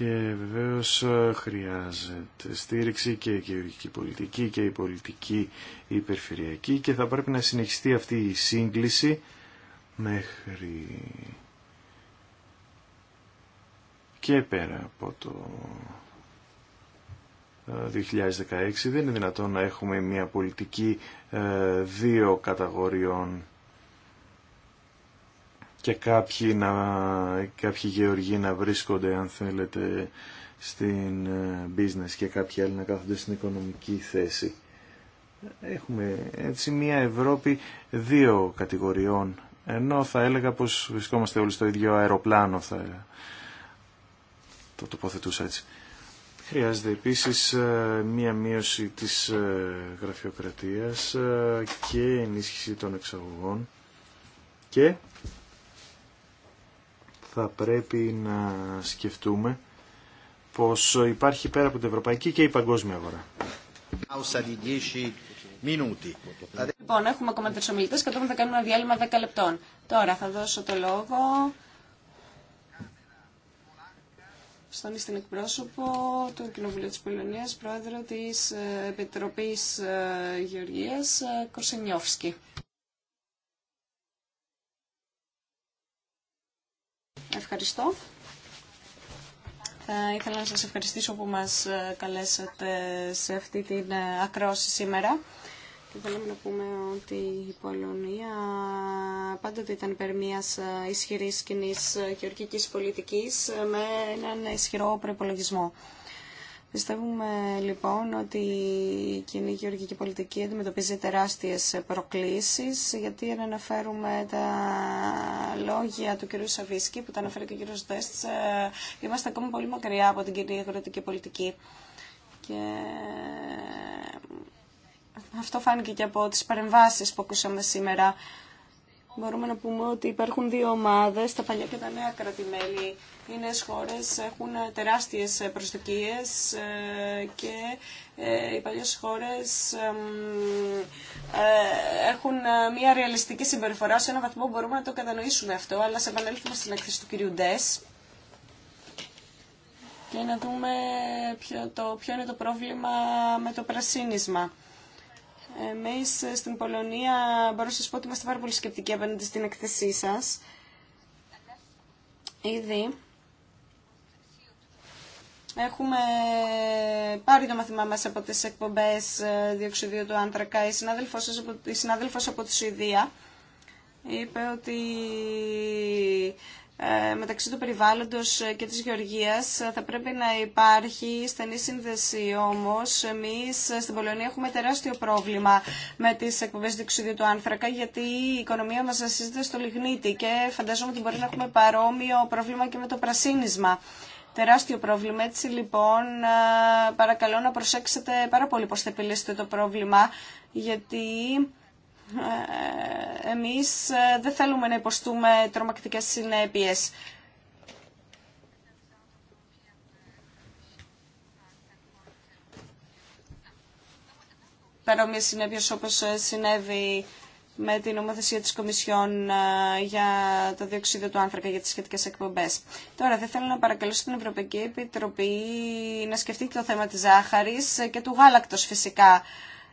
και βεβαίως ε, χρειάζεται στήριξη και η πολιτική και η πολιτική υπερφυριακή και θα πρέπει να συνεχιστεί αυτή η σύγκληση μέχρι και πέρα από το 2016 ε, δεν είναι δυνατόν να έχουμε μια πολιτική ε, δύο καταγοριών και κάποιοι, να, κάποιοι γεωργοί να βρίσκονται αν θέλετε στην ε, business και κάποιοι άλλοι να κάθονται στην οικονομική θέση. Έχουμε έτσι μια Ευρώπη δύο κατηγοριών ενώ θα έλεγα πως βρισκόμαστε όλοι στο ίδιο αεροπλάνο θα το τοποθετούσα έτσι. Χρειάζεται επίσης ε, μία μείωση της ε, γραφειοκρατίας και ενίσχυση των εξαγωγών και θα πρέπει να σκεφτούμε πως υπάρχει πέρα από την ευρωπαϊκή και η παγκόσμια αγορά. Λοιπόν, έχουμε ακόμα τρει ομιλητέ και τώρα θα κάνουμε ένα διάλειμμα 10 λεπτών. Τώρα θα δώσω το λόγο στον στην εκπρόσωπο του Κοινοβουλίου της Πολωνίας, πρόεδρο της ε, Επιτροπής ε, Γεωργίας, ε, Κορσενιόφσκι. Ευχαριστώ. Θα ήθελα να σας ευχαριστήσω που μας ε, καλέσατε σε αυτή την ε, ακρόση σήμερα. Και θέλουμε να πούμε ότι η Πολωνία πάντοτε ήταν υπέρ μια ε, ισχυρή κοινή γεωργική πολιτική με έναν ισχυρό προπολογισμό. Πιστεύουμε λοιπόν ότι η κοινή γεωργική πολιτική αντιμετωπίζει τεράστιες προκλήσεις γιατί αν αναφέρουμε τα λόγια του κ. Σαβίσκη που τα αναφέρει και ο κ. Δέστ ε, είμαστε ακόμα πολύ μακριά από την κοινή αγροτική πολιτική. Και ε, αυτό φάνηκε και από τις παρεμβάσεις που ακούσαμε σήμερα. Μπορούμε να πούμε ότι υπάρχουν δύο ομάδες, τα παλιά και τα νέα κρατημέλη οι χώρες έχουν τεράστιες προσδοκίες ε, και ε, οι παλιές χώρες ε, έχουν μια ρεαλιστική συμπεριφορά σε έναν βαθμό που μπορούμε να το κατανοήσουμε αυτό, αλλά σε επανέλθουμε στην έκθεση του κυρίου Ντες και να δούμε ποιο, το, ποιο είναι το πρόβλημα με το πρασίνισμα. Εμείς στην Πολωνία μπορώ να σας πω ότι είμαστε πάρα πολύ σκεπτικοί απέναντι στην εκθεσή σας. Ήδη Έχουμε πάρει το μαθημά μας από τις εκπομπές ε, διοξιδίου του άνθρακα. Η συνάδελφος, από, η συνάδελφος από τη Σουηδία είπε ότι ε, μεταξύ του περιβάλλοντος ε, και της γεωργίας θα πρέπει να υπάρχει στενή σύνδεση όμως εμείς στην Πολωνία έχουμε τεράστιο πρόβλημα με τις εκπομπές διοξιδίου του άνθρακα γιατί η οικονομία μας βασίζεται στο λιγνίτη και φαντάζομαι ότι μπορεί να έχουμε παρόμοιο πρόβλημα και με το πρασίνισμα τεράστιο πρόβλημα. Έτσι λοιπόν παρακαλώ να προσέξετε πάρα πολύ πώς θα επιλύσετε το πρόβλημα γιατί εμείς δεν θέλουμε να υποστούμε τρομακτικές συνέπειες. Παρόμοιες συνέπειες όπως συνέβη με την νομοθεσία της Κομισιόν ε, για το διοξείδιο του άνθρακα για τις σχετικές εκπομπές. Τώρα δεν θέλω να παρακαλέσω την Ευρωπαϊκή Επιτροπή να σκεφτεί και το θέμα της ζάχαρης και του γάλακτος φυσικά.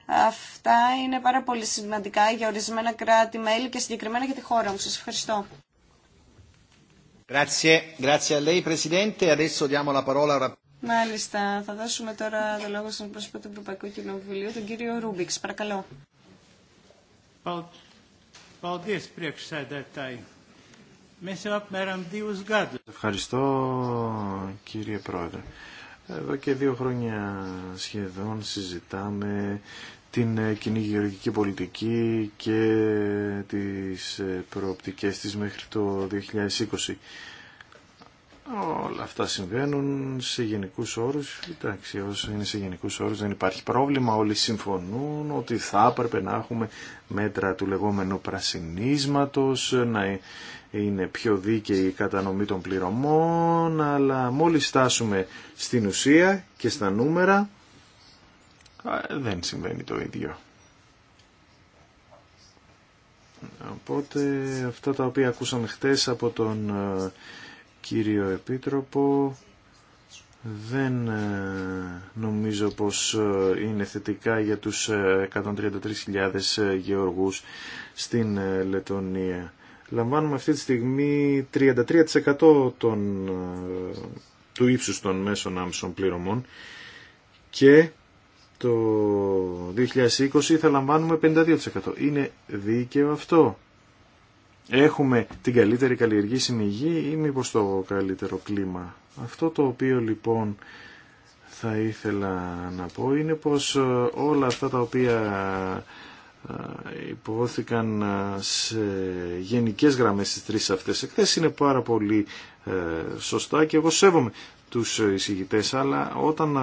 Αυτά είναι πάρα πολύ σημαντικά για ορισμένα κράτη-μέλη και συγκεκριμένα για τη χώρα μου. Σας ευχαριστώ. Μάλιστα, θα δώσουμε τώρα το λόγο στον πρόσωπο του Ευρωπαϊκού Κοινοβουλίου, τον κύριο Ρούμπιξ. Παρακαλώ. Ευχαριστώ, κύριε Πρόεδρε. Εδώ και δύο χρόνια σχεδόν συζητάμε την ε, κοινή γεωργική πολιτική και τις ε, προοπτικές της μέχρι το 2020. Όλα αυτά συμβαίνουν σε γενικούς όρους. Εντάξει, όσο είναι σε γενικούς όρους δεν υπάρχει πρόβλημα. Όλοι συμφωνούν ότι θα έπρεπε να έχουμε μέτρα του λεγόμενου πρασινίσματος, να είναι πιο δίκαιη η κατανομή των πληρωμών, αλλά μόλις στάσουμε στην ουσία και στα νούμερα, δεν συμβαίνει το ίδιο. Οπότε αυτά τα οποία ακούσαμε χτες από τον ε, κύριο Επίτροπο. Δεν ε, νομίζω πως ε, είναι θετικά για τους 133.000 ε, γεωργούς στην Λετωνία. Λαμβάνουμε αυτή τη στιγμή 33% του ύψους των μέσων άμεσων πληρωμών και το 2020 θα λαμβάνουμε 52%. Είναι δίκαιο αυτό έχουμε την καλύτερη καλλιεργήσιμη γη ή μήπως το καλύτερο κλίμα. Αυτό το οποίο λοιπόν θα ήθελα να πω είναι πως ε, όλα αυτά τα οποία ε, υπόθηκαν ε, σε γενικές γραμμές στις τρεις αυτές εκθέσεις είναι πάρα πολύ σωστά και εγώ σέβομαι τους εισηγητές αλλά όταν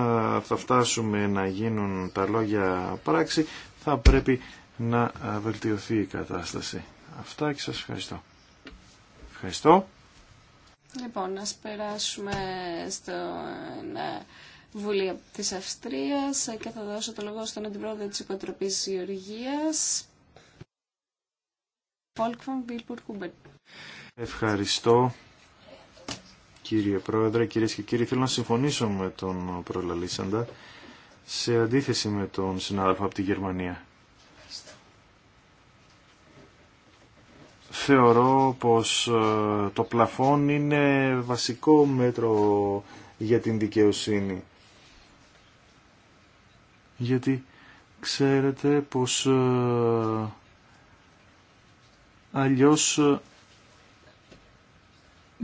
θα φτάσουμε να γίνουν τα λόγια πράξη θα πρέπει να βελτιωθεί η κατάσταση αυτά και σας ευχαριστώ. Ευχαριστώ. Λοιπόν, ας περάσουμε στο ε, Βουλή της Αυστρίας και θα δώσω το λόγο στον Αντιπρόεδρο της Υποτροπής Γεωργίας. Ευχαριστώ κύριε Πρόεδρε, κυρίες και κύριοι. Θέλω να συμφωνήσω με τον προλαλήσαντα σε αντίθεση με τον συνάδελφο από τη Γερμανία. θεωρώ πως ε, το πλαφόν είναι βασικό μέτρο για την δικαιοσύνη. Γιατί ξέρετε πως ε, αλλιώς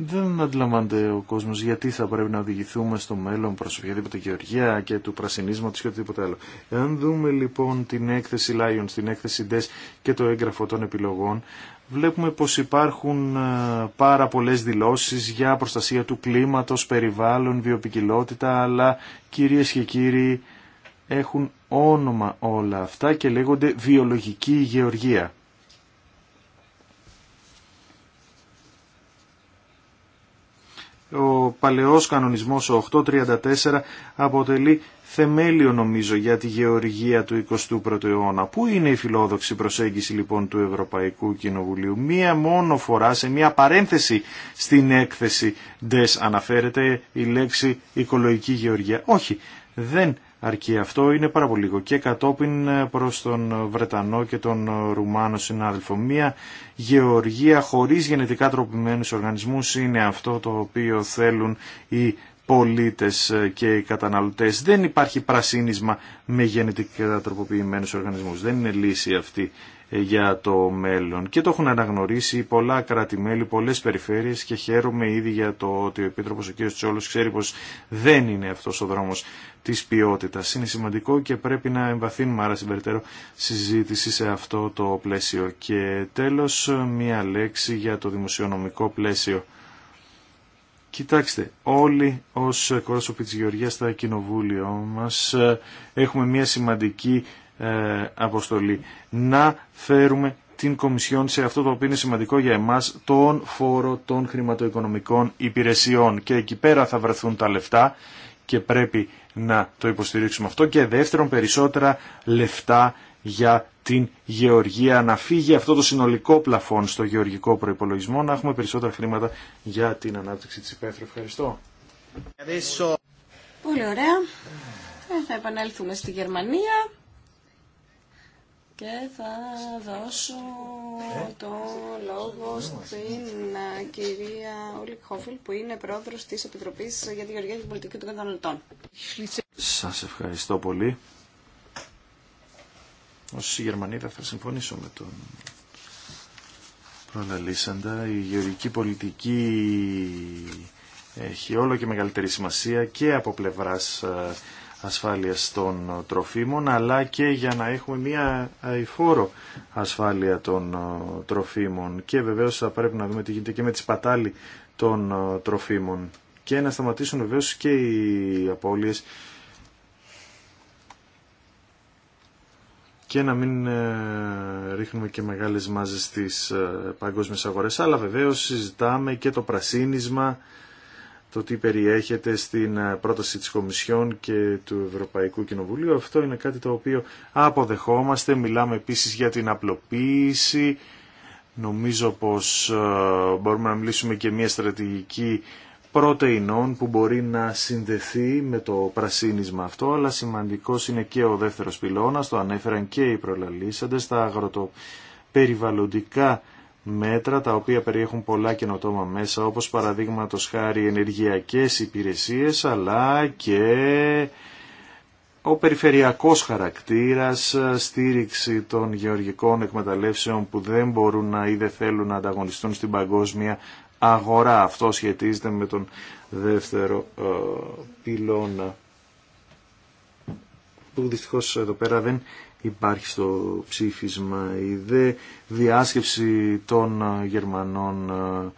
δεν αντιλαμβάνεται ο κόσμος γιατί θα πρέπει να οδηγηθούμε στο μέλλον προς οποιαδήποτε γεωργία και του πρασινίσματος και οτιδήποτε άλλο. Εάν δούμε λοιπόν την έκθεση Lion, την έκθεση DES και το έγγραφο των επιλογών, βλέπουμε πως υπάρχουν ε, πάρα πολλέ δηλώσει για προστασία του κλίματος, περιβάλλον, βιοπικιλότητα, αλλά κυρίε και κύριοι έχουν όνομα όλα αυτά και λέγονται βιολογική γεωργία. Ο παλαιός κανονισμός 834 αποτελεί θεμέλιο νομίζω για τη γεωργία του 21ου αιώνα. Πού είναι η φιλόδοξη προσέγγιση λοιπόν του Ευρωπαϊκού Κοινοβουλίου. Μία μόνο φορά σε μία παρένθεση στην έκθεση DES αναφέρεται η λέξη οικολογική γεωργία. Όχι, δεν αρκεί αυτό, είναι πάρα πολύ λίγο. Και κατόπιν ε, προς τον Βρετανό και τον Ρουμάνο συνάδελφο. Μία γεωργία χωρίς γενετικά τροπημένους οργανισμούς είναι αυτό το οποίο θέλουν οι πολίτες ε, και οι καταναλωτές. Δεν υπάρχει πρασίνισμα με γενετικά τροποποιημένους οργανισμούς. Δεν είναι λύση αυτή για το μέλλον. Και το έχουν αναγνωρίσει πολλά κράτη-μέλη, πολλές περιφέρειες και χαίρομαι ήδη για το ότι ο Επίτροπος ο κ. Τσόλος ξέρει πως δεν είναι αυτός ο δρόμος της ποιότητας. Είναι σημαντικό και πρέπει να εμβαθύνουμε άρα συμπεριτέρω συζήτηση σε αυτό το πλαίσιο. Και τέλος μία λέξη για το δημοσιονομικό πλαίσιο. Κοιτάξτε, όλοι ως εκπρόσωποι της Γεωργίας στα κοινοβούλια μας ε, έχουμε μια σημαντική ε, αποστολή. Να φέρουμε την Κομισιόν σε αυτό το οποίο είναι σημαντικό για εμάς, τον φόρο των χρηματοοικονομικών υπηρεσιών. Και εκεί πέρα θα βρεθούν τα λεφτά και πρέπει να το υποστηρίξουμε αυτό. Και δεύτερον, περισσότερα λεφτά για την γεωργία. Να φύγει αυτό το συνολικό πλαφόν στο γεωργικό προϋπολογισμό, να έχουμε περισσότερα χρήματα για την ανάπτυξη της υπαίθρου. Ευχαριστώ. Πολύ ωραία. Ε, θα επανέλθουμε στη Γερμανία. Και θα δώσω το λόγο στην κυρία Όλικ Χόφιλ που είναι πρόεδρος της Επιτροπής για τη Γεωργία και την Πολιτική των Καταναλωτών. Σας ευχαριστώ πολύ. Ως Γερμανίδα θα συμφωνήσω με τον προλαλήσαντα. Η γεωργική πολιτική έχει όλο και μεγαλύτερη σημασία και από πλευράς ε, Ασφάλεια των τροφίμων αλλά και για να έχουμε μια αηφόρο ασφάλεια των ε, τροφίμων και βεβαίως θα πρέπει να δούμε τι γίνεται και με τις σπατάλη των ε, τροφίμων και να σταματήσουν βεβαίως και οι απώλειες και να μην ε, ρίχνουμε και μεγάλες μάζες στις παγκόσμιες αγορές αλλά βεβαίως συζητάμε και το πρασίνισμα το τι περιέχεται στην ε, πρόταση της Κομισιόν και του Ευρωπαϊκού Κοινοβουλίου. Αυτό είναι κάτι το οποίο αποδεχόμαστε. Μιλάμε επίσης για την απλοποίηση. Νομίζω πως ε, μπορούμε να μιλήσουμε και μια στρατηγική πρωτεϊνών που μπορεί να συνδεθεί με το πρασίνισμα αυτό, αλλά σημαντικός είναι και ο δεύτερος πυλώνας, το ανέφεραν και οι προλαλήσαντες, τα αγροτοπεριβαλλοντικά μέτρα τα οποία περιέχουν πολλά καινοτόμα μέσα όπως παραδείγματο χάρη ενεργειακές υπηρεσίες αλλά και ο περιφερειακός χαρακτήρας, στήριξη των γεωργικών εκμεταλλεύσεων που δεν μπορούν να ή δεν θέλουν να ανταγωνιστούν στην παγκόσμια αγορά. Αυτό σχετίζεται με τον δεύτερο ε, πυλώνα που δυστυχώς εδώ πέρα δεν υπάρχει στο ψήφισμα. Η δε διάσκεψη των ε, Γερμανών ε,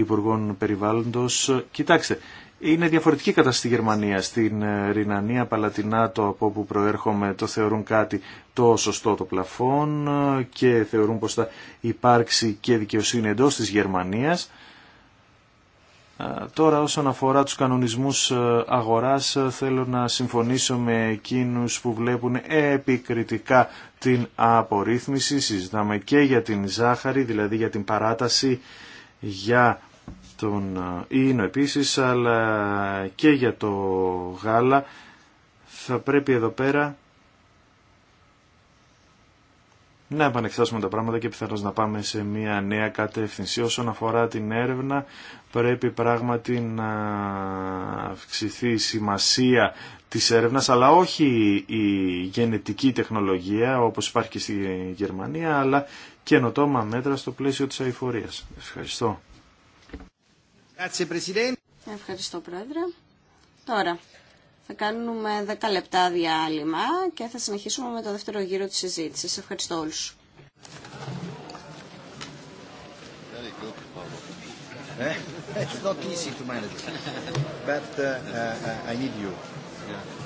Υπουργών Περιβάλλοντος. Κοιτάξτε, είναι διαφορετική κατάσταση στη Γερμανία. Στην ε, Ρινανία, Παλατινά, το από όπου προέρχομαι, το θεωρούν κάτι το σωστό το πλαφόν και θεωρούν πως θα υπάρξει και δικαιοσύνη εντός της Γερμανίας. Τώρα όσον αφορά τους κανονισμούς ε, αγοράς ε, θέλω να συμφωνήσω με εκείνους που βλέπουν επικριτικά την απορρίθμιση. Συζητάμε και για την ζάχαρη, δηλαδή για την παράταση για τον ε, ίνο επίσης, αλλά και για το γάλα. Θα πρέπει εδώ πέρα να επανεξετάσουμε τα πράγματα και πιθανώς να πάμε σε μια νέα κατεύθυνση. Όσον αφορά την έρευνα, πρέπει πράγματι να αυξηθεί η σημασία της έρευνας, αλλά όχι η γενετική τεχνολογία, όπως υπάρχει και στη Γερμανία, αλλά καινοτόμα μέτρα στο πλαίσιο της αηφορίας. Ευχαριστώ. Ευχαριστώ, Πρόεδρε. Τώρα, θα κάνουμε 10 λεπτά διάλειμμα και θα συνεχίσουμε με το δεύτερο γύρο της συζήτησης. Ευχαριστώ όλους. [LAUGHS] It's not easy to manage, but uh, uh, uh I need you. Yeah.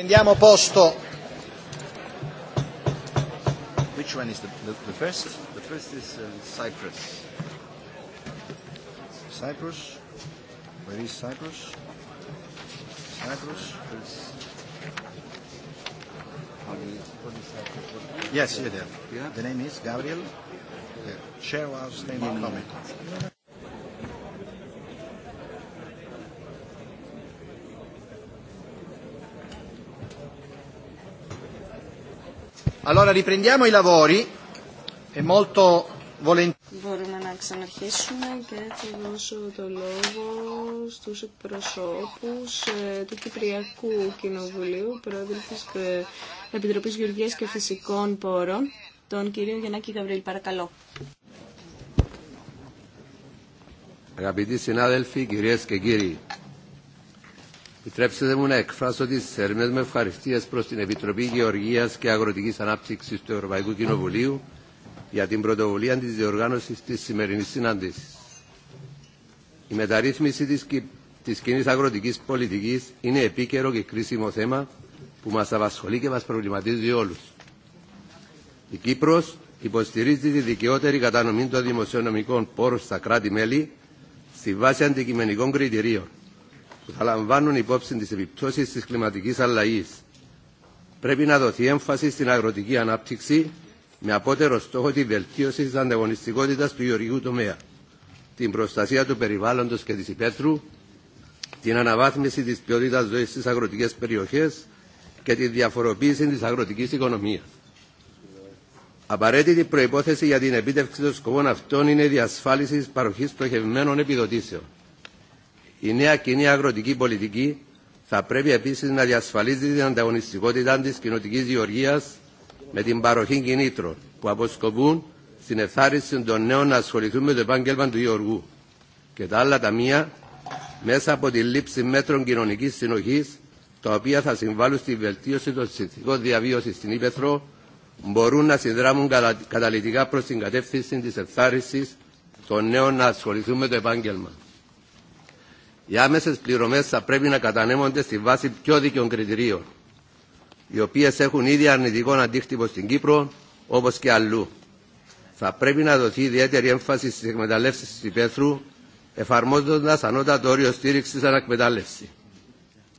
Prendiamo posto. Which one is the, the, the first? The first is uh, Cyprus. Cyprus? Where is Cyprus? Cyprus? Is... How do you, Yes, you're there. Yeah. The name is Gabriel. Yeah. chair was name of comment. Allora riprendiamo i lavori e molto Μπορούμε να ξαναρχίσουμε και θα δώσω το λόγο στους εκπροσώπους ε, του Κυπριακού Κοινοβουλίου, πρόεδρο της ε, Επιτροπής Γεωργίας και Φυσικών Πόρων, τον κύριο Γιαννάκη Γαβρίλη. Παρακαλώ. Αγαπητοί συνάδελφοι, κυρίες και κύριοι, Επιτρέψτε μου να εκφράσω τι θερμέ μου ευχαριστίε προ την Επιτροπή Γεωργία και Αγροτική Ανάπτυξη του Ευρωπαϊκού Κοινοβουλίου για την πρωτοβουλία τη διοργάνωση τη σημερινή συνάντηση. Η μεταρρύθμιση τη κοινή αγροτική πολιτική είναι επίκαιρο και κρίσιμο θέμα που μα απασχολεί και μα προβληματίζει όλου. Η Κύπρο υποστηρίζει τη δικαιότερη κατανομή των δημοσιονομικών πόρων στα κράτη-μέλη στη βάση αντικειμενικών κριτηρίων που θα λαμβάνουν υπόψη τι επιπτώσει της κλιματικής αλλαγής. Πρέπει να δοθεί έμφαση στην αγροτική ανάπτυξη με απότερο στόχο τη βελτίωση της ανταγωνιστικότητας του γεωργικού τομέα, την προστασία του περιβάλλοντος και της υπαίθρου, την αναβάθμιση της ποιότητας ζωής στις αγροτικές περιοχές και τη διαφοροποίηση της αγροτικής οικονομίας. Απαραίτητη προϋπόθεση για την επίτευξη των σκοπών αυτών είναι η διασφάλιση της παροχής στοχευμένων επιδοτήσεων. Η νέα κοινή αγροτική πολιτική θα πρέπει επίση να διασφαλίζει την ανταγωνιστικότητα τη κοινοτική γεωργία με την παροχή κινήτρων που αποσκοπούν στην ευθάριση των νέων να ασχοληθούν με το επάγγελμα του γεωργού και τα άλλα ταμεία μέσα από τη λήψη μέτρων κοινωνική συνοχή τα οποία θα συμβάλλουν στη βελτίωση των συνθηκών διαβίωση στην Ήπεθρο μπορούν να συνδράμουν καταλητικά προ την κατεύθυνση τη ευθάριση των νέων να ασχοληθούν με το επάγγελμα. Οι άμεσε πληρωμέ θα πρέπει να κατανέμονται στη βάση πιο δίκαιων κριτηρίων, οι οποίε έχουν ήδη αρνητικό αντίκτυπο στην Κύπρο, όπω και αλλού. Θα πρέπει να δοθεί ιδιαίτερη έμφαση στι εκμεταλλεύσει τη υπαίθρου, εφαρμόζοντα ανώτατο όριο στήριξης ανακμετάλλευση.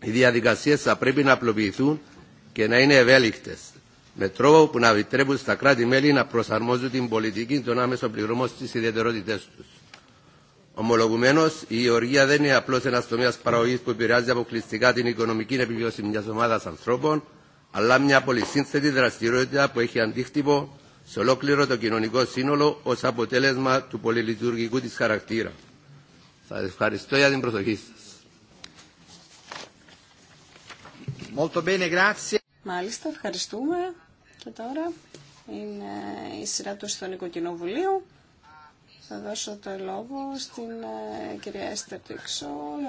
Οι διαδικασίε θα πρέπει να απλοποιηθούν και να είναι ευέλικτε, με τρόπο που να επιτρέπουν στα κράτη-μέλη να προσαρμόζουν την πολιτική των άμεσων πληρωμών στι ιδιαιτερότητε του. Ομολογουμένω, η γεωργία δεν είναι απλώ ένα τομέα παραγωγή που επηρεάζει αποκλειστικά την οικονομική επιβίωση μια ομάδα ανθρώπων, αλλά μια πολυσύνθετη δραστηριότητα που έχει αντίκτυπο σε ολόκληρο το κοινωνικό σύνολο ω αποτέλεσμα του πολυλειτουργικού τη χαρακτήρα. Σα ευχαριστώ για την προσοχή σα. Μάλιστα, ευχαριστούμε. Και τώρα είναι η σειρά του Κοινοβουλίου. Θα δώσω το λόγο στην ε, κυρία Έστερ Τίξο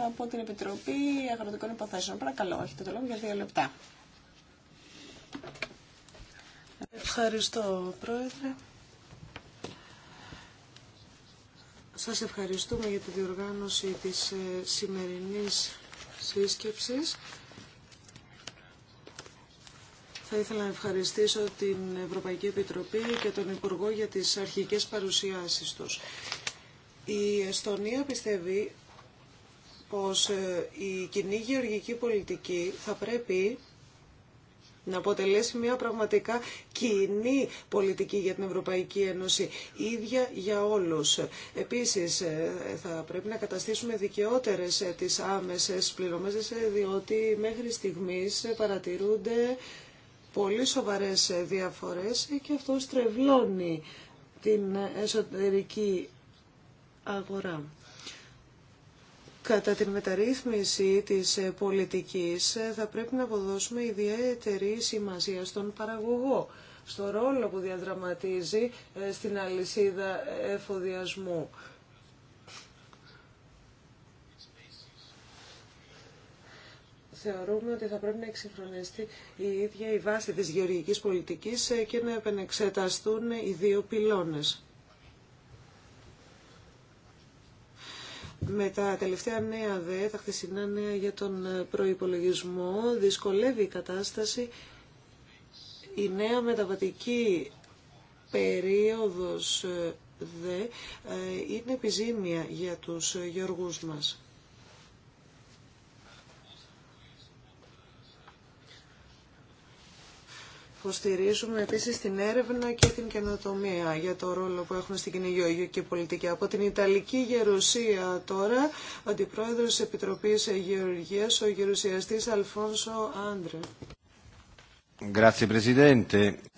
από την Επιτροπή Αγροτικών Υποθέσεων. Παρακαλώ, έχετε το λόγο για δύο λεπτά. Ευχαριστώ, Πρόεδρε. Σας ευχαριστούμε για τη διοργάνωση της ε, σημερινής σύσκεψης. Θα ήθελα να ευχαριστήσω την Ευρωπαϊκή Επιτροπή και τον Υπουργό για τις αρχικές παρουσιάσεις τους. Η Εστονία πιστεύει πως ε, η κοινή γεωργική πολιτική θα πρέπει να αποτελέσει μια πραγματικά κοινή πολιτική για την Ευρωπαϊκή Ένωση, ίδια για όλους. Επίσης, ε, θα πρέπει να καταστήσουμε δικαιότερες ε, τις άμεσες πληρωμές, διότι μέχρι στιγμής παρατηρούνται πολύ σοβαρές ε, διαφορές ε, και αυτό στρεβλώνει την ε, εσωτερική αγορά. Κατά την μεταρρύθμιση της πολιτικής θα πρέπει να αποδώσουμε ιδιαίτερη σημασία στον παραγωγό, στο ρόλο που διαδραματίζει στην αλυσίδα εφοδιασμού. θεωρούμε ότι θα πρέπει να εξυγχρονιστεί η ίδια η βάση της γεωργικής πολιτικής ε, και να επενεξεταστούν οι δύο πυλώνες. Με τα τελευταία νέα δε, τα χθεσινά νέα για τον ε, προϋπολογισμό, δυσκολεύει η κατάσταση. Η νέα μεταβατική περίοδος ε, δε είναι επιζήμια για τους γεωργούς μας. Υποστηρίζουμε επίσης την έρευνα και την καινοτομία για το ρόλο που έχουν στην γεωργική πολιτική. Από την Ιταλική Γερουσία τώρα, ο Αντιπρόεδρος της Επιτροπής Γεωργίας, ο Γερουσιαστής Αλφόνσο Άντρε.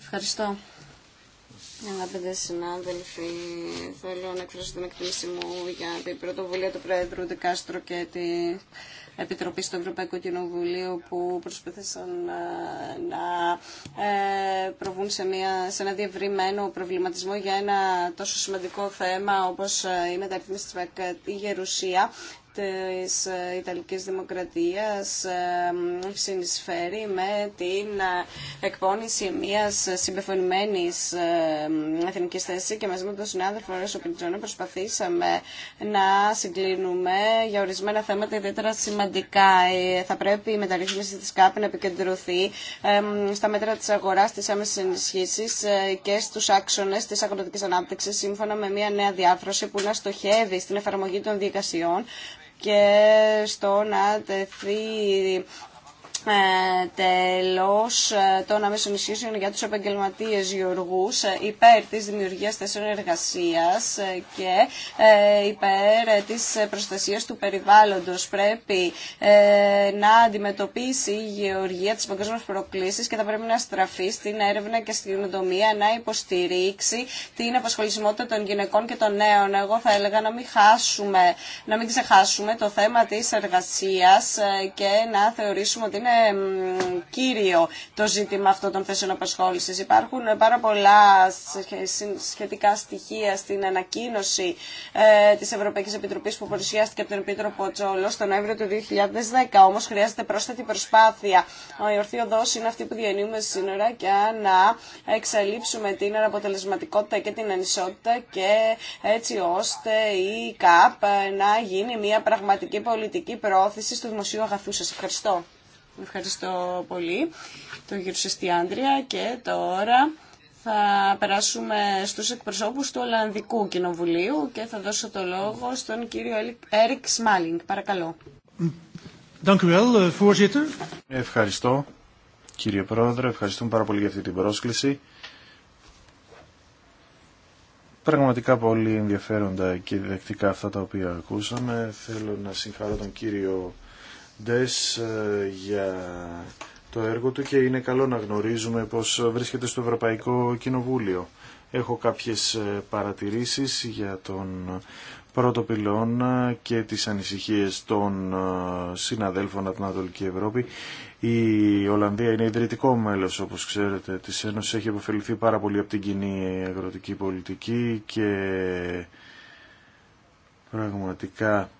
Ευχαριστώ. Αγαπητέ συνάδελφοι, θέλω να εκφράσω την εκτίμηση μου για την πρωτοβουλία του Πρόεδρου Δικάστρο και τη Επιτροπή του Ευρωπαϊκό Κοινοβουλίο που προσπαθήσαν ε, να ε, προβούν σε, μια, σε ένα διευρυμένο προβληματισμό για ένα τόσο σημαντικό θέμα όπως η ε, μεταρρύθμιση της ΒΕΚ, η Γερουσία της ε, Ιταλικής Δημοκρατίας ε, συνεισφέρει με την ε, εκπόνηση μιας συμπεφωνημένης εθνικής θέσης και μαζί με τον συνάδελφο Ρεσο Πιντζόνα προσπαθήσαμε να συγκλίνουμε για ορισμένα θέματα ιδιαίτερα σημαντικά. Θα πρέπει η μεταρρύθμιση της ΚΑΠ να επικεντρωθεί στα μέτρα της αγοράς, της άμεσης ενισχύσης και στους άξονες της αγροτικής ανάπτυξης σύμφωνα με μια νέα διάφρωση που να στοχεύει στην εφαρμογή των διεκασιών και στο να τεθεί τέλος ε, των αμέσων ισχύσεων για τους επαγγελματίες γεωργούς ε, υπέρ της δημιουργίας θέσεων εργασίας ε, και υπέρ της προστασίας του περιβάλλοντος. Πρέπει να αντιμετωπίσει η γεωργία τις παγκόσμιας προκλήσεις και θα πρέπει να στραφεί στην έρευνα και στην κοινοτομία να υποστηρίξει την απασχολησιμότητα των γυναικών και των νέων. Εγώ θα έλεγα να μην, να μην ξεχάσουμε το θέμα της εργασίας και να θεωρήσουμε ότι είναι κύριο το ζήτημα αυτών των θέσεων απασχόληση. Υπάρχουν ε, πάρα πολλά σχετικά στοιχεία στην ανακοίνωση ε, τη Ευρωπαϊκή Επιτροπή που παρουσιάστηκε από τον Επίτροπο Τσόλο τον Νοέμβριο του 2010. Όμω χρειάζεται πρόσθετη προσπάθεια. Η ορθή οδό είναι αυτή που διανύουμε σήμερα και να εξαλείψουμε την αναποτελεσματικότητα και την ανισότητα και έτσι ώστε η ΚΑΠ να γίνει μια πραγματική πολιτική πρόθεση του δημοσίου αγαθού σας. Ευχαριστώ. Ευχαριστώ πολύ τον κύριο Σεστιάντρια και τώρα θα περάσουμε στους εκπροσώπους του Ολλανδικού Κοινοβουλίου και θα δώσω το λόγο στον κύριο Έρικ Σμάλινγκ. Παρακαλώ. Eh, Ευχαριστώ κύριε Πρόεδρε, ευχαριστούμε πάρα πολύ για αυτή την πρόσκληση. Πραγματικά πολύ ενδιαφέροντα και διδακτικά αυτά τα οποία ακούσαμε. Θέλω να συγχαρώ τον κύριο Ντες ε, για το έργο του και είναι καλό να γνωρίζουμε πως βρίσκεται στο Ευρωπαϊκό Κοινοβούλιο. Έχω κάποιες ε, παρατηρήσεις για τον πρώτο πυλώνα και τις ανησυχίες των ε, συναδέλφων από την Ανατολική Ευρώπη. Η Ολλανδία είναι ιδρυτικό μέλος, όπως ξέρετε, της ένωση Έχει επωφεληθεί πάρα πολύ από την κοινή αγροτική πολιτική και πραγματικά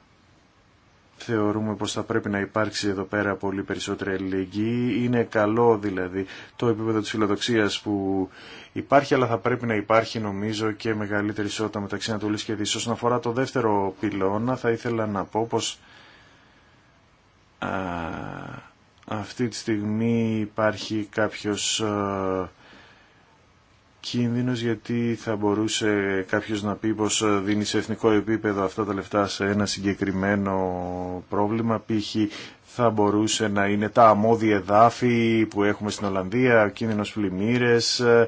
θεωρούμε πως θα πρέπει να υπάρξει εδώ πέρα πολύ περισσότερη αλληλεγγύη. Είναι καλό δηλαδή το επίπεδο της φιλοδοξίας που υπάρχει, αλλά θα πρέπει να υπάρχει νομίζω και μεγαλύτερη ισότητα μεταξύ Ανατολής και Δύσης. Όσον αφορά το δεύτερο πυλώνα, θα ήθελα να πω πως α, αυτή τη στιγμή υπάρχει κάποιος κίνδυνος γιατί θα μπορούσε κάποιος να πει πως δίνει σε εθνικό επίπεδο αυτά τα λεφτά σε ένα συγκεκριμένο πρόβλημα π.χ. θα μπορούσε να είναι τα αμμόδια εδάφη που έχουμε στην Ολλανδία, κίνδυνος πλημμύρες ε,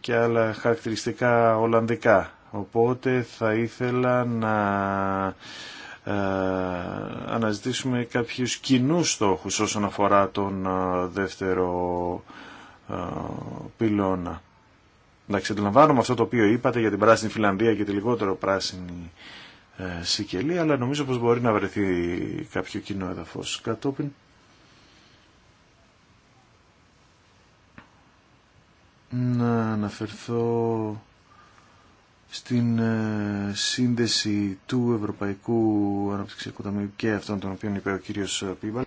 και άλλα χαρακτηριστικά ολλανδικά. Οπότε θα ήθελα να ε, αναζητήσουμε κάποιους κοινούς στόχους όσον αφορά τον ε, δεύτερο πυλώνα. Εντάξει, αντιλαμβάνομαι αυτό το οποίο είπατε για την πράσινη Φιλανδία και τη λιγότερο πράσινη ε, Σικελή, αλλά νομίζω πως μπορεί να βρεθεί κάποιο κοινό εδαφός κατόπιν. Να αναφερθώ στην ε, σύνδεση του Ευρωπαϊκού Αναπτυξιακού Ταμείου και αυτών των οποίων είπε ο κύριος Πίμπαλ.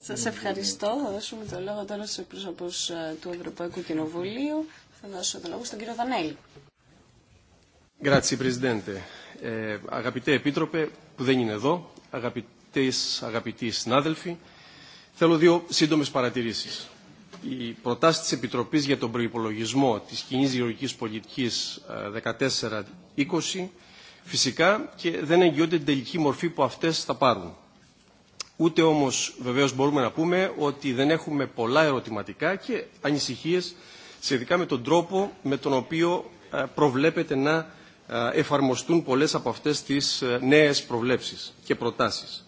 Σα ευχαριστώ. Θα δώσουμε το λόγο τώρα σε πρόσωπο ε, του Ευρωπαϊκού Κοινοβουλίου. Θα δώσω το λόγο στον κύριο Δανέλη. Ε, αγαπητέ Επίτροπε, που δεν είναι εδώ, αγαπητέ, αγαπητοί συνάδελφοι, θέλω δύο σύντομε παρατηρήσει: Οι προτάσει τη Επιτροπή για τον προπολογισμό τη κοινη γεωργικη πολιτική πολιτικής 14-20 ε, φυσικά και δεν εγγυώνται την τελική μορφή που αυτές θα πάρουν. Ούτε όμως βεβαίως μπορούμε να πούμε ότι δεν έχουμε πολλά ερωτηματικά και ανησυχίες σχετικά με τον τρόπο με τον οποίο ε, προβλέπεται να ε, εφαρμοστούν πολλές από αυτές τις ε, νέες προβλέψεις και προτάσεις.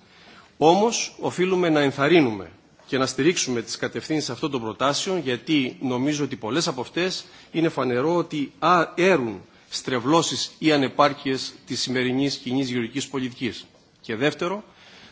Όμως οφείλουμε να ενθαρρύνουμε και να στηρίξουμε τις κατευθύνσεις αυτών των προτάσεων γιατί νομίζω ότι πολλές από αυτές είναι φανερό ότι αέρουν στρεβλώσεις ή ανεπάρκειες της σημερινής κοινή γεωργικής πολιτικής. Και δεύτερο,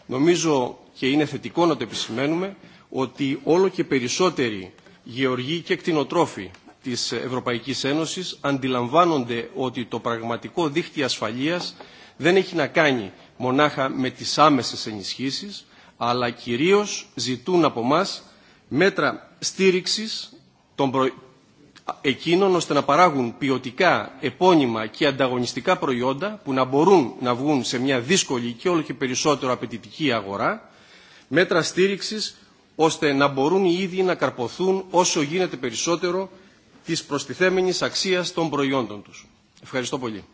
νομίζω και είναι θετικό να το επισημαίνουμε ότι όλο και περισσότεροι γεωργοί και κτηνοτρόφοι της Ευρωπαϊκής Ένωσης αντιλαμβάνονται ότι το πραγματικό δίχτυ ασφαλείας δεν έχει να κάνει μονάχα με τις άμεσες ενισχύσεις, αλλά κυρίως ζητούν από μας μέτρα στήριξης των προ... εκείνων ώστε να παράγουν ποιοτικά, επώνυμα και ανταγωνιστικά προϊόντα που να μπορούν να βγουν σε μια δύσκολη και όλο και περισσότερο απαιτητική αγορά μέτρα στήριξης ώστε να μπορούν οι ίδιοι να καρποθούν όσο γίνεται περισσότερο της προστιθέμενης αξίας των προϊόντων τους. Ευχαριστώ πολύ.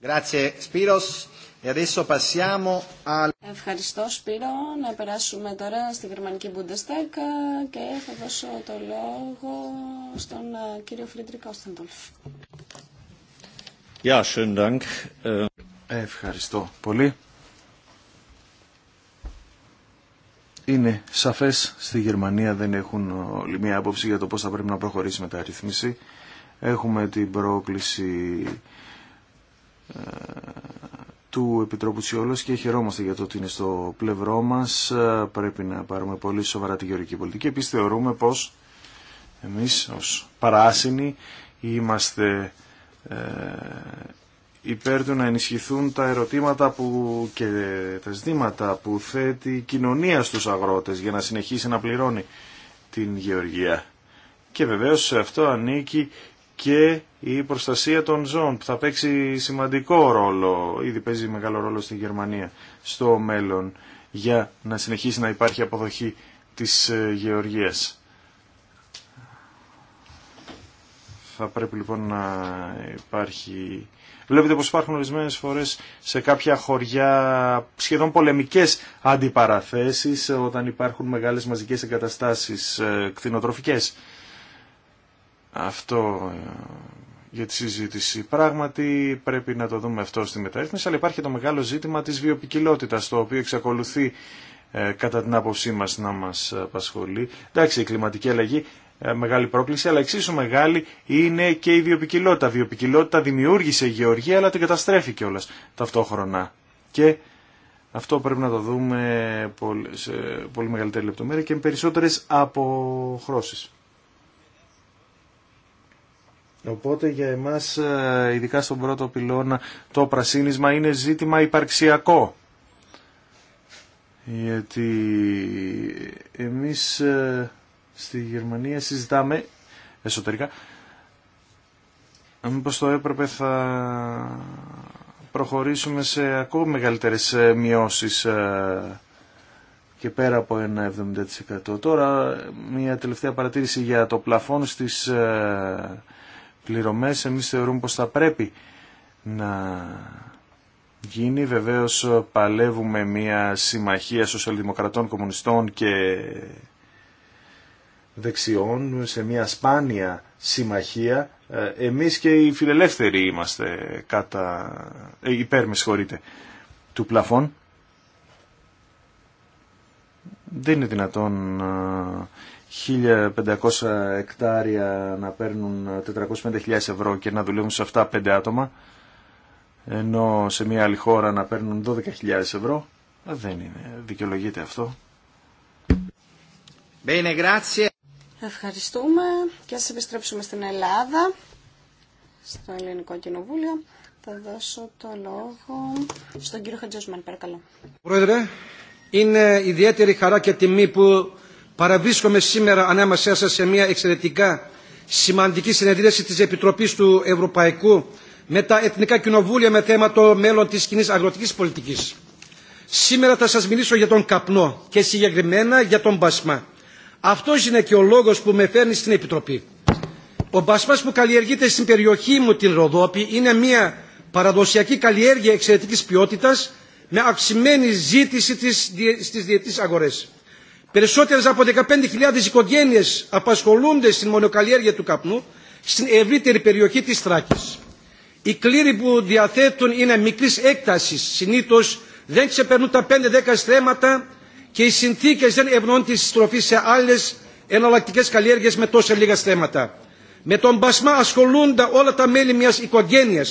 E Ευχαριστώ Σπύρο. Να περάσουμε τώρα στη Γερμανική Bundestag και θα δώσω το λόγο στον ε, κύριο Φρίντρικ Ωστεντολφ. Ja, ε, Ευχαριστώ πολύ. Είναι σαφές στη Γερμανία δεν έχουν όλοι μία άποψη για το πώς θα πρέπει να προχωρήσει μεταρρύθμιση. Έχουμε την πρόκληση ε, του Επιτρόπου Τσιόλος και χαιρόμαστε για το ότι είναι στο πλευρό μας. Ε, πρέπει να πάρουμε πολύ σοβαρά τη γεωρική πολιτική. Επίσης θεωρούμε πως εμείς ως παράσινοι είμαστε ε, υπέρ του να ενισχυθούν τα ερωτήματα που, και τα ζητήματα που θέτει η κοινωνία στους αγρότες για να συνεχίσει να πληρώνει την γεωργία. Και βεβαίως σε αυτό ανήκει και η προστασία των ζώων που θα παίξει σημαντικό ρόλο, ήδη παίζει μεγάλο ρόλο στη Γερμανία στο μέλλον για να συνεχίσει να υπάρχει αποδοχή της ε, γεωργίας. Θα πρέπει λοιπόν να υπάρχει Βλέπετε πως υπάρχουν ορισμένες φορές σε κάποια χωριά σχεδόν πολεμικές αντιπαραθέσεις ε, όταν υπάρχουν μεγάλες μαζικές εγκαταστάσεις ε, κτηνοτροφικές. Αυτό ε, για τη συζήτηση. Πράγματι πρέπει να το δούμε αυτό στη μεταρρύθμιση, αλλά υπάρχει το μεγάλο ζήτημα της βιοπικιλότητας, το οποίο εξακολουθεί κατά την άποψή μας να μας απασχολεί. Εντάξει, η κλιματική αλλαγή ε, μεγάλη πρόκληση, αλλά εξίσου μεγάλη είναι και η βιοπικιλότητα. Η βιοπικιλότητα δημιούργησε η γεωργία, αλλά την καταστρέφει κιόλα ταυτόχρονα. Και αυτό πρέπει να το δούμε σε πολύ μεγαλύτερη λεπτομέρεια και με περισσότερες αποχρώσεις. Οπότε για εμάς, ε, ειδικά στον πρώτο πυλώνα, το πρασίνισμα είναι ζήτημα υπαρξιακό. Γιατί εμείς ε, στη Γερμανία συζητάμε εσωτερικά μήπως το έπρεπε θα προχωρήσουμε σε ακόμη μεγαλύτερες ε, μειώσεις ε, και πέρα από ένα 70%. Τώρα μια τελευταία παρατήρηση για το πλαφόν στις ε, πληρωμές. Εμείς θεωρούμε πως θα πρέπει να γίνει. Βεβαίως παλεύουμε μια συμμαχία σοσιαλδημοκρατών, κομμουνιστών και δεξιών σε μια σπάνια συμμαχία. Ε, εμείς και οι φιλελεύθεροι είμαστε κατά, ε, υπέρ με συγχωρείτε, του πλαφών. Δεν είναι δυνατόν 1500 ε, εκτάρια να παίρνουν 450.000 ευρώ και να δουλεύουν σε αυτά 5 άτομα ενώ σε μια άλλη χώρα να παίρνουν 12.000 ευρώ. Δεν είναι. Δικαιολογείται αυτό. Bene, grazie. Ευχαριστούμε και ας επιστρέψουμε στην Ελλάδα, στο Ελληνικό Κοινοβούλιο. Θα δώσω το λόγο στον κύριο Χατζόσμαν, παρακαλώ. Πρόεδρε, είναι ιδιαίτερη χαρά και τιμή που παραβρίσκομαι σήμερα ανάμεσά σας σε μια εξαιρετικά σημαντική συνεδρίαση της Επιτροπής του Ευρωπαϊκού με τα Εθνικά Κοινοβούλια με θέμα το μέλλον της κοινή αγροτικής πολιτικής. Σήμερα θα σας μιλήσω για τον καπνό και συγκεκριμένα για τον μπασμά αυτό είναι και ο λόγο που με φέρνει στην Επιτροπή. Ο μπασμά που καλλιεργείται στην περιοχή μου την Ροδόπη είναι μια παραδοσιακή καλλιέργεια εξαιρετική ποιότητα με αυξημένη ζήτηση στι διετή αγορέ. Περισσότερε από 15.000 οικογένειε απασχολούνται στην μονοκαλλιέργεια του καπνού στην ευρύτερη περιοχή τη τράκη. Οι κλήροι που διαθέτουν είναι μικρή έκταση συνήθω, δεν ξεπερνούν τα 5-10 στρέμματα και οι συνθήκε δεν ευνοούν τη συστροφή σε άλλε εναλλακτικέ καλλιέργειε με τόσα λίγα στέματα. Με τον πασμά ασχολούνται όλα τα μέλη μια οικογένεια,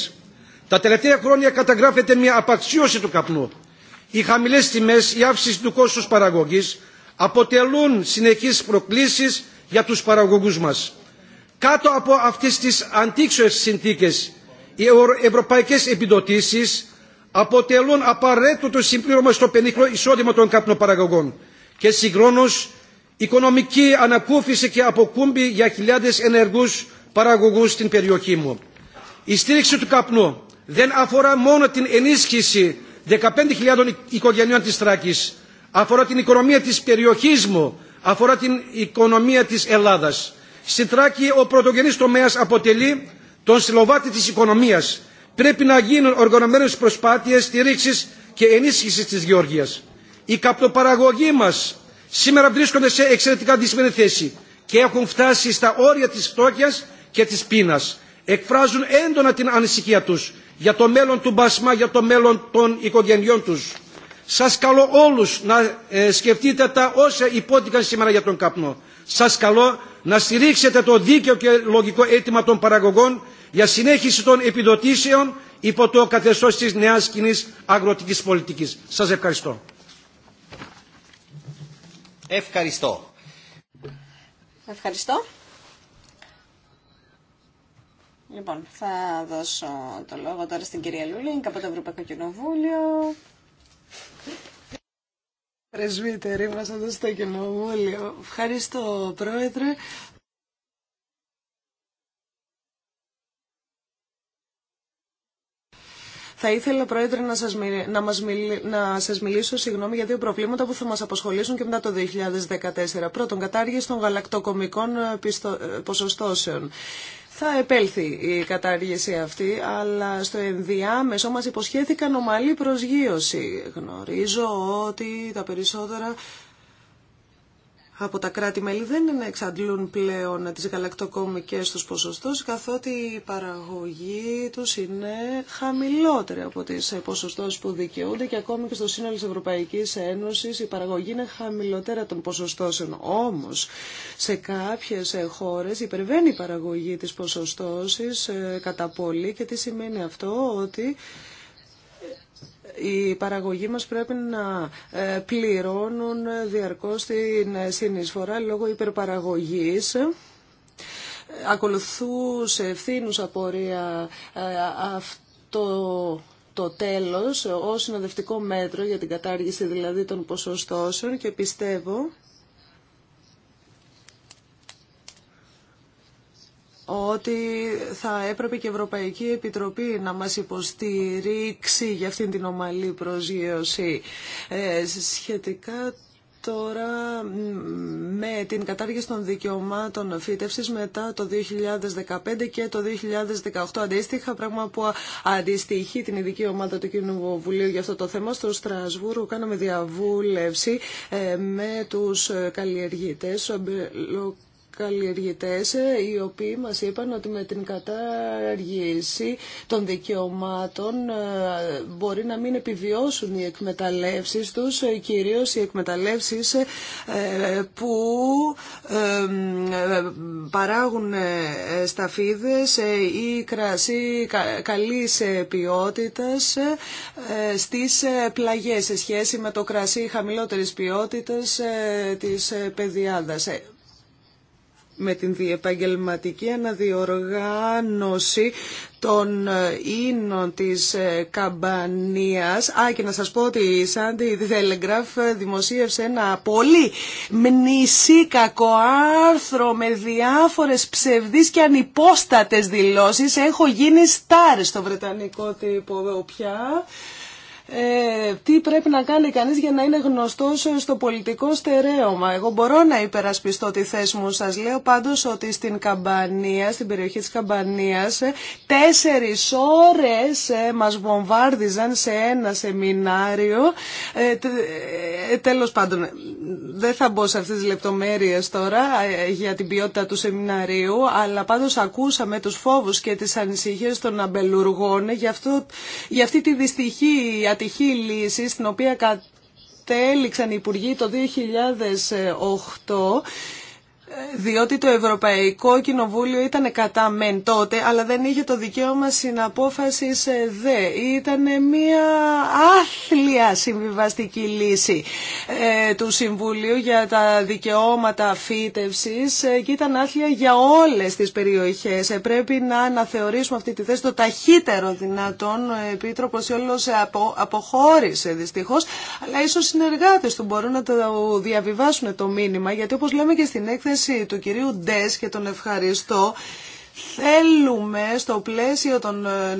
Τα τελευταία χρόνια καταγράφεται μια απαξίωση του καπνού. Οι χαμηλέ τιμέ, η αύξηση του κόστου παραγωγή αποτελούν συνεχείς προκλήσει για του παραγωγού μα. Κάτω από αυτέ τι αντίξωε συνθήκε, οι ευρωπαϊκέ επιδοτήσει αποτελούν απαραίτητο συμπλήρωμα στο πενικλό εισόδημα των καπνοπαραγωγών και συγχρόνως οικονομική ανακούφιση και αποκούμπη για χιλιάδες ενεργούς παραγωγούς στην περιοχή μου. Η στήριξη του καπνού δεν αφορά μόνο την ενίσχυση 15.000 οικογενειών της Τράκης, αφορά την οικονομία της περιοχής μου, αφορά την οικονομία της Ελλάδας. Στην Τράκη ο πρωτογενής τομέας αποτελεί τον συλλοβάτη της οικονομίας πρέπει να γίνουν οργανωμένες προσπάθειες στηρίξης και ενίσχυσης της γεωργίας. Οι καπνοπαραγωγοί μας σήμερα βρίσκονται σε εξαιρετικά δυσμενή θέση και έχουν φτάσει στα όρια της φτώχεια και της πείνας. Εκφράζουν έντονα την ανησυχία τους για το μέλλον του Μπασμά, για το μέλλον των οικογενειών τους. Σας καλώ όλους να ε, σκεφτείτε τα όσα υπόθηκαν σήμερα για τον καπνό. Σας καλώ να στηρίξετε το δίκαιο και λογικό αίτημα των παραγωγών για συνέχιση των επιδοτήσεων υπό το καθεστώς της νέας κοινή αγροτικής πολιτικής. Σας ευχαριστώ. Ευχαριστώ. Ευχαριστώ. Λοιπόν, θα δώσω το λόγο τώρα στην κυρία Λούλινγκ από το Ευρωπαϊκό Κοινοβούλιο πρεσβύτερη μας εδώ στο κοινοβούλιο. Ευχαριστώ πρόεδρε. Θα ήθελα, Πρόεδρε, να σας, μιλήσω συγγνώμη, για δύο προβλήματα που θα μας απασχολήσουν και μετά το 2014. Πρώτον, κατάργηση των γαλακτοκομικών ε, πιστο... Ε, ποσοστώσεων. Θα επέλθει η κατάργηση αυτή, αλλά στο ενδιάμεσο μας υποσχέθηκαν ομαλή προσγείωση. Γνωρίζω ότι τα περισσότερα από τα κράτη-μέλη δεν είναι να εξαντλούν πλέον τις γαλακτοκομικές τους ποσοστώσεις, καθότι η παραγωγή τους είναι χαμηλότερη από τις ποσοστώσεις που δικαιούνται και ακόμη και στο σύνολο της Ευρωπαϊκής Ένωσης η παραγωγή είναι χαμηλότερα των ποσοστώσεων. Όμως, σε κάποιες χώρες υπερβαίνει η παραγωγή της ποσοστώσης ε, κατά πολύ και τι σημαίνει αυτό, ότι οι παραγωγοί μας πρέπει να ε, πληρώνουν διαρκώς την συνεισφορά λόγω υπερπαραγωγής ακολουθούσε ευθύνουσα απορία ε, αυτό το τέλος ως συνοδευτικό μέτρο για την κατάργηση δηλαδή των ποσοστώσεων και πιστεύω ότι θα έπρεπε και η Ευρωπαϊκή Επιτροπή να μας υποστηρίξει για αυτήν την ομαλή προσγείωση. Ε, σχετικά τώρα με την κατάργηση των δικαιωμάτων φύτευσης μετά το 2015 και το 2018 αντίστοιχα, πράγμα που αντιστοιχεί την ειδική ομάδα του Κοινοβουλίου για αυτό το θέμα. Στο Στρασβούργο κάναμε διαβούλευση ε, με τους ε, καλλιεργητές, καλλιεργητές ε, οι οποίοι μας είπαν ότι με την κατάργηση των δικαιωμάτων ε, μπορεί να μην επιβιώσουν οι εκμεταλλεύσεις τους, ε, κυρίως οι εκμεταλλεύσεις που παράγουν σταφίδες ή κρασί καλής ποιότητας στις πλαγιές σε σχέση με το κρασί χαμηλότερης ποιότητας της πεδιάδας με την διεπαγγελματική αναδιοργάνωση των ε, ίνων της ε, Καμπανίας. Α, και να σας πω ότι η Σάντι ε, δημοσίευσε ένα πολύ μνησί κακό άρθρο με διάφορες ψευδείς και ανυπόστατες δηλώσεις. Έχω γίνει στάρ στο Βρετανικό τύπο πια. Ε, τι πρέπει να κάνει κανείς για να είναι γνωστός στο πολιτικό στερέωμα. Εγώ μπορώ να υπερασπιστώ τη θέση μου. Σας λέω πάντως ότι στην Καμπανία, στην περιοχή της Καμπανίας, τέσσερις ώρες ε, μας βομβάρδιζαν σε ένα σεμινάριο. Ε, τέλος πάντων, δεν θα μπω σε αυτές τις λεπτομέρειες τώρα για την ποιότητα του σεμιναρίου, αλλά πάντως ακούσαμε τους φόβους και τις ανησυχίες των αμπελουργών για, αυτή τη δυστυχή ατυχή λύση στην οποία κατέληξαν οι Υπουργοί το 2008 διότι το Ευρωπαϊκό Κοινοβούλιο ήταν κατά μεν τότε, αλλά δεν είχε το δικαίωμα συναπόφαση ε, δε. Ήταν μια άθλια συμβιβαστική λύση ε, του Συμβουλίου για τα δικαιώματα φύτευσης ε, και ήταν άθλια για όλες τις περιοχές. Ε, πρέπει να αναθεωρήσουμε αυτή τη θέση το ταχύτερο δυνατόν. Ο Επίτροπος όλος απο, αποχώρησε δυστυχώς, αλλά ίσως συνεργάτες του μπορούν να το διαβιβάσουν το μήνυμα, γιατί όπως λέμε και στην έκθεση του κυρίου Ντες και τον ευχαριστώ. Θέλουμε στο πλαίσιο των ε,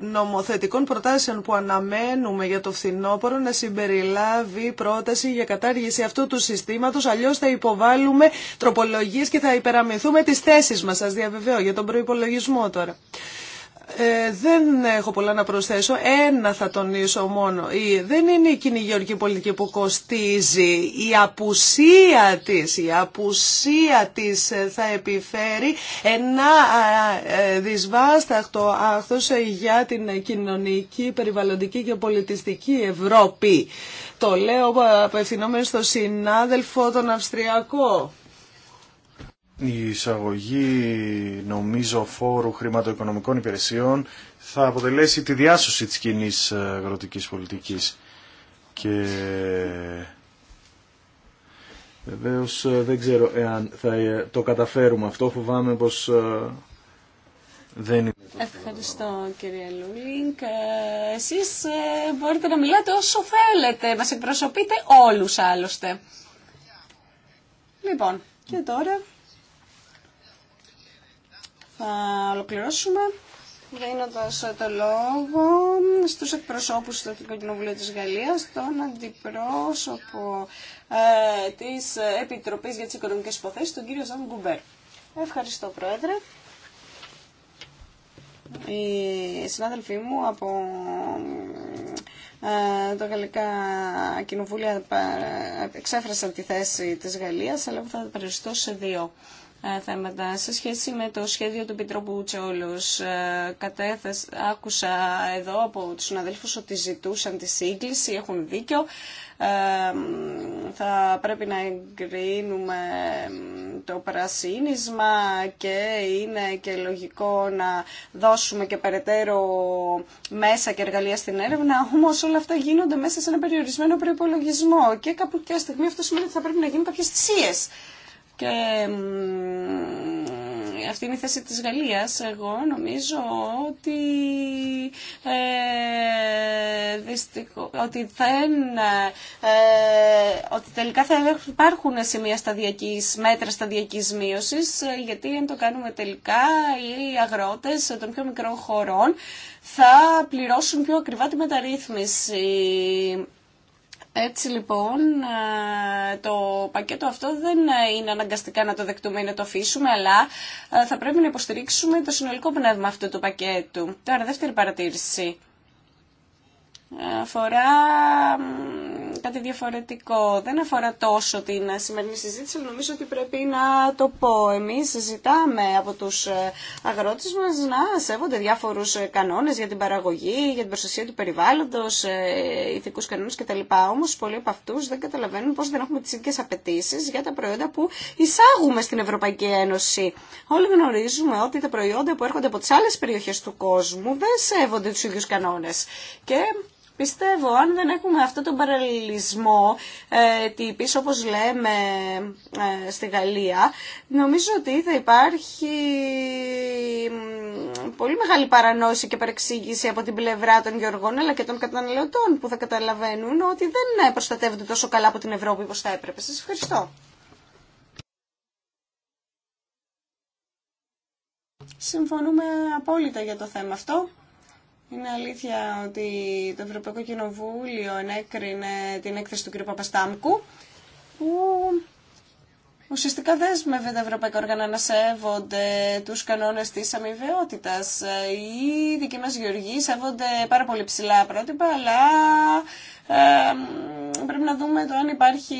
νομοθετικών προτάσεων που αναμένουμε για το φθινόπωρο να συμπεριλάβει πρόταση για κατάργηση αυτού του συστήματος, αλλιώς θα υποβάλουμε τροπολογίες και θα υπεραμεθούμε τις θέσεις μας, σας διαβεβαιώ, για τον προϋπολογισμό τώρα. Ε, δεν έχω πολλά να προσθέσω. Ένα θα τονίσω μόνο. Η, δεν είναι η κοινή γεωργική πολιτική που κοστίζει. Η απουσία της, η απουσία της ε, θα επιφέρει ένα ε, δυσβάσταχτο άχθος για την κοινωνική, περιβαλλοντική και πολιτιστική Ευρώπη. Το λέω απευθυνόμενο στο συνάδελφο τον Αυστριακό η εισαγωγή νομίζω φόρου χρηματοοικονομικών υπηρεσιών θα αποτελέσει τη διάσωση της κοινή ε, αγροτικής πολιτικής. Και βεβαίως ε, δεν ξέρω εάν θα ε, το καταφέρουμε αυτό, φοβάμαι πως δεν είναι Ευχαριστώ κύριε Λούλινγκ. Εσείς μπορείτε να μιλάτε όσο θέλετε, μας εκπροσωπείτε όλους άλλωστε. Λοιπόν, και τώρα θα ολοκληρώσουμε δίνοντας το λόγο στους εκπροσώπους του Εθνικού Κοινοβουλίου της Γαλλίας, τον αντιπρόσωπο ε, της Επιτροπής για τις Οικονομικές Υποθέσεις, τον κύριο Ζαν Γκουμπέρ. Ευχαριστώ, Πρόεδρε. Οι συνάδελφοί μου από ε, τα γαλλικά κοινοβούλια ε, εξέφρασαν τη θέση της Γαλλίας, αλλά θα περιοριστώ σε δύο ε, θέματα. Σε σχέση με το σχέδιο του Επιτρόπου όλους ε, άκουσα εδώ από τους συναδέλφους ότι ζητούσαν τη σύγκληση, έχουν δίκιο. Ε, θα πρέπει να εγκρίνουμε το πρασίνισμα και είναι και λογικό να δώσουμε και περαιτέρω μέσα και εργαλεία στην έρευνα, όμως όλα αυτά γίνονται μέσα σε ένα περιορισμένο προϋπολογισμό και κάποια στιγμή αυτό σημαίνει ότι θα πρέπει να γίνουν κάποιες θυσίες. Και αυτή είναι η θέση της Γαλλίας. Εγώ νομίζω ότι, ε, ότι, ε, ότι τελικά θα υπάρχουν σημεία σταδιακής, μέτρα σταδιακής μείωσης, γιατί αν το κάνουμε τελικά οι αγρότες των πιο μικρών χωρών θα πληρώσουν πιο ακριβά τη μεταρρύθμιση. Έτσι λοιπόν ε, το πακέτο αυτό δεν ε, είναι αναγκαστικά να το δεκτούμε ή να το αφήσουμε, αλλά ε, θα πρέπει να υποστηρίξουμε το συνολικό πνεύμα αυτού του πακέτου. Τώρα δεύτερη παρατήρηση αφορά κάτι διαφορετικό. Δεν αφορά τόσο την σημερινή συζήτηση, αλλά νομίζω ότι πρέπει να το πω. Εμεί ζητάμε από του ε, αγρότε μα να σέβονται διάφορου ε, κανόνε για την παραγωγή, για την προστασία του περιβάλλοντο, ε, ηθικού κανόνε κτλ. Όμω πολλοί από αυτού, δεν καταλαβαίνουν πώ δεν έχουμε τι ίδιε απαιτήσει για τα προϊόντα που εισάγουμε στην Ευρωπαϊκή Ένωση. Όλοι γνωρίζουμε ότι τα προϊόντα που έρχονται από τι άλλε περιοχέ του κόσμου δεν σέβονται του ίδιου κανόνε. Και Πιστεύω, αν δεν έχουμε αυτό τον παραλληλισμό ε, τύπης, όπως λέμε ε, στη Γαλλία, νομίζω ότι θα υπάρχει πολύ μεγάλη παρανόηση και παρεξήγηση από την πλευρά των γεωργών, αλλά και των καταναλωτών που θα καταλαβαίνουν ότι δεν ε, προστατεύονται τόσο καλά από την Ευρώπη όπως θα έπρεπε. Σας ευχαριστώ. Συμφωνούμε απόλυτα για το θέμα αυτό. Είναι αλήθεια ότι το Ευρωπαϊκό Κοινοβούλιο ενέκρινε την έκθεση του κ. Παπαστάμκου που Ουσιαστικά δέσμευε τα ευρωπαϊκά όργανα να σέβονται τους κανόνες της αμοιβαιότητας. Οι δικοί μας γεωργοί σέβονται πάρα πολύ ψηλά πρότυπα, αλλά ε, πρέπει να δούμε το αν υπάρχει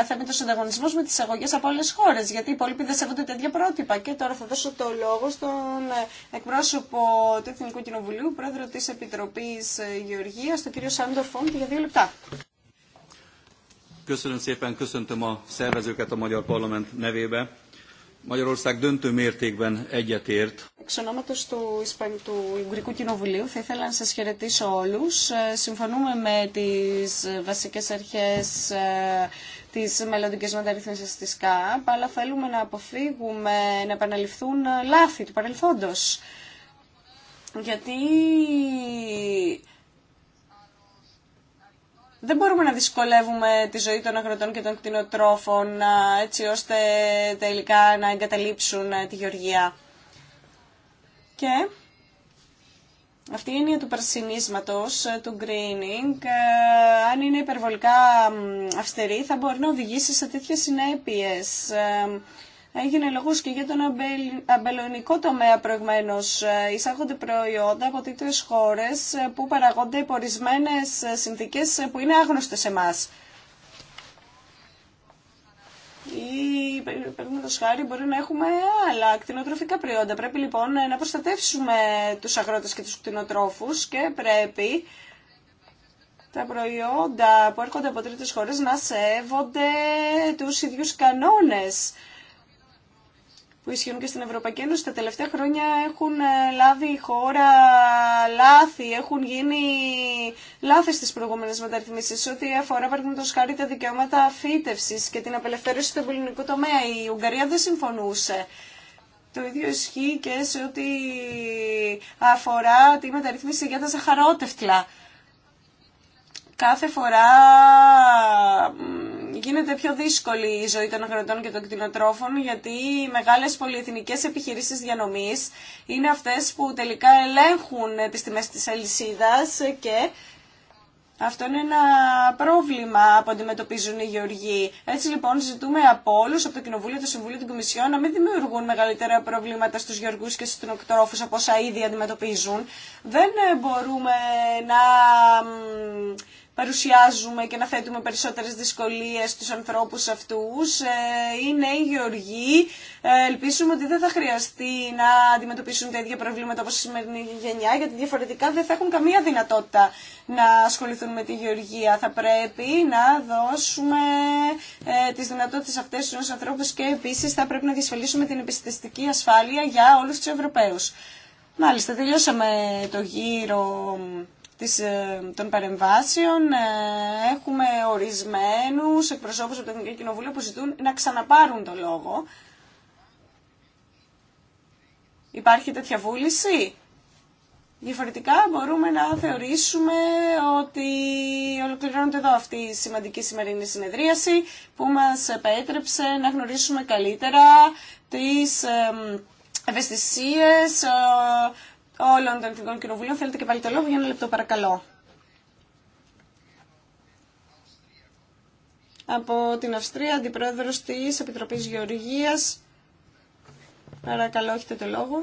αθέμητος ανταγωνισμός με τις αγωγές από άλλες χώρες, γιατί οι υπόλοιποι δεν σέβονται τέτοια πρότυπα. Και τώρα θα δώσω το λόγο στον εκπρόσωπο του Εθνικού Κοινοβουλίου, πρόεδρο της Επιτροπής Γεωργίας, τον κύριο Σάντορ Φόντ, για δύο λεπτά. Köszönöm szépen, köszöntöm a szervezőket του, Κοινοβουλίου θα ήθελα να σα χαιρετήσω όλου. Ε, συμφωνούμε με τι ε, βασικές αρχέ ε, τη μελλοντική μεταρρύθμιση τη ΚΑΠ, αλλά θέλουμε να αποφύγουμε να επαναληφθούν λάθη του παρελθόντο. Γιατί δεν μπορούμε να δυσκολεύουμε τη ζωή των αγροτών και των κτηνοτρόφων έτσι ώστε τελικά να εγκαταλείψουν ε, τη γεωργία. Και αυτή η έννοια του παρσινίσματος, ε, του greening, ε, αν είναι υπερβολικά αυστηρή θα μπορεί να οδηγήσει σε τέτοιες συνέπειες. Έγινε λόγο και για τον αμπελονικό τομέα προηγουμένω. Ε, εισάγονται προϊόντα από τέτοιε χώρε ε, που παραγόνται υπό ε, συνθήκε που είναι άγνωστες εμάς ή παραδείγματο χάρη μπορεί να έχουμε άλλα κτηνοτροφικά προϊόντα. Πρέπει λοιπόν να προστατεύσουμε του αγρότε και τους κτηνοτρόφους και πρέπει τα προϊόντα που έρχονται από τρίτες χώρες να σέβονται τους ίδιους κανόνες που ισχύουν και στην Ευρωπαϊκή Ένωση τα τελευταία χρόνια έχουν ε, λάβει η χώρα λάθη, έχουν γίνει λάθη στις προηγούμενες μεταρρυθμίσεις ό,τι αφορά παραδείγματος χάρη τα δικαιώματα φύτευσης και την απελευθέρωση του ελληνικού τομέα. Η Ουγγαρία δεν συμφωνούσε. Το ίδιο ισχύει και σε ό,τι αφορά τη μεταρρυθμίση για τα ζαχαρότευτλα. Κάθε φορά γίνεται πιο δύσκολη η ζωή των αγροτών και των κτηνοτρόφων γιατί οι μεγάλες πολυεθνικές επιχειρήσεις διανομής είναι αυτές που τελικά ελέγχουν ε, τις τιμές της αλυσίδας και αυτό είναι ένα πρόβλημα που αντιμετωπίζουν οι γεωργοί. Έτσι λοιπόν ζητούμε από όλου, από το Κοινοβούλιο, το Συμβούλιο, την Κομισιό, να μην δημιουργούν μεγαλύτερα προβλήματα στους γεωργού και στους κτηνοτρόφου από όσα ήδη αντιμετωπίζουν. Δεν ε, μπορούμε να παρουσιάζουμε και να θέτουμε περισσότερες δυσκολίες στους ανθρώπους αυτούς. Οι ε, νέοι γεωργοί ε, Ελπίσουμε ότι δεν θα χρειαστεί να αντιμετωπίσουν τα ίδια προβλήματα όπως η σημερινή γενιά, γιατί διαφορετικά δεν θα έχουν καμία δυνατότητα να ασχοληθούν με τη γεωργία. Θα πρέπει να δώσουμε ε, τις δυνατότητες αυτές στους ανθρώπους και επίσης θα πρέπει να διασφαλίσουμε την επιστηστική ασφάλεια για όλους τους Ευρωπαίους. Μάλιστα, τελειώσαμε το γύρο ε, των παρεμβάσεων ε, έχουμε ορισμένους εκπροσώπους από το Εθνικό Κοινοβούλιο που ζητούν να ξαναπάρουν το λόγο. Υπάρχει τέτοια βούληση. Διαφορετικά μπορούμε να θεωρήσουμε ότι ολοκληρώνεται εδώ αυτή η σημαντική σημερινή συνεδρίαση που μας επέτρεψε να γνωρίσουμε καλύτερα τις ευαισθησίες ε, όλων των Εθνικών Κοινοβουλίων. Θέλετε και πάλι το λόγο για ένα λεπτό παρακαλώ. Από την Αυστρία, αντιπρόεδρο της Επιτροπή Γεωργίας. Παρακαλώ, έχετε το λόγο.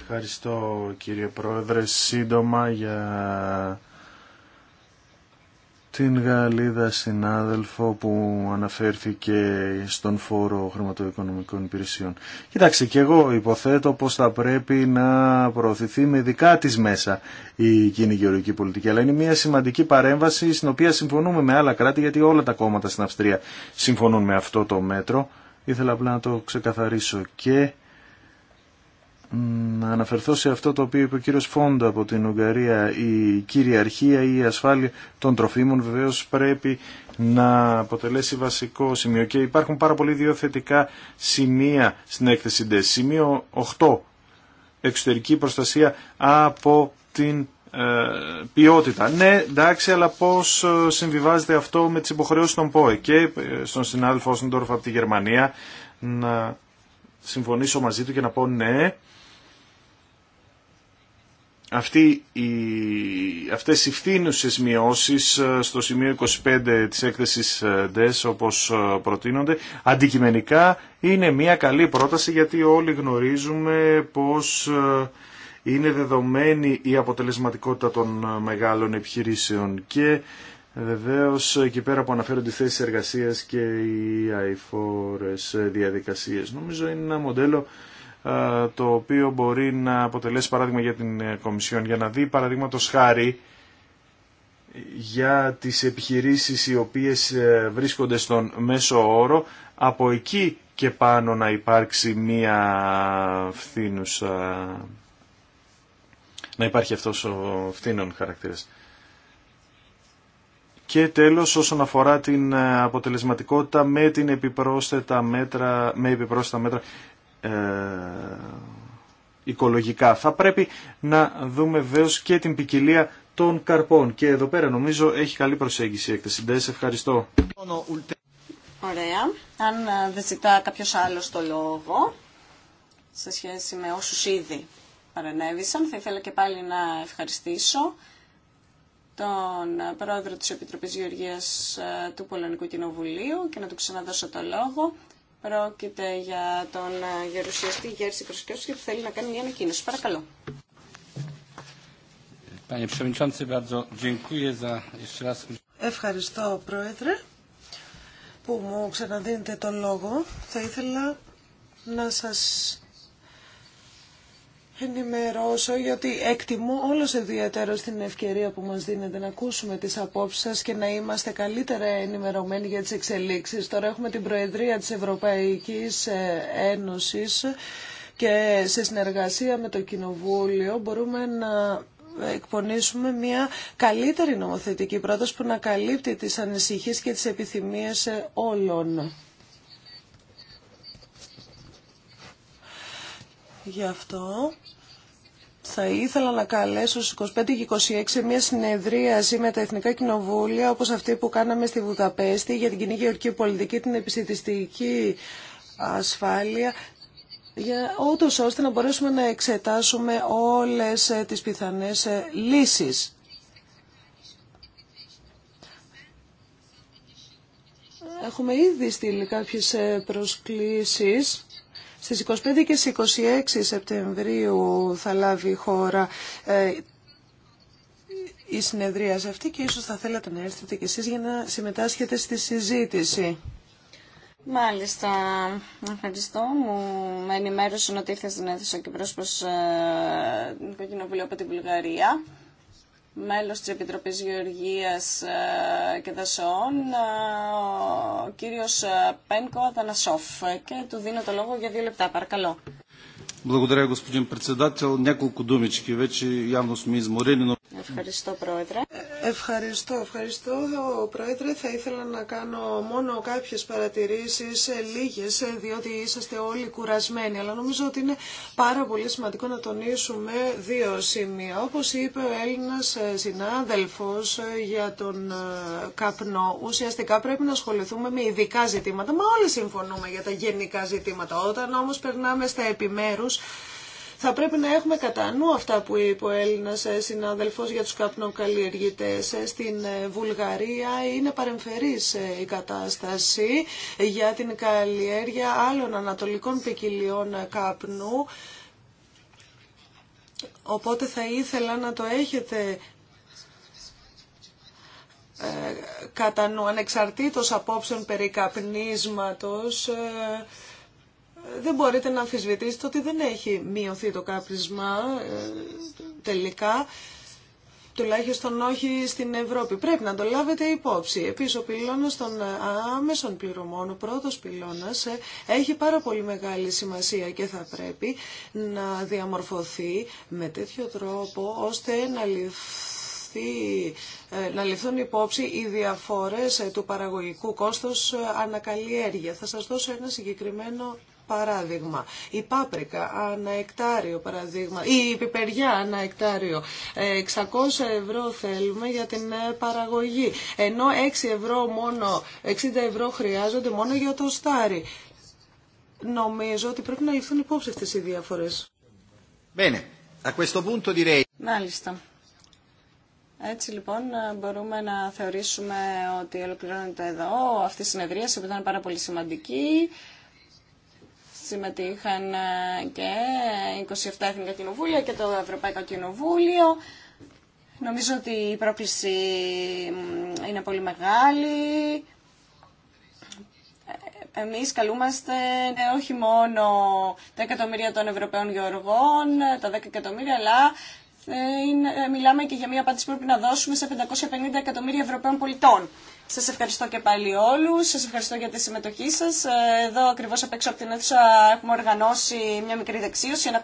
Ευχαριστώ κύριε Πρόεδρε. Σύντομα για την Γαλλίδα συνάδελφο που αναφέρθηκε στον φόρο χρηματοοικονομικών υπηρεσιών. Κοιτάξτε, και εγώ υποθέτω πως θα πρέπει να προωθηθεί με δικά της μέσα η κοινή γεωργική πολιτική, αλλά είναι μια σημαντική παρέμβαση στην οποία συμφωνούμε με άλλα κράτη, γιατί όλα τα κόμματα στην Αυστρία συμφωνούν με αυτό το μέτρο. Ήθελα απλά να το ξεκαθαρίσω και να αναφερθώ σε αυτό το οποίο είπε ο κύριος Φόντα από την Ουγγαρία. Η κυριαρχία ή η ασφάλεια των τροφίμων βεβαίως πρέπει να αποτελέσει βασικό σημείο και υπάρχουν πάρα πολλοί δύο θετικά σημεία στην έκθεση Σημείο 8. Εξωτερική προστασία από την ε, ποιότητα. Ναι, εντάξει, αλλά πώς ε, συμβιβάζεται αυτό με τις υποχρεώσεις των ΠΟΕ και ε, στον συνάδελφο Όσντορφ από τη Γερμανία να συμφωνήσω μαζί του και να πω ναι, αυτή οι, αυτές οι φθήνουσες μειώσεις ε, στο σημείο 25 της έκθεσης DES ε, όπως ε, προτείνονται αντικειμενικά είναι μια καλή πρόταση γιατί όλοι γνωρίζουμε πως είναι δεδομένη η αποτελεσματικότητα των μεγάλων επιχειρήσεων και βεβαίως εκεί πέρα που αναφέρονται οι θέσεις εργασίας και οι αηφόρες διαδικασίες. Νομίζω είναι ένα μοντέλο ε, το οποίο μπορεί να αποτελέσει παράδειγμα για την ε, Κομισιόν για να δει παραδείγματο χάρη για τις επιχειρήσεις οι οποίες ε, βρίσκονται στον μέσο όρο από εκεί και πάνω να υπάρξει μία φθήνουσα να υπάρχει αυτός ο φθήνων χαρακτήρας. Και τέλος όσον αφορά την αποτελεσματικότητα με, την επιπρόσθετα μέτρα, με επιπρόσθετα μέτρα ε, οικολογικά. Θα πρέπει να δούμε βεβαίω και την ποικιλία των καρπών. Και εδώ πέρα νομίζω έχει καλή προσέγγιση η έκθεση. ευχαριστώ. Ωραία. Αν ε, δεν ζητά κάποιο άλλο το λόγο σε σχέση με όσου ήδη παρενέβησαν, θα ήθελα και πάλι να ευχαριστήσω τον ε, πρόεδρο της Επιτροπής Γεωργίας του Πολωνικού Κοινοβουλίου και να του ξαναδώσω το λόγο Πρόκειται για τον ε, γερουσιαστή Γέρση Προσκέψη που θέλει να κάνει μια ανακοίνωση. Παρακαλώ. Ευχαριστώ, Πρόεδρε, που μου ξαναδίνετε τον λόγο. Θα ήθελα να σας ενημερώσω γιατί εκτιμώ όλος ιδιαίτερο την ευκαιρία που μας δίνεται να ακούσουμε τις απόψεις σας και να είμαστε καλύτερα ενημερωμένοι για τις εξελίξεις. Τώρα έχουμε την Προεδρία της Ευρωπαϊκής ε, Ένωσης και σε συνεργασία με το Κοινοβούλιο μπορούμε να εκπονήσουμε μια καλύτερη νομοθετική πρόταση που να καλύπτει τις ανησυχίες και τις επιθυμίες ε, όλων. Γι' αυτό θα ήθελα να καλέσω στις 25 και 26 μια συνεδρίαση με τα Εθνικά Κοινοβούλια όπως αυτή που κάναμε στη Βουδαπέστη για την κοινή γεωργική πολιτική, την επιστημιστική ασφάλεια, για ούτως ώστε να μπορέσουμε να εξετάσουμε όλες ε, τις πιθανές ε, λύσεις. Έχουμε ήδη στείλει κάποιες ε, προσκλήσεις στις 25 και 26 Σεπτεμβρίου θα λάβει η χώρα ε, η συνεδρία σε αυτή και ίσως θα θέλατε να έρθετε κι εσείς για να συμμετάσχετε στη συζήτηση. Μάλιστα, ευχαριστώ. Μου με ενημέρωσαν ότι ήρθε στην αίθουσα και πρόσωπο ε, Κοινοβουλίο από την Βουλγαρία μέλος της Επιτροπής Γεωργίας ε, και Δασών, ε, ο κύριος ε, Πένκο Αθανασόφ. Και του δίνω το λόγο για δύο λεπτά, παρακαλώ. Благодаря, господин председател. Няколко думички. Вече явно сме изморени, но... Ευχαριστώ, Πρόεδρε. Ευχαριστώ, ευχαριστώ. Πρόεδρε, θα ήθελα να κάνω μόνο κάποιες παρατηρήσεις, ε, λίγες, ε, διότι είσαστε όλοι κουρασμένοι. Αλλά νομίζω ότι είναι πάρα πολύ σημαντικό να τονίσουμε δύο σημεία. Όπως είπε ο Έλληνας ε, συνάδελφος για τον καπνό, ουσιαστικά πρέπει να ασχοληθούμε με ειδικά ζητήματα. Μα όλοι συμφωνούμε για τα γενικά ζητήματα. Όταν όμως περνάμε στα επιμέρους, θα πρέπει να έχουμε κατά νου αυτά που είπε ο Έλληνας ε, συναδελφός για τους καπνοκαλλιεργητές. Ε, στην ε, Βουλγαρία είναι παρεμφερής η κατάσταση για την καλλιέργεια άλλων ανατολικών ποικιλιών καπνού. Οπότε θα ήθελα να το έχετε κατά νου, ανεξαρτήτως απόψεων περί καπνίσματος, δεν μπορείτε να αμφισβητήσετε ότι δεν έχει μειωθεί το κάπνισμα ε, τελικά, τουλάχιστον όχι στην Ευρώπη. Πρέπει να το λάβετε υπόψη. Επίσης ο πυλώνας των άμεσων πληρωμών, ο πρώτος πυλώνας, ε, έχει πάρα πολύ μεγάλη σημασία και θα πρέπει να διαμορφωθεί με τέτοιο τρόπο ώστε να ληφθεί ε, να ληφθούν υπόψη οι διαφορές του παραγωγικού κόστος ανακαλλιέργεια. Θα σας δώσω ένα συγκεκριμένο παράδειγμα. Η πάπρικα ανά εκτάριο παραδείγμα. Η πιπεριά ανά εκτάριο. 600 ε, ευρώ θέλουμε για την ε, παραγωγή. Ενώ 6 ευρώ μόνο, 60 ευρώ χρειάζονται μόνο για το στάρι. Νομίζω ότι πρέπει να ληφθούν υπόψη αυτέ οι διαφορέ. Bene. Μάλιστα. Έτσι λοιπόν μπορούμε να θεωρήσουμε ότι ολοκληρώνεται εδώ αυτή η συνεδρίαση που ήταν πάρα πολύ σημαντική συμμετείχαν ε, και 27 Εθνικά Κοινοβούλια και το Ευρωπαϊκό Κοινοβούλιο. Νομίζω ότι η πρόκληση είναι πολύ μεγάλη. Εμείς καλούμαστε ναι, όχι μόνο τα εκατομμύρια των Ευρωπαίων Γεωργών, τα 10 εκατομμύρια, αλλά ε, ε, μιλάμε και για μια απάντηση που πρέπει να δώσουμε σε 550 εκατομμύρια Ευρωπαίων πολιτών. Σας ευχαριστώ και πάλι όλους, σας ευχαριστώ για τη συμμετοχή σας. Ε, εδώ ακριβώς απ' έξω από την αίθουσα έχουμε οργανώσει μια μικρή δεξίωση.